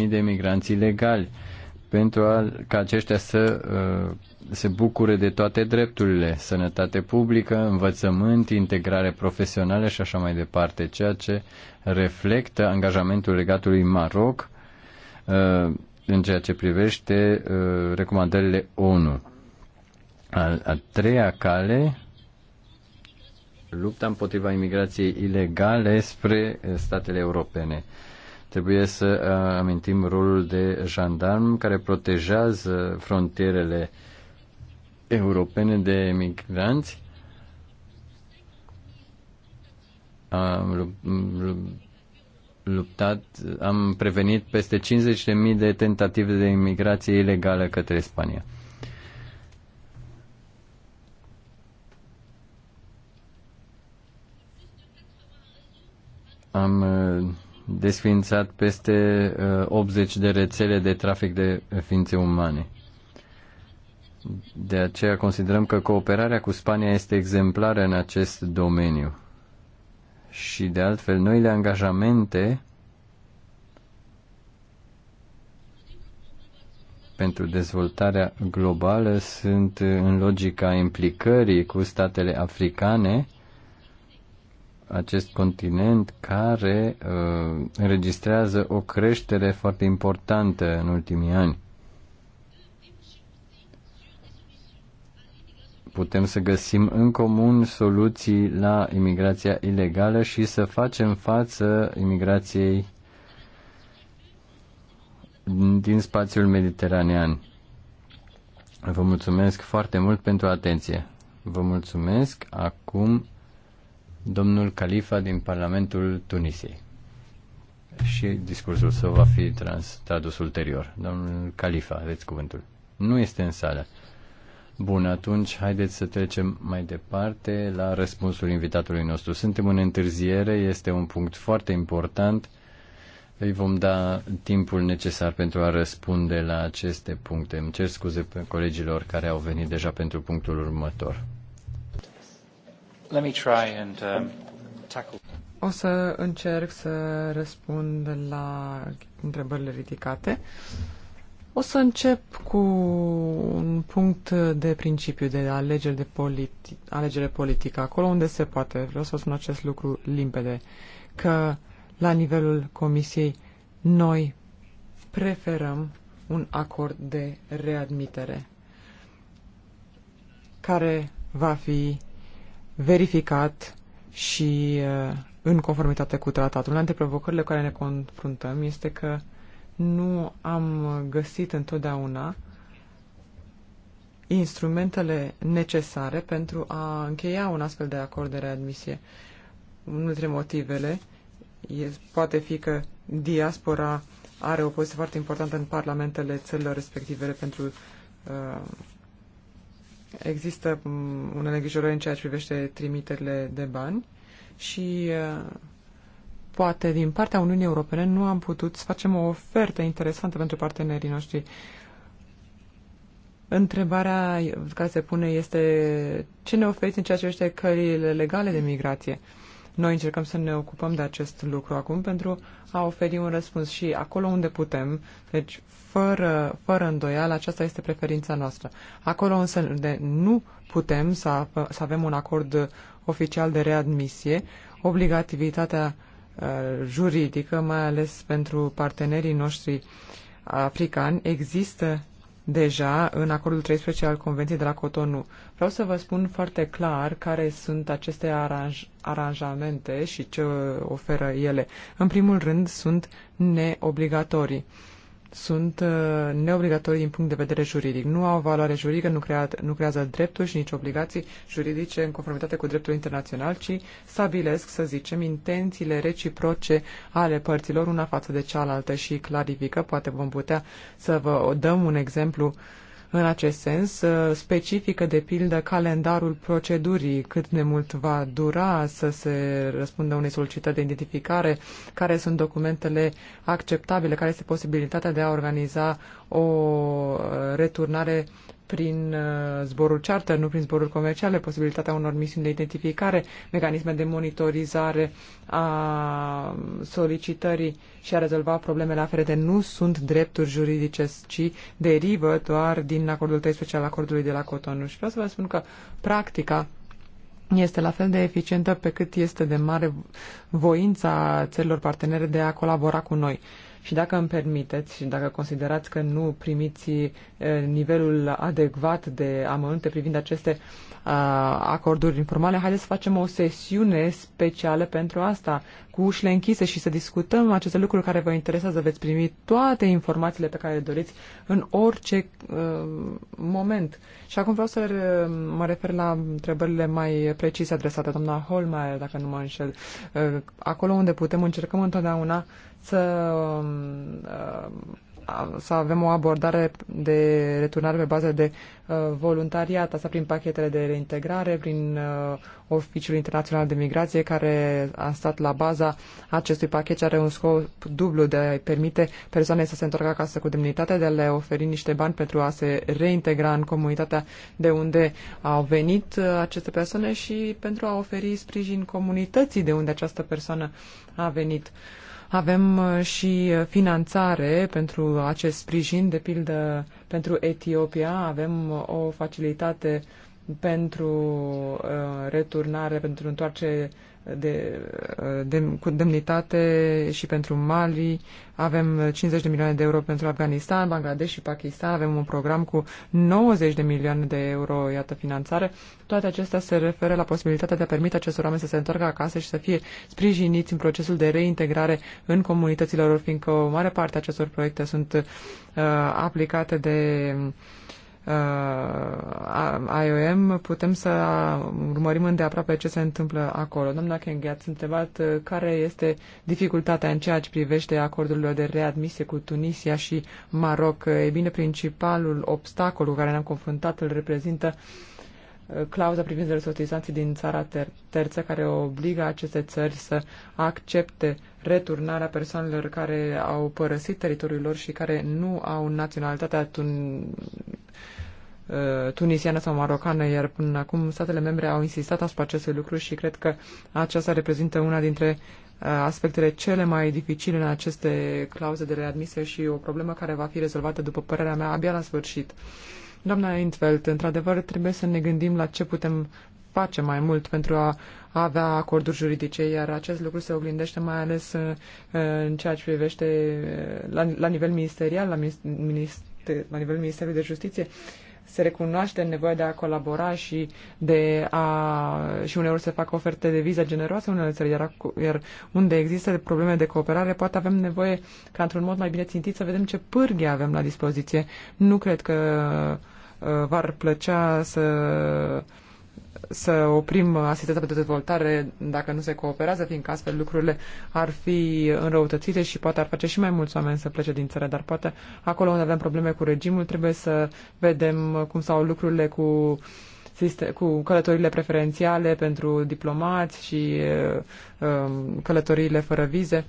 de migranți ilegali pentru a, ca aceștia să uh, se bucure de toate drepturile, sănătate publică, învățământ, integrare profesională și așa mai departe, ceea ce reflectă angajamentul legatului Maroc uh, în ceea ce privește uh, recomandările ONU. Al, a treia cale, lupta împotriva imigrației ilegale spre uh, statele europene. Trebuie să amintim rolul de jandarm care protejează frontierele uh, europene de emigranți. Am luptat, am prevenit peste 50.000 de tentative de imigrație ilegală către Spania. Am uh, desfințat peste 80 uh, de rețele de trafic de ființe umane. De aceea considerăm că cooperarea cu Spania este exemplară în acest domeniu. Și de altfel, noile angajamente pentru dezvoltarea globală sunt în logica implicării cu statele africane, acest continent care uh, înregistrează o creștere foarte importantă în ultimii ani. putem să găsim în comun soluții la imigrația ilegală și să facem față imigrației din spațiul mediteranean. Vă mulțumesc foarte mult pentru atenție. Vă mulțumesc acum domnul Califa din Parlamentul Tunisiei. Și discursul său va fi trans, tradus ulterior. Domnul Califa, aveți cuvântul. Nu este în sală. Bun, atunci haideți să trecem mai departe la răspunsul invitatului nostru. Suntem în întârziere, este un punct foarte important. Îi vom da timpul necesar pentru a răspunde la aceste puncte. Îmi cer scuze pe colegilor care au venit deja pentru punctul următor. Let me try and, um, tackle... O să încerc să răspund la întrebările ridicate. Uh, o să încep cu un punct de principiu de alegere, de politi- alegere politică, acolo unde se poate. Vreau să spun acest lucru limpede, că la nivelul Comisiei noi preferăm un acord de readmitere care va fi verificat și uh, în conformitate cu tratatul. Una dintre provocările cu care ne confruntăm este că nu am găsit întotdeauna instrumentele necesare pentru a încheia un astfel de acord de readmisie. Unul dintre motivele e, poate fi că diaspora are o poziție foarte importantă în parlamentele țărilor respective pentru uh, există mm, unele îngrijorări în ceea ce privește trimiterile de bani și uh, poate din partea Uniunii Europene nu am putut să facem o ofertă interesantă pentru partenerii noștri. Întrebarea care se pune este ce ne oferiți în ceea ce este căile legale de migrație? Noi încercăm să ne ocupăm de acest lucru acum pentru a oferi un răspuns și acolo unde putem, deci fără, fără îndoială, aceasta este preferința noastră. Acolo însă de nu putem să, să avem un acord oficial de readmisie, obligativitatea uh, Uh, juridică, mai ales pentru partenerii noștri africani, există deja în acordul 13 al Convenției de la Cotonou. Vreau să vă spun foarte clar care sunt aceste aranj- aranjamente și ce oferă ele. În primul rând, sunt neobligatorii. Uh, sunt uh, neobligatorii din punct de vedere juridic. Nu au valoare juridică, nu, crea, nu creează drepturi și nici obligații juridice în conformitate cu dreptul internațional, ci stabilesc, să zicem, intențiile reciproce ale părților una față de cealaltă și clarifică. Poate vom putea să vă dăm un exemplu uh, în acest sens, uh, specifică de pildă calendarul procedurii, cât de mult va dura să se răspundă unei solicitări de identificare, care sunt documentele acceptabile, care este posibilitatea de a organiza o uh, returnare prin uh, zborul charter, nu prin zboruri comerciale, posibilitatea unor misiuni de identificare, mecanisme de monitorizare a solicitării și a rezolva problemele aferente nu sunt drepturi juridice, ci derivă doar din acordul 13 al acordului de la Cotonou. Și vreau să vă spun că practica este la fel de eficientă pe cât este de mare voința țărilor partenere de a colabora cu noi. Și dacă îmi permiteți și dacă considerați că nu primiți nivelul adecvat de amănunte privind aceste acorduri informale, haideți să facem o sesiune specială pentru asta, cu ușile închise și să discutăm aceste lucruri care vă interesează. Veți primi toate informațiile pe care le doriți în orice uh, moment. Și acum vreau să mă refer la întrebările mai precise adresate doamna Holmeier, dacă nu mă înșel. Uh, acolo unde putem, încercăm întotdeauna uh, să, um, uh, să avem o abordare de returnare pe bază de uh, voluntariat, asta prin pachetele de reintegrare, prin uh, Oficiul Internațional de Migrație, care a stat la baza acestui pachet și are un scop dublu de a permite persoanei să se întoarcă acasă cu demnitate, de a le oferi niște bani pentru a se reintegra în comunitatea de unde au venit aceste persoane și pentru a oferi sprijin comunității de unde această persoană a venit. Avem uh, și uh, finanțare pentru acest sprijin, de pildă pentru Etiopia, avem uh, o facilitate pentru returnare, pentru întoarcere de, de, cu demnitate și pentru Mali, avem 50 de milioane de euro pentru Afganistan, Bangladesh și Pakistan, avem un program cu 90 de milioane de euro, iată, finanțare. Toate acestea se referă la posibilitatea de a permite acestor oameni să se întoarcă acasă și să fie sprijiniți în procesul de reintegrare în comunitățile lor, fiindcă o mare parte a acestor proiecte sunt uh, aplicate de uh, uh, IOM, putem să urmărim îndeaproape ce se întâmplă acolo. Doamna Kenghi, ați întrebat uh, care este dificultatea în ceea ce privește acordurile de readmisie cu Tunisia și Maroc. E bine, principalul obstacol cu care ne-am confruntat îl reprezintă uh, clauza privind resortizații din țara ter- terță care obligă aceste țări să accepte returnarea persoanelor care au părăsit teritoriul lor și care nu au naționalitatea tun- uh, tunisiană sau marocană, iar până acum statele membre au insistat asupra acestui lucru și cred că aceasta reprezintă una dintre uh, aspectele cele mai dificile în aceste clauze de readmisie și o problemă care va fi rezolvată, după părerea mea, abia la sfârșit. Doamna Intveld, într-adevăr, trebuie să ne gândim la ce putem face mai mult pentru a avea acorduri juridice, iar acest lucru se oglindește mai ales uh, în ceea ce privește uh, la, la nivel ministerial, la, minister, la nivel Ministerului de Justiție, se recunoaște nevoia de a colabora și de a și uneori se fac oferte de viză generoase unele țări, iar, iar unde există probleme de cooperare, poate avem nevoie ca într-un mod mai bine țintit să vedem ce pârghie avem la dispoziție. Nu cred că v-ar plăcea să să oprim asistența pentru dezvoltare dacă nu se cooperează, fiindcă astfel lucrurile ar fi înrăutățite și poate ar face și mai mulți oameni să plece din țară, dar poate acolo unde avem probleme cu regimul trebuie să vedem cum stau lucrurile cu cu călătorile preferențiale pentru diplomați și uh, um, călătoriile fără vize.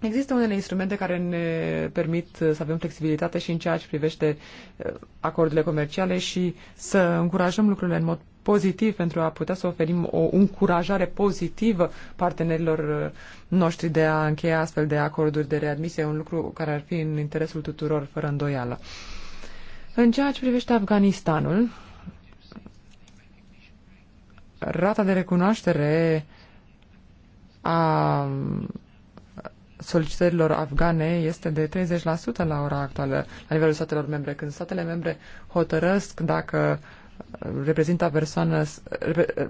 Există unele instrumente care ne permit să avem flexibilitate și în ceea ce privește eh, acordurile comerciale și să încurajăm lucrurile în mod pozitiv pentru a putea să oferim o încurajare pozitivă partenerilor eh, noștri de a încheia astfel de acorduri de readmisie, un lucru care ar fi în interesul tuturor, fără îndoială. În ceea ce privește Afganistanul, rata de recunoaștere a solicitărilor afgane este de 30% la ora actuală, la nivelul statelor membre. Când statele membre hotărăsc dacă uh, reprezintă persoană,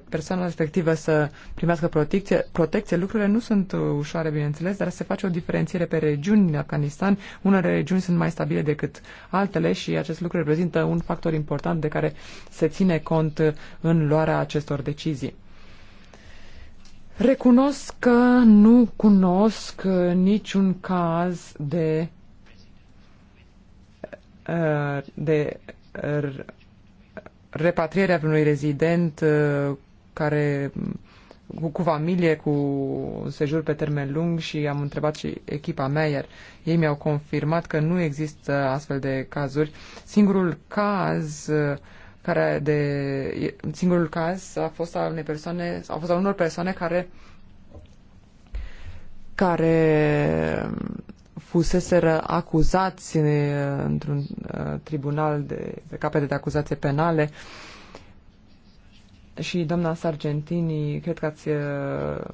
persoana respectivă să primească protecție, protecție, lucrurile nu sunt ușoare, bineînțeles, dar se face o diferențiere pe regiuni din Afganistan. Unele regiuni sunt mai stabile decât altele și acest lucru reprezintă un factor important de care se ține cont în luarea acestor decizii. Recunosc că nu cunosc uh, niciun caz de uh, de uh, repatrierea unui rezident care cu, cu familie, cu sejur pe termen lung și am întrebat și echipa mea, iar ei mi-au confirmat că nu există astfel de cazuri. Singurul caz care de singurul caz a fost al unei persoane, a fost al unor persoane care care fuseseră acuzați într-un uh, tribunal de, pe capete de acuzație penale și doamna Sargentini, cred că ați uh,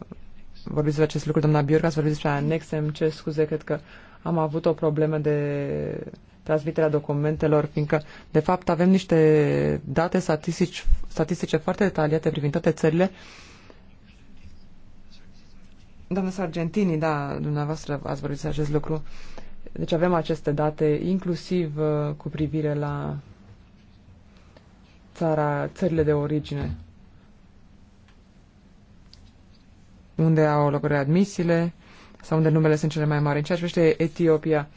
vorbit despre acest lucru, doamna Biorca, ați vorbit despre anexe, îmi cer scuze, cred că am avut o problemă de transmiterea documentelor, fiindcă, de fapt, avem niște date statistici, statistice foarte detaliate privind toate țările. Doamna Sargentini, da, dumneavoastră ați vorbit despre acest lucru. Deci avem aceste date, inclusiv uh, cu privire la țara, țările de origine, unde au loc readmisiile sau unde numele sunt cele mai mari. În ceea ce Etiopia,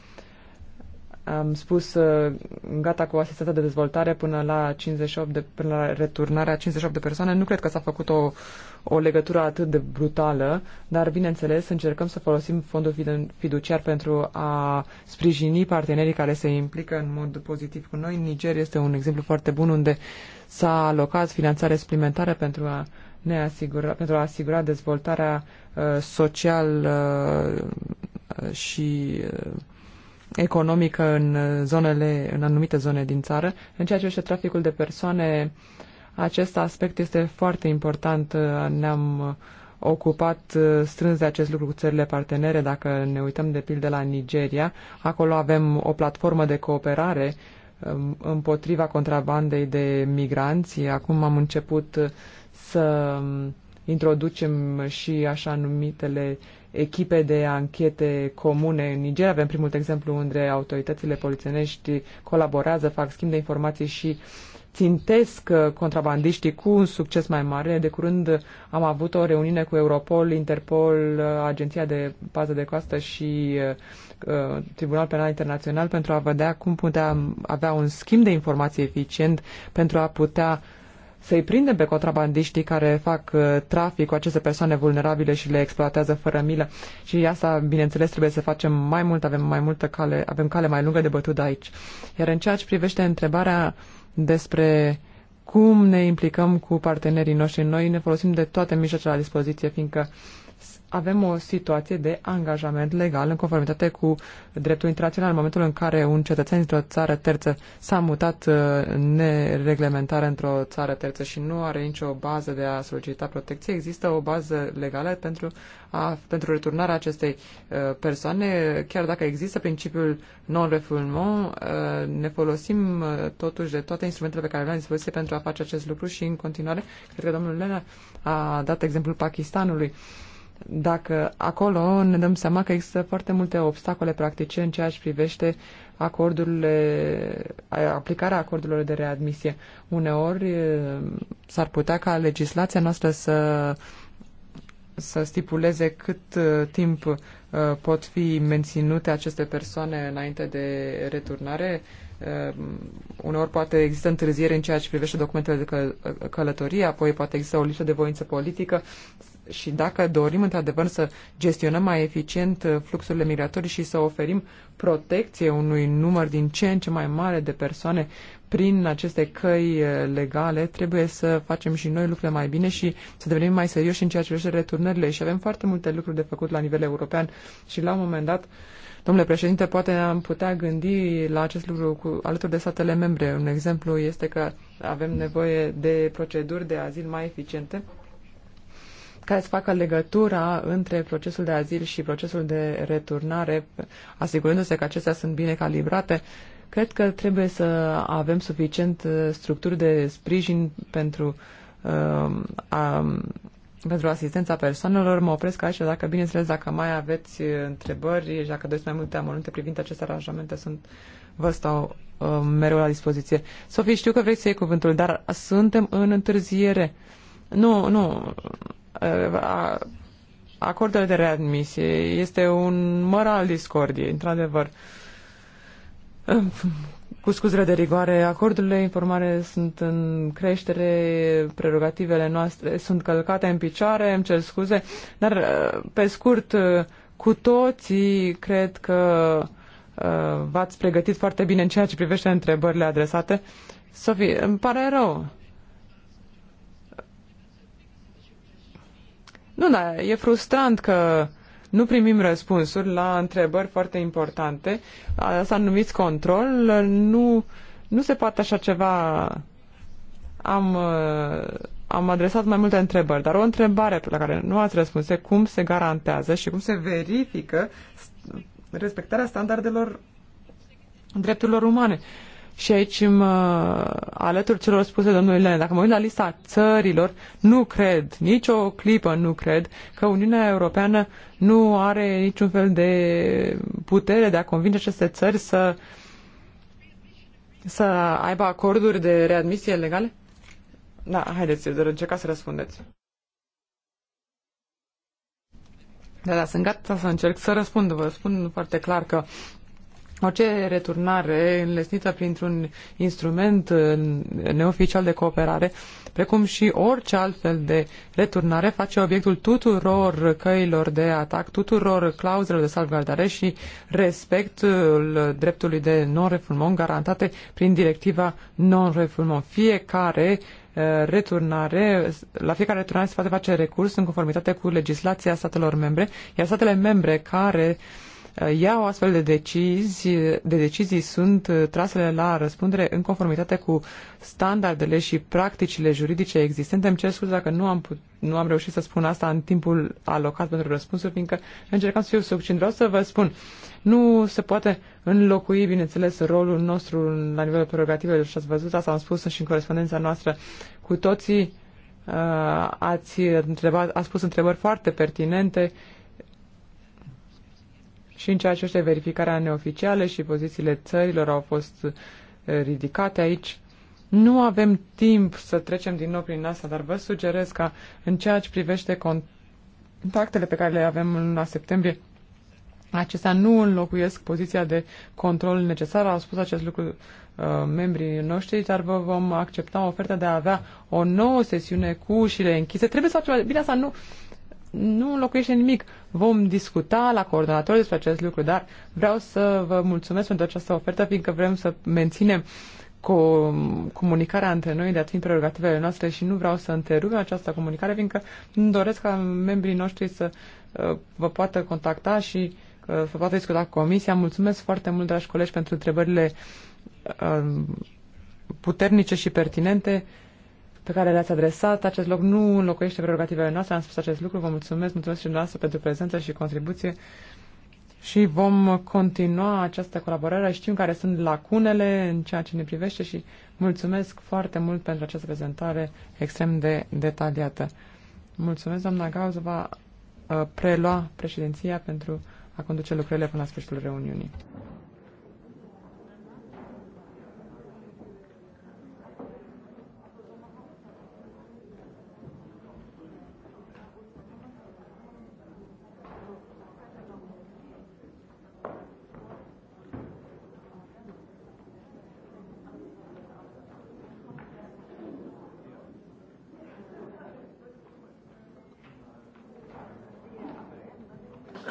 am spus uh, gata cu asistența de dezvoltare până la, 58 de, până la returnarea 58 de persoane. Nu cred că s-a făcut o, o legătură atât de brutală, dar bineînțeles încercăm să folosim fondul fiduciar pentru a sprijini partenerii care se implică în mod pozitiv cu noi. Niger este un exemplu foarte bun unde s-a alocat finanțare suplimentară pentru a ne asigura, pentru a asigura dezvoltarea uh, social uh, și uh, economică în, zonele, în anumite zone din țară. În ceea ce este traficul de persoane, acest aspect este foarte important. Ne-am ocupat uh, strâns de acest lucru cu țările partenere. Dacă ne uităm de pildă la Nigeria, acolo avem o platformă de cooperare um, împotriva contrabandei de migranți. Acum am început să um, introducem și așa numitele echipe de anchete comune în Nigeria. Avem primul exemplu unde autoritățile polițienești colaborează, fac schimb de informații și țintesc uh, contrabandiștii cu un succes mai mare. De curând am avut o reuniune cu Europol, Interpol, uh, Agenția de Pază de Coastă și uh, uh, Tribunal Penal Internațional pentru a vedea cum putea avea un schimb de informații eficient pentru a putea uh, să-i prindem pe contrabandiștii care fac uh, trafic cu aceste persoane vulnerabile și le exploatează fără milă. Și asta, bineînțeles, trebuie să facem mai mult, avem mai multă cale, avem cale mai lungă de bătut aici. Iar în ceea ce privește întrebarea despre cum ne implicăm cu partenerii noștri, noi ne folosim de toate mijloacele la dispoziție, fiindcă uh, avem o situație de angajament legal în conformitate cu dreptul internațional. În momentul în care un cetățean dintr-o țară terță s-a mutat uh, nereglementar într-o țară terță și nu are nicio bază de a solicita protecție, există o bază legală pentru, a, pentru returnarea acestei uh, persoane. Chiar dacă există principiul non-refoulement, uh, ne folosim totuși de toate instrumentele pe care le avem la dispoziție pentru a face acest lucru și în continuare, cred că domnul Lena a dat exemplul Pakistanului dacă acolo ne dăm seama că există foarte multe obstacole practice în ceea ce privește acordurile, aplicarea acordurilor de readmisie. Uneori s-ar putea ca legislația noastră să, să stipuleze cât timp pot fi menținute aceste persoane înainte de returnare. Uneori poate există întârziere în ceea ce privește documentele de călătorie, apoi poate există o lipsă de voință politică și dacă dorim într-adevăr să gestionăm mai eficient uh, fluxurile migratorii și să oferim protecție unui număr din ce în ce mai mare de persoane prin aceste căi uh, legale, trebuie să facem și noi lucrurile mai bine și să devenim mai serioși în ceea ce privește returnările și avem foarte multe lucruri de făcut la nivel european și la un moment dat Domnule președinte, poate am putea gândi la acest lucru cu, alături de statele membre. Un exemplu este că avem nevoie de proceduri de azil mai eficiente care să facă legătura între procesul de azil și procesul de returnare, asigurându-se că acestea sunt bine calibrate, cred că trebuie să avem suficient uh, structuri de sprijin pentru, uh, um, a, pentru asistența persoanelor. Mă opresc aici, dacă bineînțeles, dacă mai aveți uh, întrebări și dacă doriți mai multe amănunte privind aceste aranjamente, sunt, vă stau uh, mereu la dispoziție. Sofie, știu că vrei să iei cuvântul, dar suntem în întârziere. Nu, nu, acordurile de readmisie este un măr al discordiei, într-adevăr. Cu scuzele de rigoare, acordurile informare sunt în creștere, prerogativele noastre sunt călcate în picioare, îmi cer scuze, dar pe scurt, cu toții cred că v-ați pregătit foarte bine în ceea ce privește întrebările adresate. Sofie, îmi pare rău. Nu, dar e frustrant că nu primim răspunsuri la întrebări foarte importante. Asta numiți control. Nu, nu se poate așa ceva. Am, uh, am adresat mai multe întrebări, dar o întrebare la care nu ați răspuns este cum se garantează și cum se verifică respectarea standardelor drepturilor umane. Uh, și aici mă alătur celor spuse domnului Lene. Dacă mă uit la lista țărilor, nu cred, nici o clipă nu cred, că Uniunea Europeană nu are niciun fel de putere de a convinge aceste țări să, să aibă acorduri de readmisie legale? Da, haideți, încercați să răspundeți. Da, da, sunt gata să încerc să răspund. Vă spun foarte clar că Orice returnare înlesnită printr-un instrument neoficial de cooperare, precum și orice altfel de returnare, face obiectul tuturor căilor de atac, tuturor clauzelor de salvgardare și respectul dreptului de non refulmon garantate prin directiva non refulmon Fiecare eh, returnare, la fiecare returnare se poate face recurs în conformitate cu legislația statelor membre, iar statele membre care uh, Uh, iau astfel de decizii, de decizii sunt uh, trasele la răspundere în conformitate cu standardele și practicile juridice existente. Îmi cer scuze dacă nu am, put, nu am reușit să spun asta în timpul alocat pentru răspunsuri, fiindcă încercam să fiu succint. Vreau să vă spun, nu se poate înlocui, bineînțeles, rolul nostru la nivelul prerogativelor și ați văzut asta, am spus și în corespondența noastră cu toții uh, ați întrebat, ați spus întrebări foarte pertinente și în ceea ce este verificarea neoficială și pozițiile țărilor au fost eh, ridicate aici. Nu avem timp să trecem din nou prin asta, dar vă sugerez ca în ceea ce privește contactele pe care le avem în luna septembrie, acestea nu înlocuiesc poziția de control necesară. Au spus acest lucru eh, membrii noștri, dar vă vom accepta oferta de a avea o nouă sesiune cu ușile închise. Trebuie să facem, bine asta nu, nu înlocuiește nimic. Vom discuta la coordonator despre acest lucru, dar vreau să vă mulțumesc pentru această ofertă, fiindcă vrem să menținem cu comunicarea între noi de a fi prerogativele noastre și nu vreau să întrerup această comunicare, fiindcă îmi doresc ca membrii noștri să uh, vă poată contacta și uh, să poată discuta cu comisia. Mulțumesc foarte mult, dragi colegi, pentru întrebările uh, puternice și pertinente pe care le-ați adresat. Acest loc nu înlocuiește prerogativele noastre. Am spus acest lucru. Vă mulțumesc. Mulțumesc și noastră pentru prezență și contribuție. Și vom continua această colaborare. Știm care sunt lacunele în ceea ce ne privește și mulțumesc foarte mult pentru această prezentare extrem de detaliată. Mulțumesc, doamna Gauză, va uh, prelua președinția pentru a conduce lucrurile până la sfârșitul reuniunii.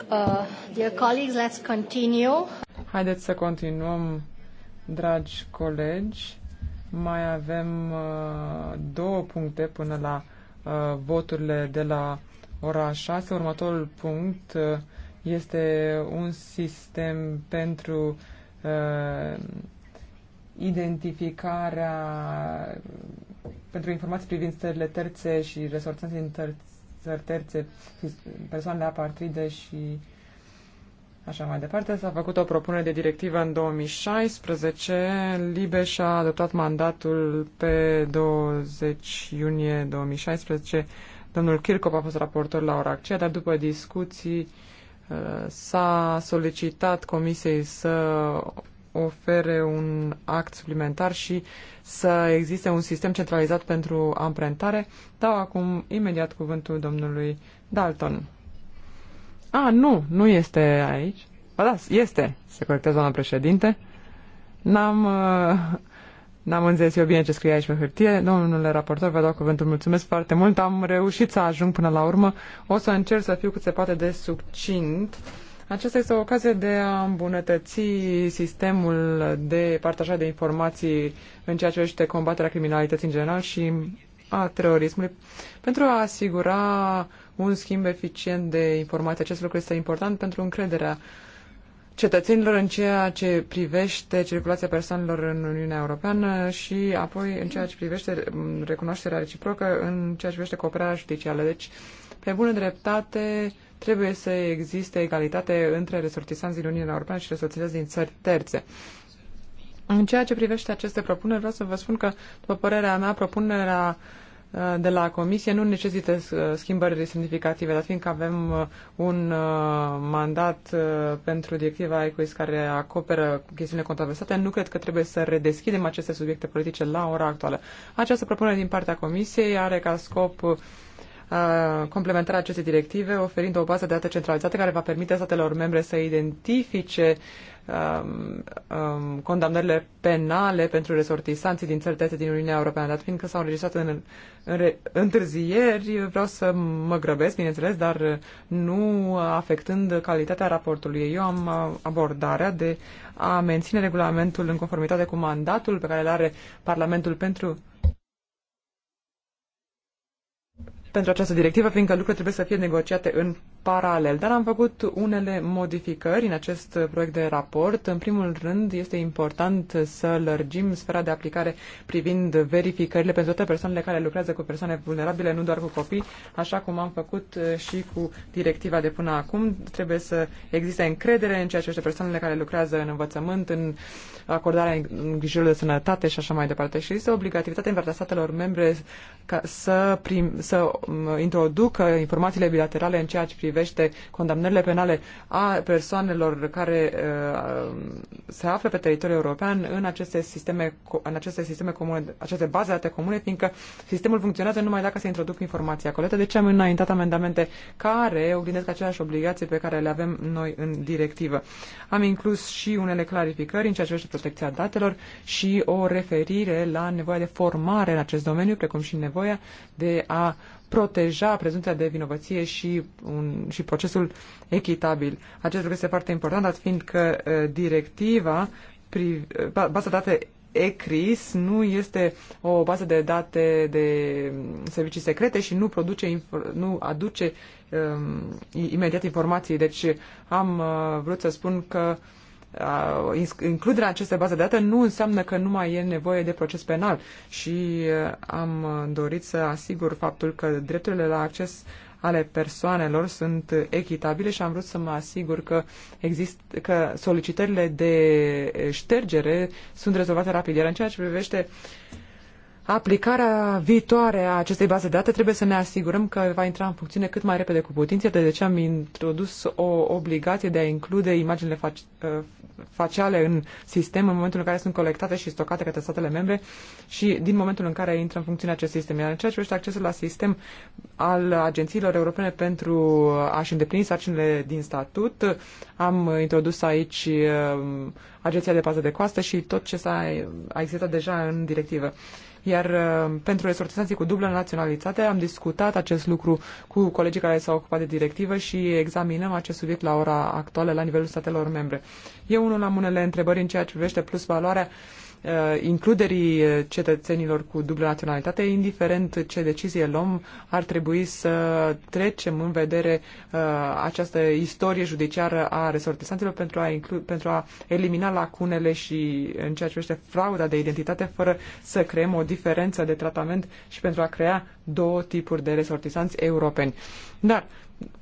Uh, dear colleagues, let's continue. Haideți să continuăm, dragi colegi. Mai avem uh, două puncte până la uh, voturile de la ora 6. Următorul punct uh, este un sistem pentru uh, identificarea pentru informații privind țările terțe și resortanții din țări terțe, persoanele apartride și așa mai departe. S-a făcut o propunere de directivă în 2016. Libe și-a adoptat mandatul pe 20 iunie 2016. Domnul Kirkop a fost raportor la ora aceea, dar după discuții uh, s-a solicitat comisiei să ofere un act suplimentar și să existe un sistem centralizat pentru amprentare. Dau acum imediat cuvântul domnului Dalton. A, nu, nu este aici. Ba da, este, se corectează doamna președinte. N-am, uh, n-am înțeles eu bine ce scrie aici pe hârtie. Domnule raportor, vă dau cuvântul. Mulțumesc foarte mult. Am reușit să ajung până la urmă. O să încerc să fiu cât se poate de succint aceasta este o ocazie de a îmbunătăți sistemul de partajare de informații în ceea ce privește combaterea criminalității în general și a terorismului pentru a asigura un schimb eficient de informații. Acest lucru este important pentru încrederea cetățenilor în ceea ce privește circulația persoanelor în Uniunea Europeană și apoi în ceea ce privește recunoașterea reciprocă, în ceea ce privește cooperarea judiciară. Deci, pe bună dreptate, trebuie să existe egalitate între resortisanți din Uniunea Europeană și resortisanți din țări terțe. În ceea ce privește aceste propuneri, vreau să vă spun că, după părerea mea, propunerea uh, de la Comisie nu necesită uh, schimbări semnificative, dar fiindcă avem uh, un mandat pentru directiva ECOIS care acoperă chestiunile controversate, nu cred că trebuie să redeschidem aceste subiecte politice la ora actuală. Această propunere din partea Comisiei are ca scop complementarea acestei directive, oferind o bază de date centralizată care va permite statelor membre să identifice condamnările penale pentru resortisanții din țări din Uniunea Europeană. Dat fiindcă s-au înregistrat în, în re, întârzieri, vreau să mă grăbesc, bineînțeles, dar nu afectând calitatea raportului. Eu am abordarea de a menține regulamentul în conformitate cu mandatul pe care îl are Parlamentul pentru pentru această directivă, fiindcă lucrurile trebuie să fie negociate în paralel, dar am făcut unele modificări în acest proiect de raport. În primul rând, este important să lărgim sfera de aplicare privind verificările pentru toate persoanele care lucrează cu persoane vulnerabile, nu doar cu copii, așa cum am făcut eh, și cu directiva de până acum. Trebuie să existe încredere în ceea ce persoanele care lucrează în învățământ, în acordarea îngrijirilor de sănătate și așa mai departe. Și este obligativitatea în partea statelor membre ca să, prim, să mm, introducă informațiile bilaterale în ceea ce privește privește condamnările penale a persoanelor care uh, se află pe teritoriul european în aceste sisteme, în aceste sisteme comune, aceste baze date comune, fiindcă sistemul funcționează numai dacă se introduc informații acolo. De ce am înaintat amendamente care oglindesc aceleași obligații pe care le avem noi în directivă. Am inclus și unele clarificări în ceea ce privește protecția datelor și o referire la nevoia de formare în acest domeniu, precum și nevoia de a proteja prezumția de vinovăție și, un, și procesul echitabil. Acest lucru este foarte important, dat fiind că uh, directiva, pri, uh, baza date ECRIS nu este o bază de date de mm, servicii secrete și nu produce, nu aduce um, imediat informații. Deci am uh, vrut să spun că uh, includerea acestei baze de date nu înseamnă că nu mai e nevoie de proces penal și am dorit să asigur faptul că drepturile la acces ale persoanelor sunt echitabile și am vrut să mă asigur că, exist, că solicitările de ștergere sunt rezolvate rapid. Iar în ceea ce privește uh, aplicarea viitoare a acestei baze de date trebuie să ne asigurăm că va intra în funcțiune cât mai repede cu putință, de ce am introdus o obligație de a include imaginile faci- uh, faciale în sistem în momentul în care sunt colectate și stocate către statele membre și din momentul în care intră în funcțiune acest sistem. Iar în ceea ce privește accesul la sistem al agențiilor europene pentru a-și îndeplini sarcinile din statut, am introdus aici uh, Agenția de Pază de Coastă și tot ce s-a a existat deja în directivă. Iar uh, pentru resortisanții cu dublă naționalitate am discutat acest lucru cu colegii care s-au ocupat de directivă și examinăm acest subiect la ora actuală la nivelul statelor membre. Eu unul am unele întrebări în ceea ce privește plus valoarea uh, Uh, includerii uh, cetățenilor cu dublă naționalitate, indiferent ce decizie luăm, ar trebui să trecem în vedere uh, această istorie judiciară a resortisanților pentru a, inclu- pentru a elimina lacunele și în ceea ce privește frauda de identitate, fără să creăm o diferență de tratament și pentru a crea două tipuri de resortisanți europeni. Dar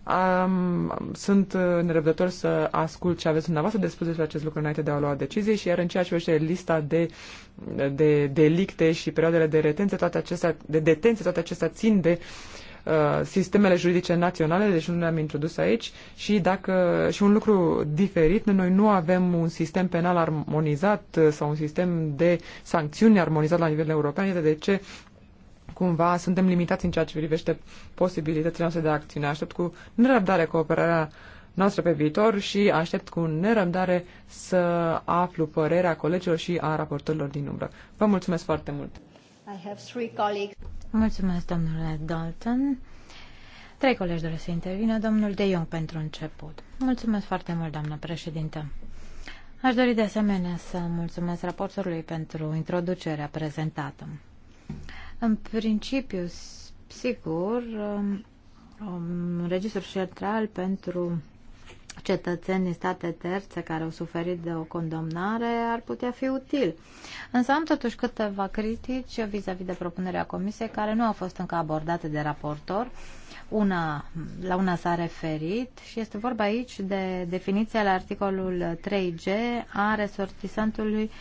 Um, sunt uh, nerăbdător să ascult ce aveți dumneavoastră de spus despre acest lucru înainte de a lua decizie și iar în ceea ce vește lista de, de delicte și perioadele de retenție, toate acestea, de detenție, toate acestea țin de uh, sistemele juridice naționale, deci nu le-am introdus aici și dacă și un lucru diferit, noi nu avem un sistem penal armonizat uh, sau un sistem de sancțiuni armonizat la nivel european, este de ce cumva suntem limitați în ceea ce privește posibilitățile noastre de acțiune. Aștept cu nerăbdare cooperarea noastră pe viitor și aștept cu nerăbdare să aflu părerea colegilor și a raportorilor din umbră. Vă mulțumesc foarte mult! I have three colleagues. Mulțumesc, domnule Dalton. Trei colegi doresc să intervină. Domnul De Jong pentru început. Mulțumesc foarte mult, doamnă președintă. Aș dori de asemenea să mulțumesc raportorului pentru introducerea prezentată. În principiu, sigur, un um, um, registru central pentru cetățeni din state terțe care au suferit de o condamnare ar putea fi util. Însă am totuși câteva critici vis-a-vis -vis de propunerea comisiei care nu au fost încă abordate de raportor. Uh, una, la una s-a referit și este vorba aici de definiția la articolul 3G a resortisantului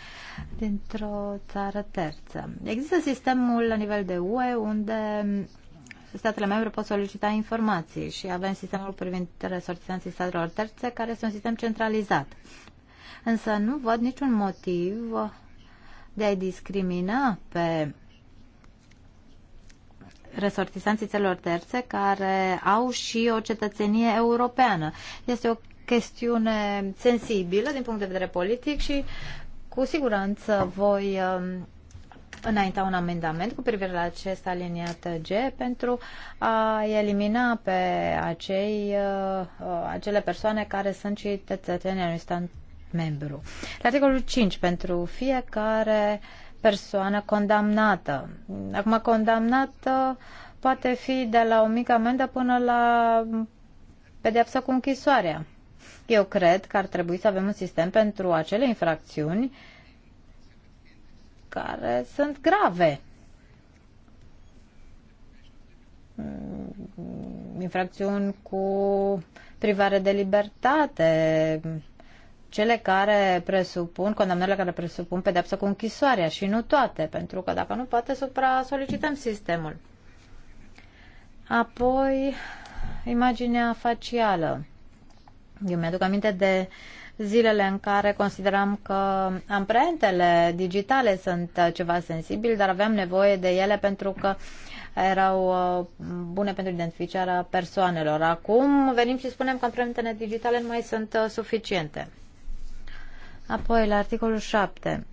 dintr-o țară terță. Există sistemul la nivel de UE unde statele membre pot solicita informații și avem sistemul privind resortisanții statelor terțe, care este un sistem centralizat. Însă nu văd niciun motiv de a discrimina pe resortisanții țelor terțe care au și o cetățenie europeană. Este o chestiune sensibilă din punct de vedere politic și cu siguranță voi um, înainta un amendament cu privire la acest aliniat G pentru a elimina pe acei, uh, uh, acele persoane care sunt și cetățenii unui stat membru. La articolul 5, pentru fiecare persoană condamnată. Acum, condamnată poate fi de la o mică amendă până la pedeapsă cu închisoarea. Eu cred că ar trebui să avem un sistem pentru acele infracțiuni care sunt grave. Mm, infracțiuni cu privare de libertate, cele care presupun, condamnările care presupun pedepsă cu închisoarea și nu toate, pentru că dacă nu poate supra-solicităm sistemul. Apoi, imaginea facială. Eu mi-aduc aminte de zilele în care consideram că amprentele digitale sunt ceva sensibil, dar aveam nevoie de ele pentru că erau uh, bune pentru identificarea persoanelor. Acum venim și spunem că amprentele digitale nu mai sunt uh, suficiente. Apoi, la articolul 7,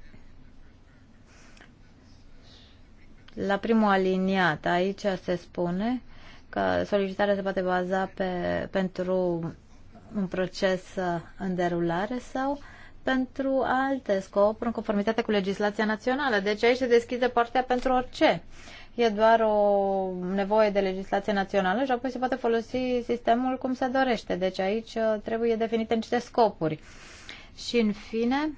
la primul aliniat, aici se spune că solicitarea se poate baza pe, pentru un proces în derulare sau pentru alte scopuri în conformitate cu legislația națională. Deci aici se deschide partea pentru orice. E doar o nevoie de legislație națională și apoi se poate folosi sistemul cum se dorește. Deci aici uh, trebuie definite niște scopuri. Uh, și în fine,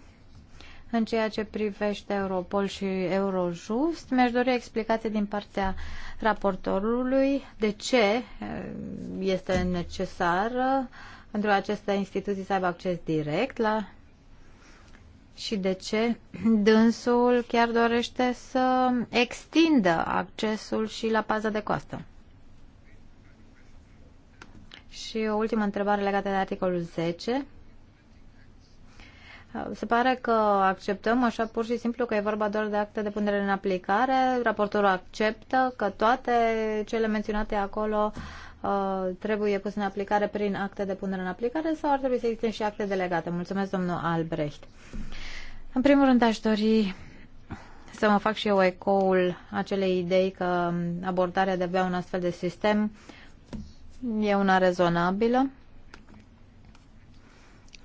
în ceea ce privește Europol și Eurojust, mi-aș dori explicație din partea raportorului de ce eh, este necesar pentru aceste instituții să aibă acces direct la și de ce dânsul chiar dorește să extindă accesul și la paza de coastă. Și o ultimă întrebare legată de articolul 10. Se pare că acceptăm așa pur și simplu că e vorba doar de acte de punere în aplicare. Raportorul acceptă că toate cele menționate acolo uh, trebuie puse în aplicare prin acte de punere în aplicare sau ar trebui să existe și acte delegate. Mulțumesc, domnul Albrecht. În primul rând, aș dori să mă fac și eu ecoul acelei idei că abordarea de avea un astfel de sistem e una rezonabilă.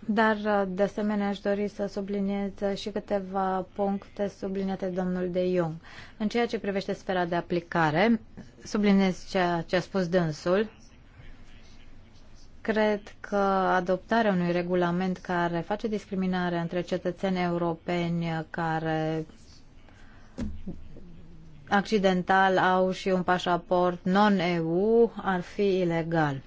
Dar, de asemenea, aș dori să subliniez și câteva puncte subliniate domnul de Jung. În ceea ce privește sfera de aplicare, subliniez ceea ce a spus dânsul. Cred că adoptarea unui regulament care face discriminare între cetățeni europeni care accidental au și un pașaport non-EU ar fi ilegal.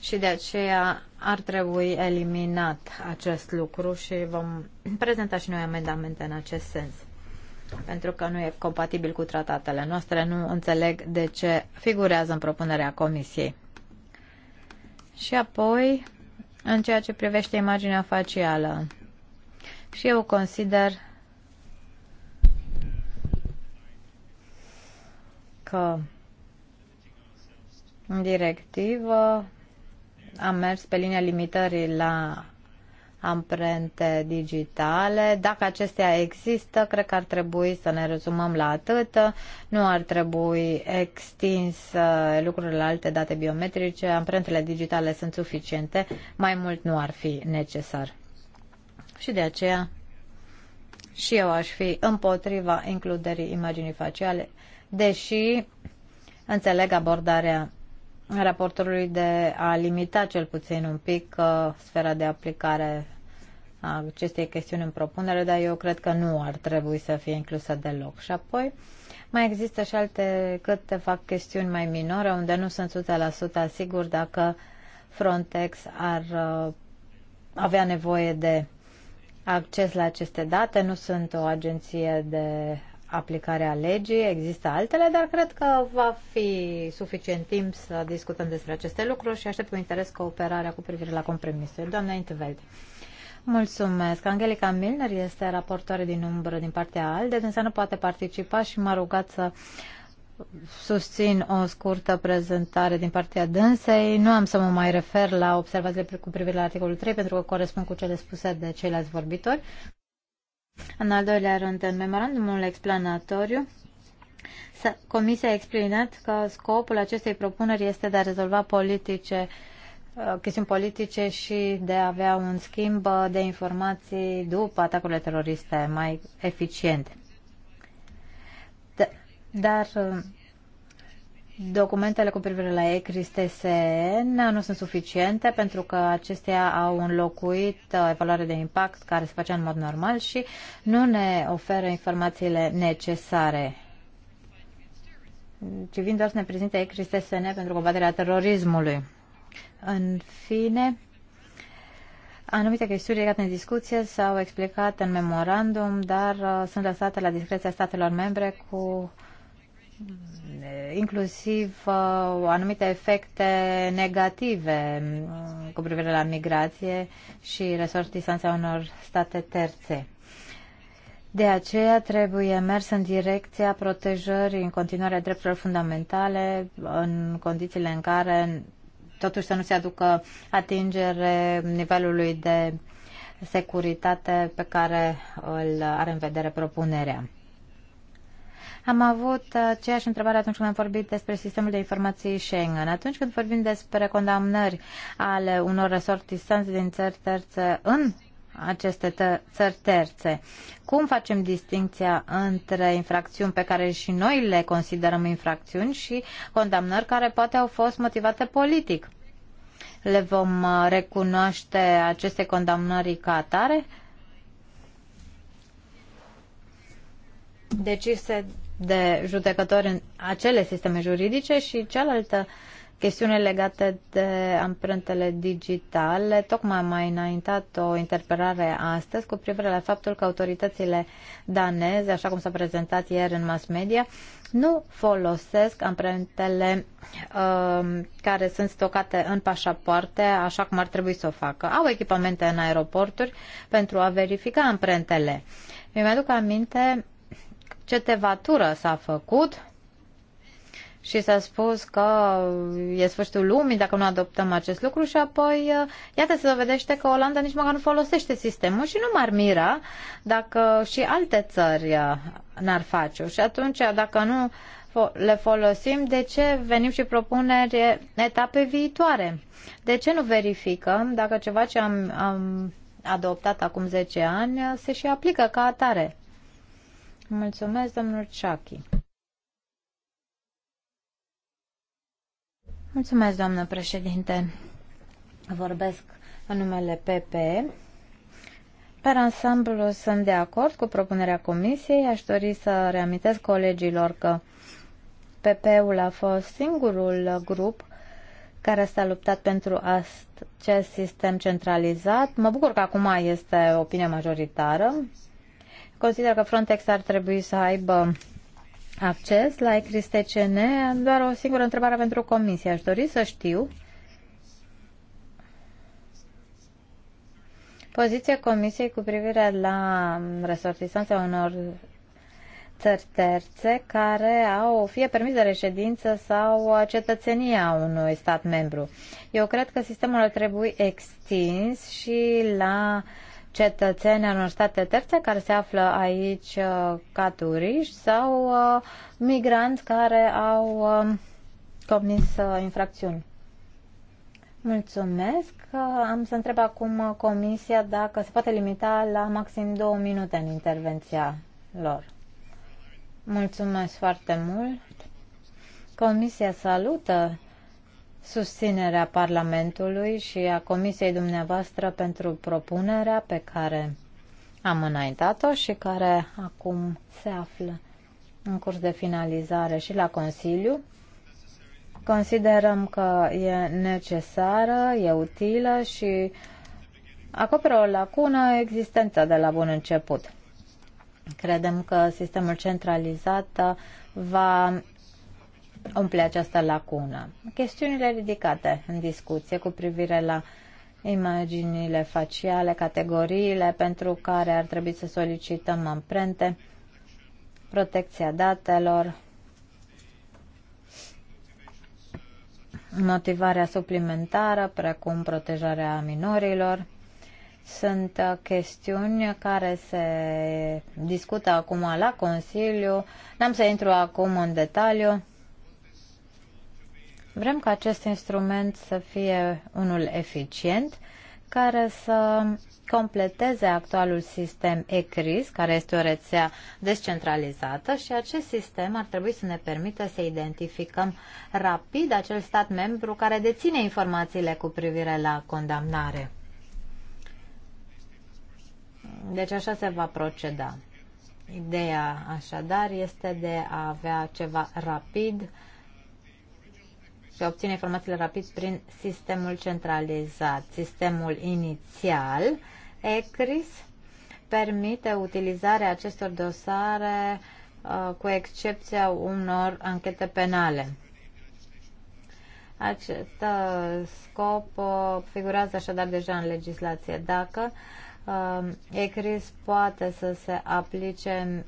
Și de aceea ar trebui eliminat acest lucru și vom prezenta și noi amendamente în acest sens. Pentru că nu e compatibil cu tratatele noastre, nu înțeleg de ce figurează în propunerea Comisiei. Și apoi, în ceea ce privește imaginea facială, și eu consider că în directivă am mers pe linia limitării la amprente digitale. Dacă acestea există, cred că ar trebui să ne rezumăm la atât. Nu ar trebui extins lucrurile la alte date biometrice. Amprentele digitale sunt suficiente. Mai mult nu ar fi necesar. Și de aceea și eu aș fi împotriva includerii imaginii faciale, deși înțeleg abordarea raportorului de a limita cel puțin un pic uh, sfera de aplicare a acestei chestiuni în propunere, dar eu cred că nu ar trebui să fie inclusă deloc. Și apoi mai există și alte câteva chestiuni mai minore unde nu sunt 100% sigur dacă Frontex ar uh, avea nevoie de acces la aceste date. Nu sunt o agenție de aplicarea legii, există altele, dar cred că va fi suficient timp să discutăm despre aceste lucruri și aștept cu interes cooperarea cu privire la compromisuri. Doamna Intveld. Mulțumesc. Angelica Milner este raportoare din umbră din partea ALDE, însă nu poate participa și m-a rugat să susțin o scurtă prezentare din partea dânsei. Nu am să mă mai refer la observațiile cu privire la articolul 3, pentru că corespund cu cele spuse de ceilalți vorbitori. În al doilea rând, în memorandumul explanatoriu, Comisia a explicat că scopul acestei propuneri este de a rezolva politice, uh, chestiuni politice și de a avea un schimb de informații după atacurile teroriste mai eficiente. Da, dar uh, Documentele cu privire la ECRIS-TSN nu sunt suficiente pentru că acestea au înlocuit uh, evaluarea de impact care se face în mod normal și nu ne oferă informațiile necesare. Ci vin doar să ne prezinte ECRIS-TSN pentru combaterea terorismului. În fine, Anumite chestiuni legate în discuție s-au explicat în memorandum, dar uh, sunt lăsate la discreția statelor membre cu inclusiv uh, anumite efecte negative mm, cu privire la migrație și resortisanța unor state terțe. De aceea trebuie mers în direcția protejării în continuare a drepturilor fundamentale în condițiile în care totuși să nu se aducă atingere nivelului de securitate pe care îl are în vedere propunerea. Am avut uh, aceeași întrebare atunci când am vorbit despre sistemul de informații Schengen. Atunci când vorbim despre condamnări ale unor resortistanți din țări terțe în aceste tă- țări terțe. Cum facem distinția între infracțiuni pe care și noi le considerăm infracțiuni și condamnări care poate au fost motivate politic? Le vom uh, recunoaște aceste condamnări ca atare? Deci se de judecători în acele sisteme juridice și cealaltă chestiune legată de amprentele digitale. Tocmai am mai înaintat o interpelare astăzi cu privire la faptul că autoritățile daneze, așa cum s-a prezentat ieri în mass media, nu folosesc amprentele uh, care sunt stocate în pașapoarte așa cum ar trebui să o facă. Au echipamente în aeroporturi pentru a verifica amprentele. Mi-aduc aminte cetevatură s-a făcut și s-a spus că e sfârșitul lumii dacă nu adoptăm acest lucru și apoi uh, iată se dovedește că Olanda nici măcar nu folosește sistemul și nu m-ar mira dacă și alte țări uh, n-ar face o și atunci dacă nu le folosim, de ce venim și propuneri etape viitoare? De ce nu verificăm dacă ceva ce am, am adoptat acum 10 ani uh, se și aplică ca atare? Mulțumesc, domnul Ciachi. Mulțumesc, doamnă președinte. Vorbesc în numele PP. Per ansamblu sunt de acord cu propunerea comisiei. Aș dori să reamintesc colegilor că PP-ul a fost singurul grup care s-a luptat pentru acest sistem centralizat. Mă bucur că acum este opinia majoritară consider că Frontex ar trebui să aibă acces la ECRIS-TCN. Doar o singură întrebare pentru comisie. Aș dori să știu poziția comisiei cu privire la resortisanța unor țări terțe care au fie permis de reședință sau cetățenia unui stat membru. Eu cred că sistemul ar trebui extins și la uh, cetățeni în state terțe care se află aici uh, ca turiști sau uh, migranți care au um, comis uh, infracțiuni. Mulțumesc. Am să întreb acum Comisia dacă se poate limita la maxim două minute în intervenția lor. Mulțumesc foarte mult. Comisia salută susținerea Parlamentului și a Comisiei dumneavoastră pentru propunerea pe care am înaintat-o și care acum se află în curs de finalizare și la Consiliu. Considerăm că e necesară, e utilă și acoperă o lacună existentă de la bun început. Credem că sistemul centralizat va umple această lacună. Chestiunile ridicate în discuție cu privire la imaginile faciale, categoriile pentru care ar trebui să solicităm amprente, protecția datelor, motivarea suplimentară, precum protejarea minorilor. Sunt chestiuni care se discută acum la Consiliu. N-am să intru acum în detaliu. Vrem ca acest instrument să fie unul eficient care să completeze actualul sistem ECRIS, care este o rețea descentralizată și acest sistem ar trebui să ne permită să identificăm rapid acel stat membru care deține informațiile cu privire la condamnare. Deci așa se va proceda. Ideea așadar este de a avea ceva rapid se obține informațiile rapid prin sistemul centralizat. Sistemul inițial, ECRIS, permite utilizarea acestor dosare uh, cu excepția unor anchete penale. Acest uh, scop uh, figurează așadar deja în legislație. Dacă ECRIS poate să se aplice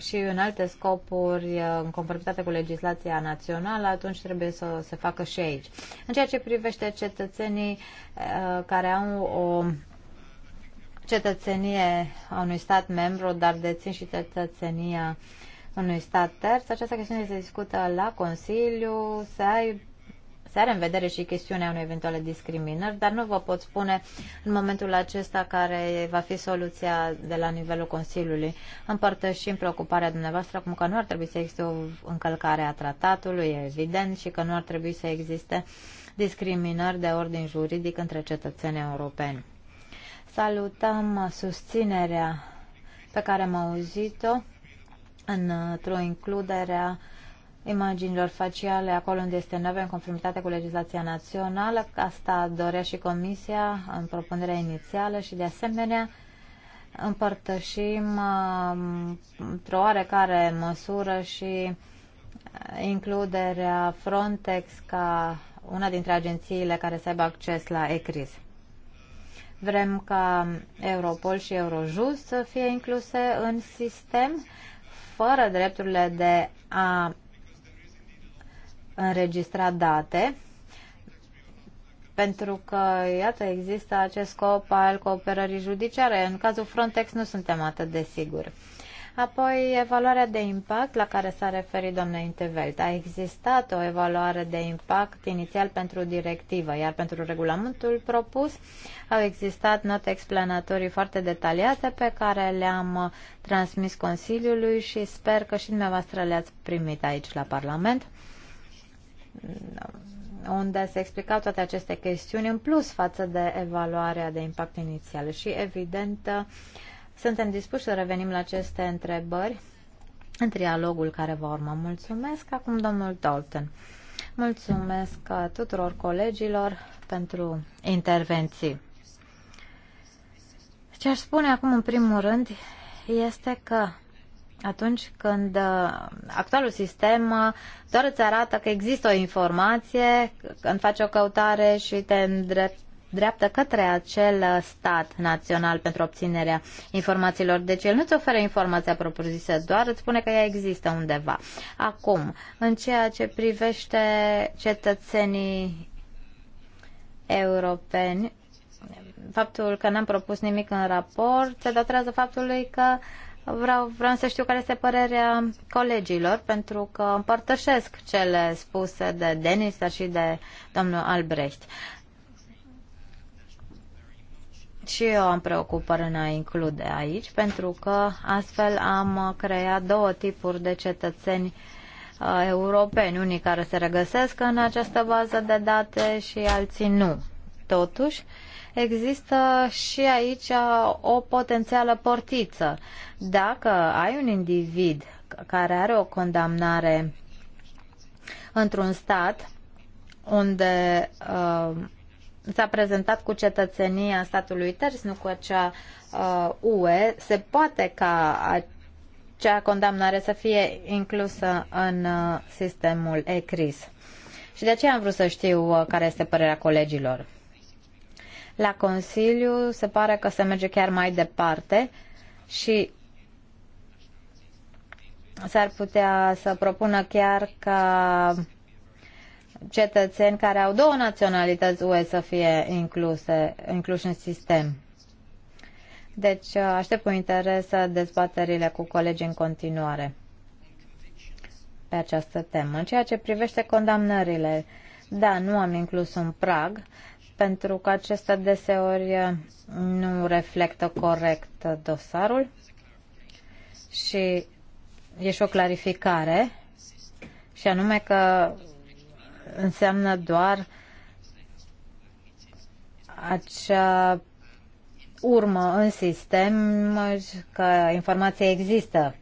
și în alte scopuri, uh, în conformitate cu legislația națională, atunci trebuie să se facă și aici. În ceea ce privește cetățenii uh, care au o cetățenie a unui stat membru, dar dețin și cetățenia unui stat terț, această chestiune se discută la Consiliu, se aseară, în vedere și chestiunea unei eventuale discriminări, dar nu vă pot spune în momentul acesta care va fi soluția de la nivelul Consiliului. Împărtășim preocuparea dumneavoastră acum că nu ar trebui să existe o încălcare a tratatului, e evident, și că nu ar trebui să existe discriminări de ordin juridic între cetățenii europeni. Salutăm susținerea pe care am auzit-o într-o includere a imaginilor faciale acolo unde este nevoie în conformitate cu legislația națională. Asta dorea și Comisia în propunerea inițială și de asemenea împărtășim um, într-o oarecare măsură și uh, includerea Frontex ca una dintre agențiile care să aibă acces la ECRIS. Vrem ca Europol și Eurojust să fie incluse în sistem fără drepturile de a înregistra date, pentru că, iată, există acest scop al cooperării judiciare. În cazul Frontex nu suntem atât de siguri. Apoi, evaluarea de impact la care s-a referit domnul Intevelt. A existat o evaluare de impact inițial pentru directivă, iar pentru regulamentul propus au existat note explanatorii foarte detaliate pe care le-am transmis Consiliului și sper că și dumneavoastră le-ați primit aici la Parlament unde se explicau toate aceste chestiuni în plus față de evaluarea de impact inițial. Și, evident, suntem dispuși să revenim la aceste întrebări în trialogul care va urma. Mulțumesc. Acum, domnul Dalton. Mulțumesc tuturor colegilor pentru intervenții. Ce aș spune acum, în primul rând, este că atunci când uh, actualul sistem uh, doar îți arată că există o informație, când faci o căutare și te îndrept dreaptă către acel uh, stat național pentru obținerea informațiilor. Deci el nu-ți oferă informația propriu-zisă, doar îți spune că ea există undeva. Acum, în ceea ce privește cetățenii europeni, faptul că n-am propus nimic în raport se datorează faptului că uh, Vreau, vreau să știu care este părerea colegilor, pentru că împărtășesc cele spuse de Denis, dar și de domnul Albrecht. Și eu am preocupări în a include aici, pentru că astfel am creat două tipuri de cetățeni uh, europeni, unii care se regăsesc în această bază de date și alții nu. Totuși, uh, există și aici uh, o potențială portiță. Dacă ai un individ care are o condamnare într-un stat unde uh, s-a prezentat cu cetățenia statului terț, nu cu acea uh, UE, se poate ca acea condamnare să fie inclusă în uh, sistemul ECRIS. Și de aceea am vrut să știu uh, care este părerea colegilor. La Consiliu se pare că se merge chiar mai departe și s-ar putea să propună chiar ca cetățeni care au două naționalități UE să fie incluse, incluși în sistem. Deci aștept cu interes dezbaterile cu colegii în continuare pe această temă. În ceea ce privește condamnările, da, nu am inclus un prag, pentru că acesta deseori uh, nu reflectă corect dosarul și e și o clarificare și anume că înseamnă doar acea urmă în sistem că informația există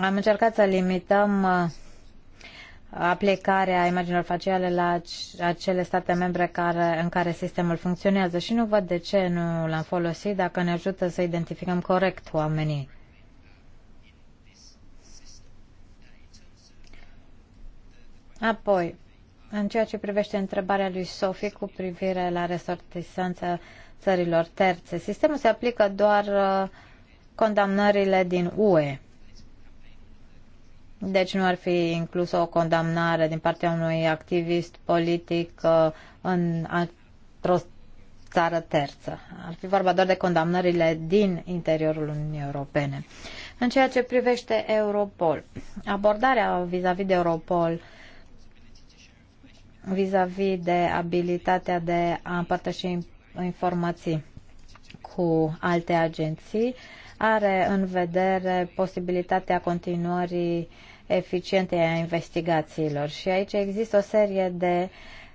Am încercat să limităm uh, aplicarea imaginilor faciale la acele state membre care, în care sistemul funcționează și nu văd de ce nu l-am folosit dacă ne ajută să identificăm corect oamenii. Apoi, în ceea ce privește întrebarea lui Sofie cu privire la resortisanța țărilor terțe, sistemul se aplică doar uh, condamnările din UE. Deci nu ar fi inclusă o condamnare din partea unui activist politic uh, în, într-o țară terță. Ar fi vorba doar de condamnările din interiorul Uniunii Europene. În ceea ce privește Europol, abordarea vis-a-vis -vis de Europol vis-a-vis -vis de abilitatea de a împărtăși informații cu alte agenții are în vedere posibilitatea continuării uh, eficiente a investigațiilor. Și aici există o serie de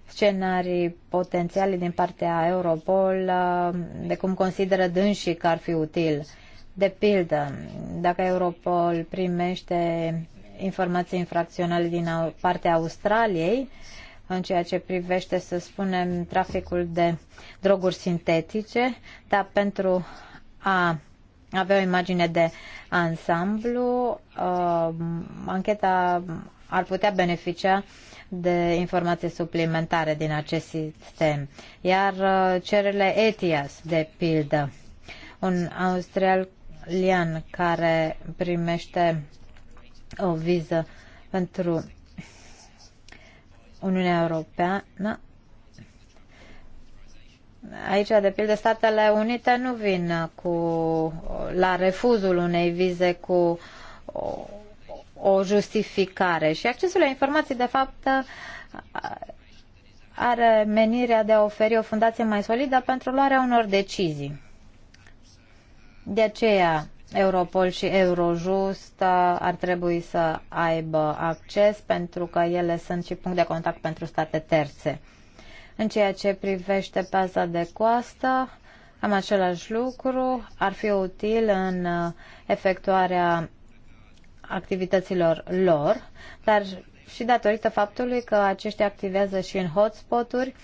scenarii potențiale din partea Europol uh, de cum consideră dânsii că ar fi util. De pildă, dacă Europol primește informații infracționale din partea Australiei, în ceea ce privește, să spunem, traficul de droguri sintetice, dar pentru a avea o imagine de ansamblu, uh, ancheta ar putea beneficia de informații suplimentare din acest sistem. Iar uh, cererile ETIAS, de pildă, un australian care primește o viză pentru Uniunea Europeană Aici, de pildă, Statele Unite nu vin cu, la refuzul unei vize cu o, o justificare și accesul la informații, de fapt, are menirea de a oferi o fundație mai solidă pentru luarea unor decizii. De aceea, Europol și Eurojust ar trebui să aibă acces pentru că ele sunt și punct de contact pentru state terțe. În ceea ce privește paza de coastă, am același lucru. Ar fi util în uh, efectuarea activităților lor, dar și datorită faptului că aceștia activează și în hotspoturi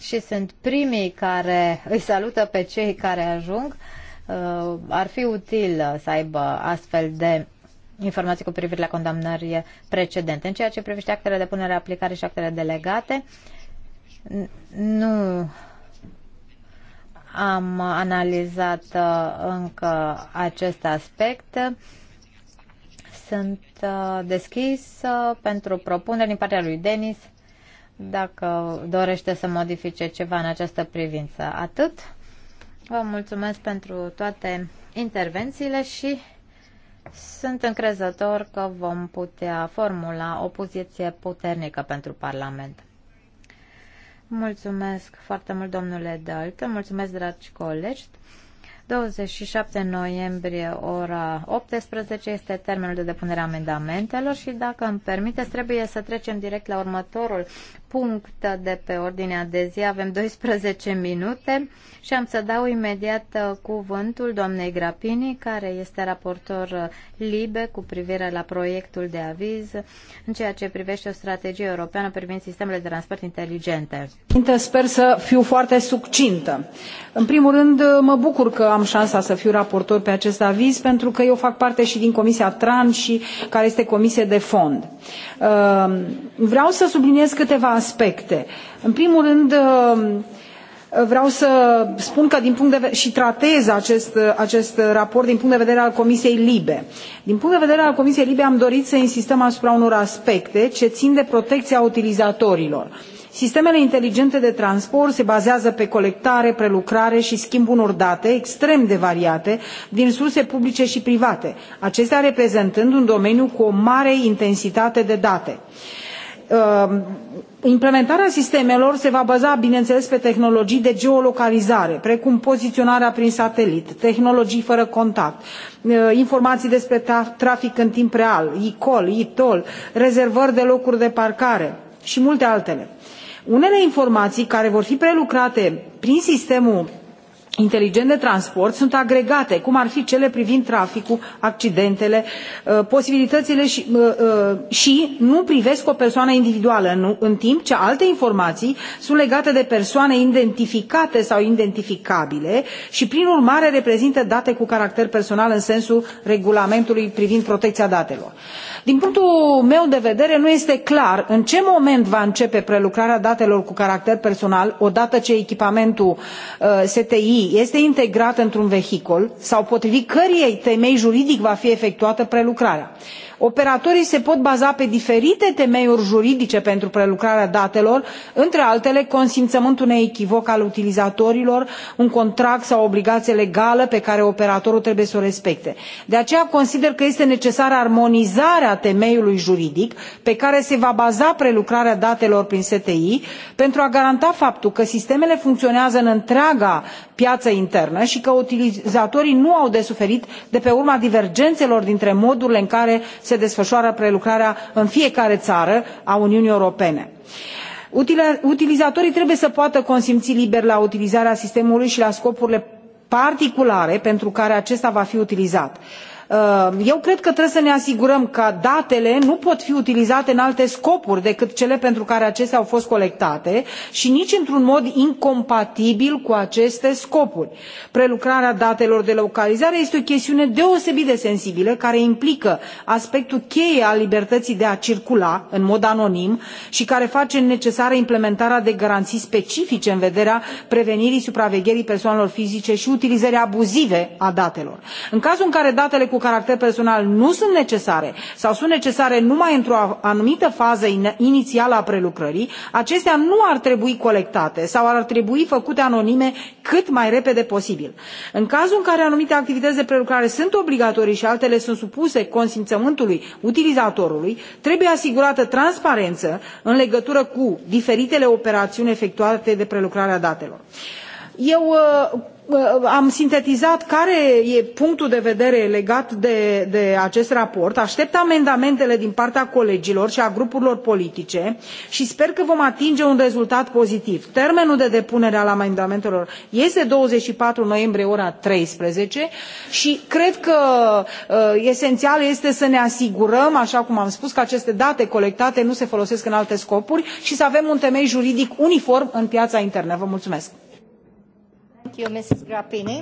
și sunt primii care (laughs) îi salută pe cei care ajung, uh, ar fi util uh, să aibă astfel de informații cu privire la condamnări precedente. În ceea ce privește actele de punere, aplicare și actele delegate, nu am analizat uh, încă acest aspect. Sunt uh, deschis uh, pentru propuneri din partea lui Denis dacă dorește să modifice ceva în această privință. Atât. Vă mulțumesc pentru toate intervențiile și sunt încrezător că vom putea formula o poziție puternică pentru Parlament. Mulțumesc foarte mult, domnule Dalton, mulțumesc, dragi colegi. 27 noiembrie, ora 18, este termenul de depunere a amendamentelor și, dacă îmi permiteți, trebuie să trecem direct la următorul punct de pe ordinea de zi. Avem 12 minute și am să dau imediat uh, cuvântul doamnei Grapini, care este raportor uh, libe cu privire la proiectul de aviz în ceea ce privește o strategie europeană privind sistemele de transport inteligente. Sper să fiu foarte succintă. În primul rând, uh, mă bucur că am am șansa să fiu raportor pe acest aviz pentru că eu fac parte și din Comisia TRAN și care este comisie de fond. Ehm, vreau să subliniez câteva aspecte. În primul rând, ehm, vreau să spun că din punct de vedere, și tratez acest, acest raport din punct de vedere al Comisiei Libe. Din punct de vedere al Comisiei Libe am dorit să insistăm asupra unor aspecte ce țin de protecția utilizatorilor sistemele inteligente de transport se bazează pe colectare prelucrare și schimbul unor date extrem de variate din surse publice și private acestea reprezentând un domeniu cu o mare intensitate de date ehm, implementarea sistemelor se va baza bineînțeles pe tehnologii de geolocalizare precum poziționarea prin satelit tehnologii fără contact ehm, informații despre trafic în timp real ecall toll rezervări de locuri de parcare și multe altele unele informații care vor fi prelucrate prin sistemul inteligent de transport sunt agregate cum ar fi cele privind traficul accidentele uh, posibilitățile și, uh, uh, și nu privesc o persoană individuală în timp ce alte informații sunt legate de persoane identificate sau identificabile și prin urmare reprezintă date cu caracter personal în sensul regulamentului privind protecția datelor. din punctul meu de vedere nu este clar în ce moment va începe prelucrarea datelor cu caracter personal odată ce echipamentul sti este integrată într un vehicul sau potrivit cărei temei juridic va fi efectuată prelucrarea operatorii se pot baza pe diferite temeiuri juridice pentru prelucrarea datelor între altele consimțământul neechivoc al utilizatorilor un contract sau o obligație legală pe care operatorul trebuie să o respecte. de aceea consider că este necesară armonizarea temeiului juridic pe care se va baza prelucrarea datelor prin sti pentru a garanta faptul că sistemele funcționează în întreaga piață internă și că utilizatorii nu au de suferit de pe urma divergențelor dintre modurile în care se desfășoară prelucrarea în fiecare țară a uniunii europene. utilizatorii trebuie să poată consimți liber la utilizarea sistemului și la scopurile particulare pentru care acesta va fi utilizat. Uh, eu cred că trebuie să ne asigurăm că datele nu pot fi utilizate în alte scopuri decât cele pentru care acestea au fost colectate și nici într un mod incompatibil cu aceste scopuri. prelucrarea datelor de localizare este o chestiune deosebit de sensibilă care implică aspectul cheie al libertății de a circula în mod anonim și care face necesară implementarea de garanții specifice în vederea prevenirii supravegherii persoanelor fizice și utilizării abuzive a datelor. în cazul în care datele cu caracter personal nu sunt necesare sau sunt necesare numai într o anumită fază inițială a prelucrării acestea nu ar trebui colectate sau ar trebui făcute anonime cât mai repede posibil. în cazul în care anumite activități de prelucrare sunt obligatorii și altele sunt supuse consimțământului utilizatorului trebuie asigurată transparență în legătură cu diferitele operațiuni efectuate de prelucrarea datelor. eu uh, am sintetizat care e punctul de vedere legat de, de acest raport aștept amendamentele din partea colegilor și a grupurilor politice și sper că vom atinge un rezultat pozitiv. termenul de depunere al amendamentelor este douăzeci și patru noiembrie ora treisprezece și cred că uh, esențial este să ne asigurăm așa cum am spus că aceste date colectate nu se folosesc în alte scopuri și să avem un temei juridic uniform în piața internă. vă mulțumesc. Uh,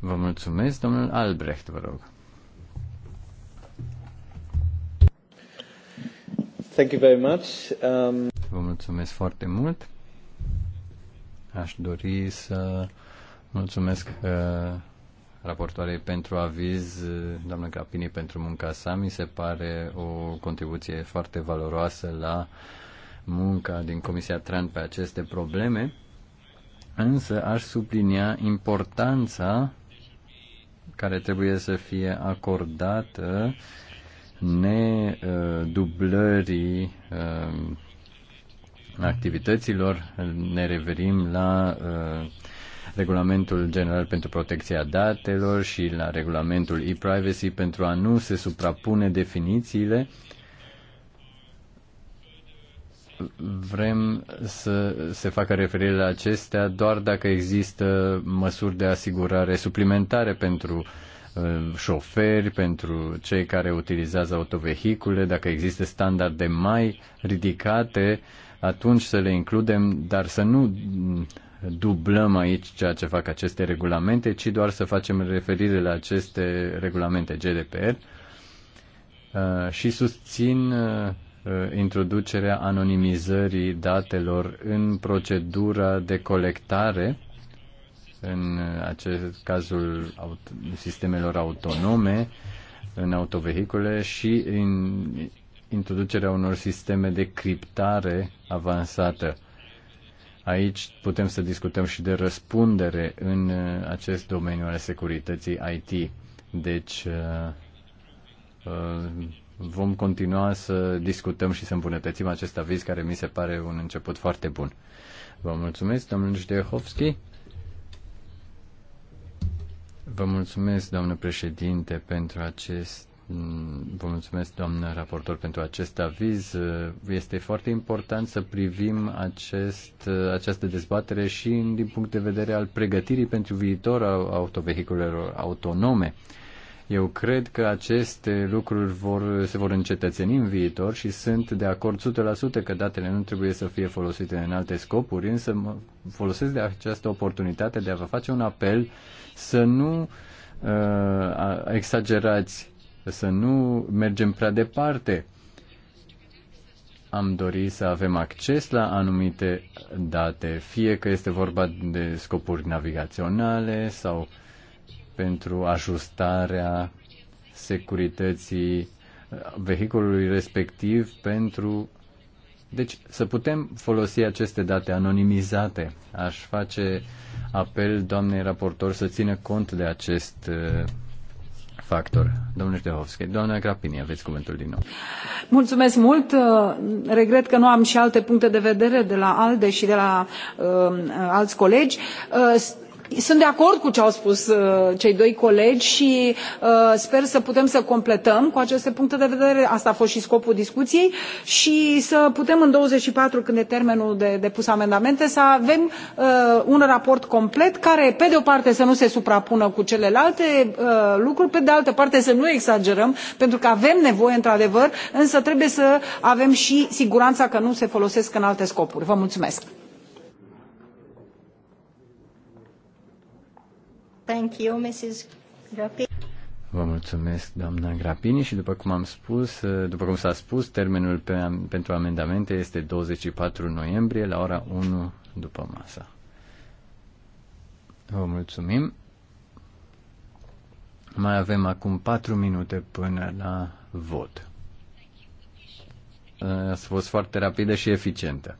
vă mulțumesc, domnul Albrecht, vă rog. Thank you very much. Um... Vă mulțumesc foarte mult. Aș dori să mulțumesc uh, raportoarei pentru aviz, uh, doamnă Capini, pentru munca sa. Mi se pare o contribuție foarte valoroasă la munca din Comisia Tran pe aceste probleme însă aș sublinia importanța care trebuie să fie acordată nedublării uh, activităților. Ne referim la uh, regulamentul general pentru protecția datelor și la regulamentul e-privacy pentru a nu se suprapune definițiile vrem să se facă referire la acestea doar dacă există măsuri de asigurare suplimentare pentru uh, șoferi, pentru cei care utilizează autovehicule, dacă există standarde mai ridicate, atunci să le includem, dar să nu mm, dublăm aici ceea ce fac aceste regulamente, ci doar să facem referire la aceste regulamente GDPR uh, și susțin uh, Uh, introducerea anonimizării datelor în procedura de colectare, în uh, acest cazul sistemelor autonome, în autovehicule și în introducerea unor sisteme de criptare avansată. Aici putem să discutăm și de răspundere în uh, acest domeniu al securității IT. Deci, vom continua să discutăm și să îmbunătățim acest aviz care mi se pare un început foarte bun. Vă mulțumesc, domnul Jdehovski. Vă mulțumesc, domnul președinte, pentru acest Vă mulțumesc, doamnă raportor, pentru acest aviz. Este foarte important să privim acest, această dezbatere și din punct de vedere al pregătirii pentru viitor a autovehiculelor autonome. Eu cred că aceste lucruri vor, se vor încetățeni în viitor și sunt de acord 100% că datele nu trebuie să fie folosite în alte scopuri, însă mă folosesc de această oportunitate de a vă face un apel să nu uh, exagerați, să nu mergem prea departe. Am dorit să avem acces la anumite date, fie că este vorba de scopuri navigaționale sau uh, pentru ajustarea securității vehiculului respectiv pentru. Deci să putem folosi aceste date anonimizate. Aș face apel doamnei raportor să țină cont de acest uh, factor. Domnule Ștehovski, doamna Grapini, aveți cuvântul din nou. Mulțumesc mult. Uh, regret că nu am și alte puncte de vedere de la ALDE și de la uh, alți colegi. Uh, sunt de acord cu ce au spus uh, cei doi colegi și uh, sper să putem să completăm cu aceste puncte de vedere asta a fost și scopul discuției și să putem în douăzeci și patru când e termenul de depus amendamente să avem uh, un raport complet care pe de o parte să nu se suprapună cu celelalte lucruri pe de altă parte să nu exagerăm pentru că avem nevoie într adevăr însă trebuie să avem și siguranța că nu se folosesc în alte scopuri. vă mulțumesc. Thank you, Mrs. Vă mulțumesc, doamna Grapini, și după cum am spus, după cum s-a spus, termenul pe, pentru amendamente este 24 noiembrie la ora 1 după masa. Vă mulțumim. Mai avem acum 4 minute până la vot. A fost foarte rapidă și eficientă.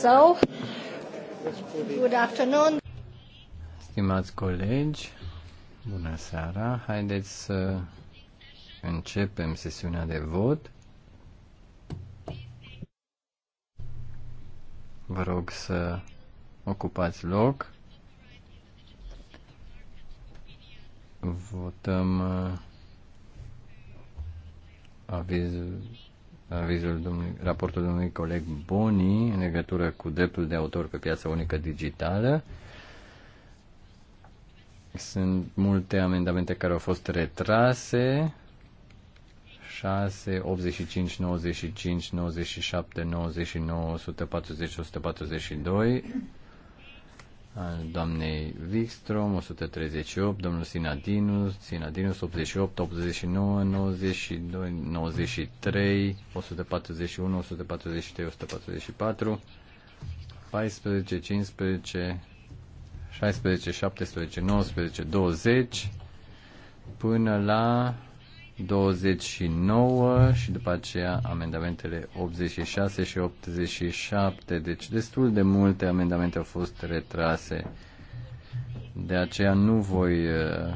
So, good afternoon. Stimați colegi, bună seara. Haideți să începem sesiunea de vot. Vă rog să ocupați loc. Votăm uh, avizul avizul domnului, raportul domnului coleg Boni în legătură cu dreptul de autor pe piața unică digitală. Sunt multe amendamente care au fost retrase. 6, 85, 95, 97, 99, 140, 142 al doamnei Wikstrom, 138, domnul Sinadinus, Sinadinus 88, 89, 92, 93, 141, 143, 144, 14, 15, 16, 17, 19, 20, până la 29 și după aceea amendamentele 86 și 87. Deci destul de multe amendamente au fost retrase. De aceea nu voi uh,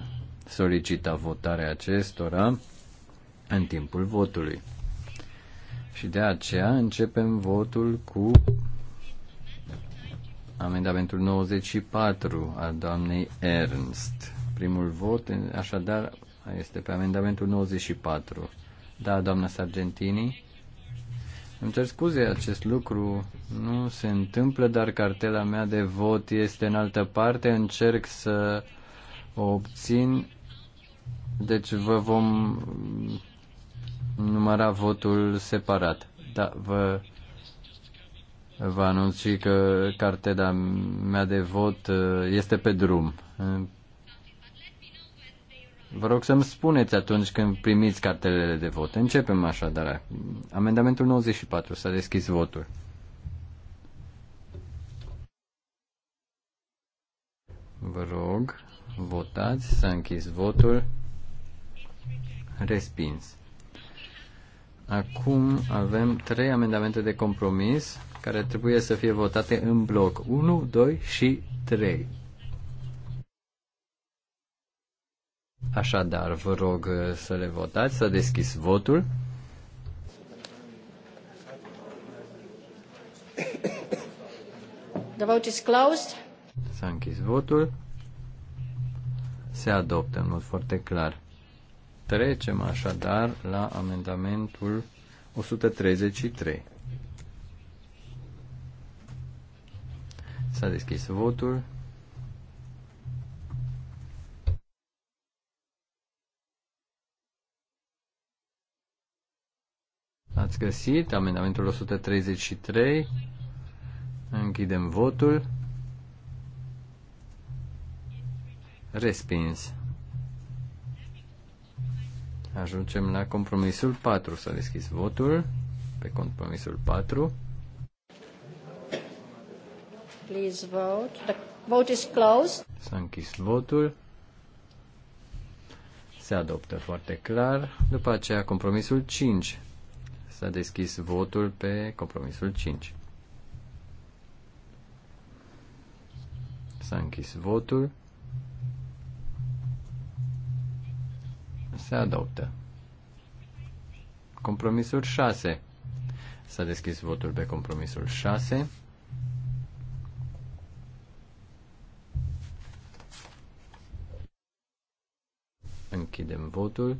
solicita votarea acestora în timpul votului. Și de aceea începem votul cu amendamentul 94 al doamnei Ernst. Primul vot, așadar, este pe amendamentul 94. Da, doamna Sargentini. Îmi cer scuze, acest lucru nu se întâmplă, dar cartela mea de vot este în altă parte. Încerc să o obțin. Deci vă vom număra votul separat. Da, vă, vă anunț și că cartela mea de vot uh, este pe drum. Vă rog să-mi spuneți atunci când primiți cartelele de vot. Începem dar Amendamentul 94. S-a deschis votul. Vă rog, votați. S-a închis votul. Respins. Acum avem trei amendamente de compromis care trebuie să fie votate în bloc 1, 2 și 3. Așadar, vă rog uh, să le votați, să deschis votul. The vote is closed. S-a închis votul. Se adoptă în mod foarte clar. Trecem așadar la amendamentul 133. S-a deschis votul. Ați găsit amendamentul 133. Închidem votul. Respins. Ajungem la compromisul 4. S-a deschis votul pe compromisul 4. Please vote. The vote is closed. S-a închis votul. Se adoptă foarte clar. După aceea compromisul 5. S-a deschis votul pe compromisul 5. S-a închis votul. Se adoptă. Compromisul 6. S-a deschis votul pe compromisul 6. Închidem votul.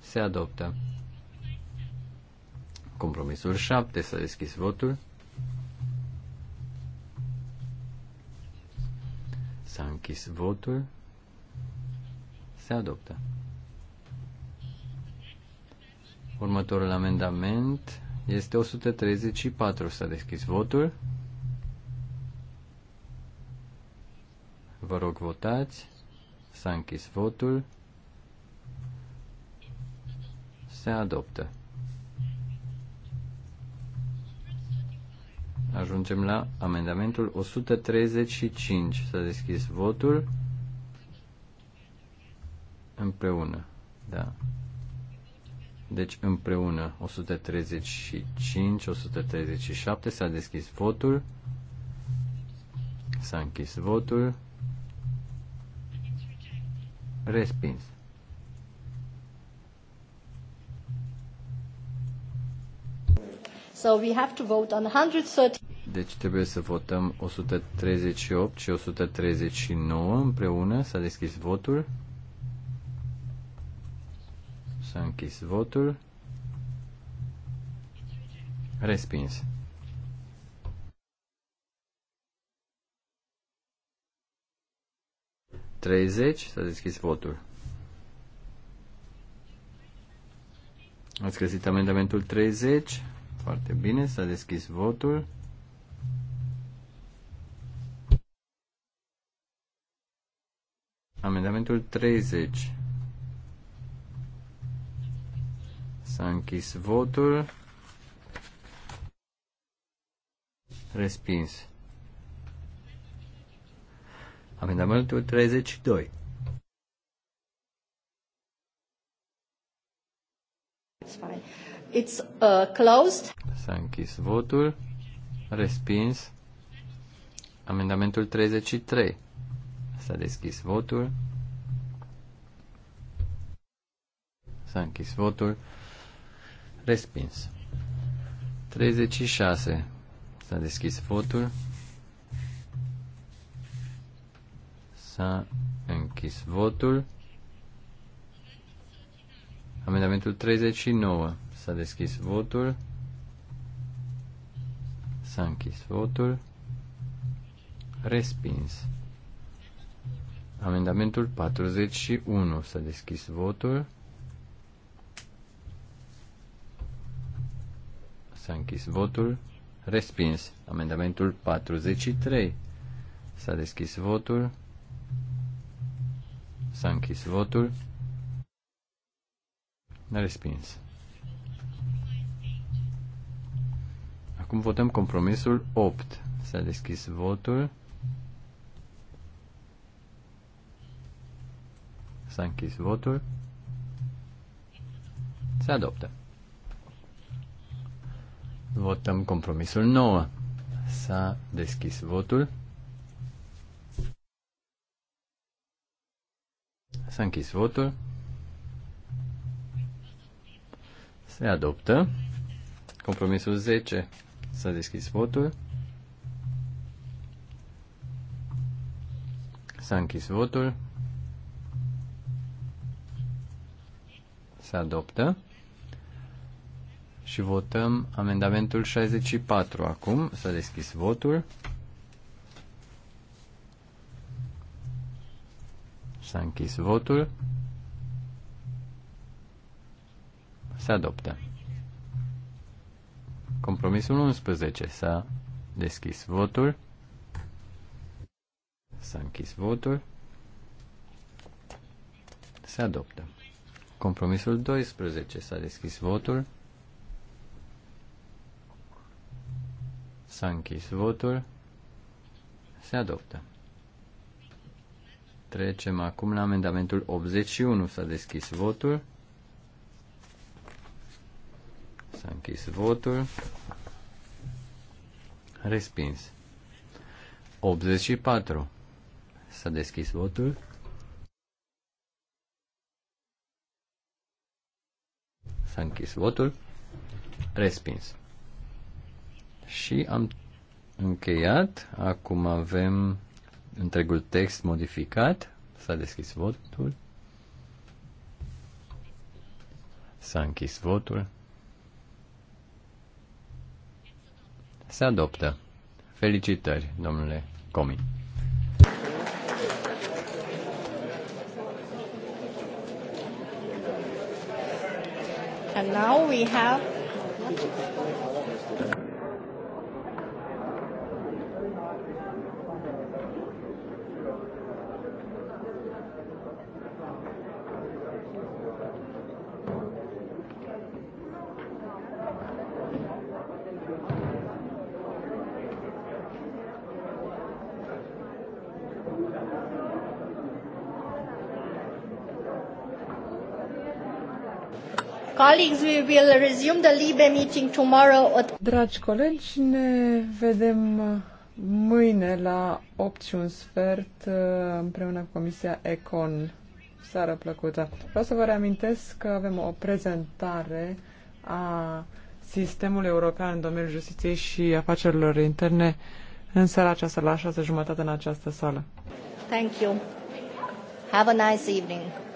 Se adoptă. Compromisul 7. S-a deschis votul. S-a închis votul. Se adoptă. Următorul amendament este 134. S-a deschis votul. Vă rog votați. S-a închis votul. Se adoptă. ajungem la amendamentul 135. S-a deschis votul împreună. Da. Deci împreună 135, 137 s-a deschis votul. S-a închis votul. Respins. So we have to vote on 130. Deci trebuie să votăm 138 și 139 împreună. S-a deschis votul. S-a închis votul. Respins. Treizeci, s-a deschis votul. Ați găsit amendamentul 30. Foarte bine, s-a deschis votul. Amendamentul 30. S-a închis votul. Respins. Amendamentul 32. It's uh, closed. S-a închis votul. Respins. Amendamentul 33. S-a deschis votul. S-a închis votul. Respins. 36. S-a deschis votul. S-a închis votul. Amendamentul 39. S-a deschis votul. S-a închis votul. Respins. Amendamentul 41. S-a deschis votul. S-a închis votul. Respins. Amendamentul 43. S-a deschis votul. S-a închis votul. Respins. Acum votăm compromisul 8. S-a deschis votul. S-a închis votul. Se adoptă. Votăm compromisul 9. S-a deschis votul. S-a închis votul. Se adoptă. Compromisul 10. S-a deschis votul. S-a închis votul. Se adoptă și votăm amendamentul 64 acum. S-a deschis votul. S-a închis votul. Se adoptă. Compromisul 11. S-a deschis votul. S-a închis votul. Se adoptă. Compromisul 12. S-a deschis votul. S-a închis votul. Se adoptă. Trecem acum la amendamentul 81. S-a deschis votul. S-a închis votul. Respins. 84. S-a deschis votul. S-a închis votul. Respins. Și am încheiat. Acum avem întregul text modificat. S-a deschis votul. S-a închis votul. Se adoptă. Felicitări, domnule Comi. And now we have colleagues, we will resume the Libe meeting tomorrow at... Dragi colegi, ne vedem uh, mâine la 8 și un sfert uh, împreună cu Comisia Econ. Seară plăcută! Vreau să vă reamintesc că avem o prezentare a sistemului european în domeniul justiției și afacerilor interne în seara aceasta la 6 jumătate în această sală. Thank you. Have a nice evening.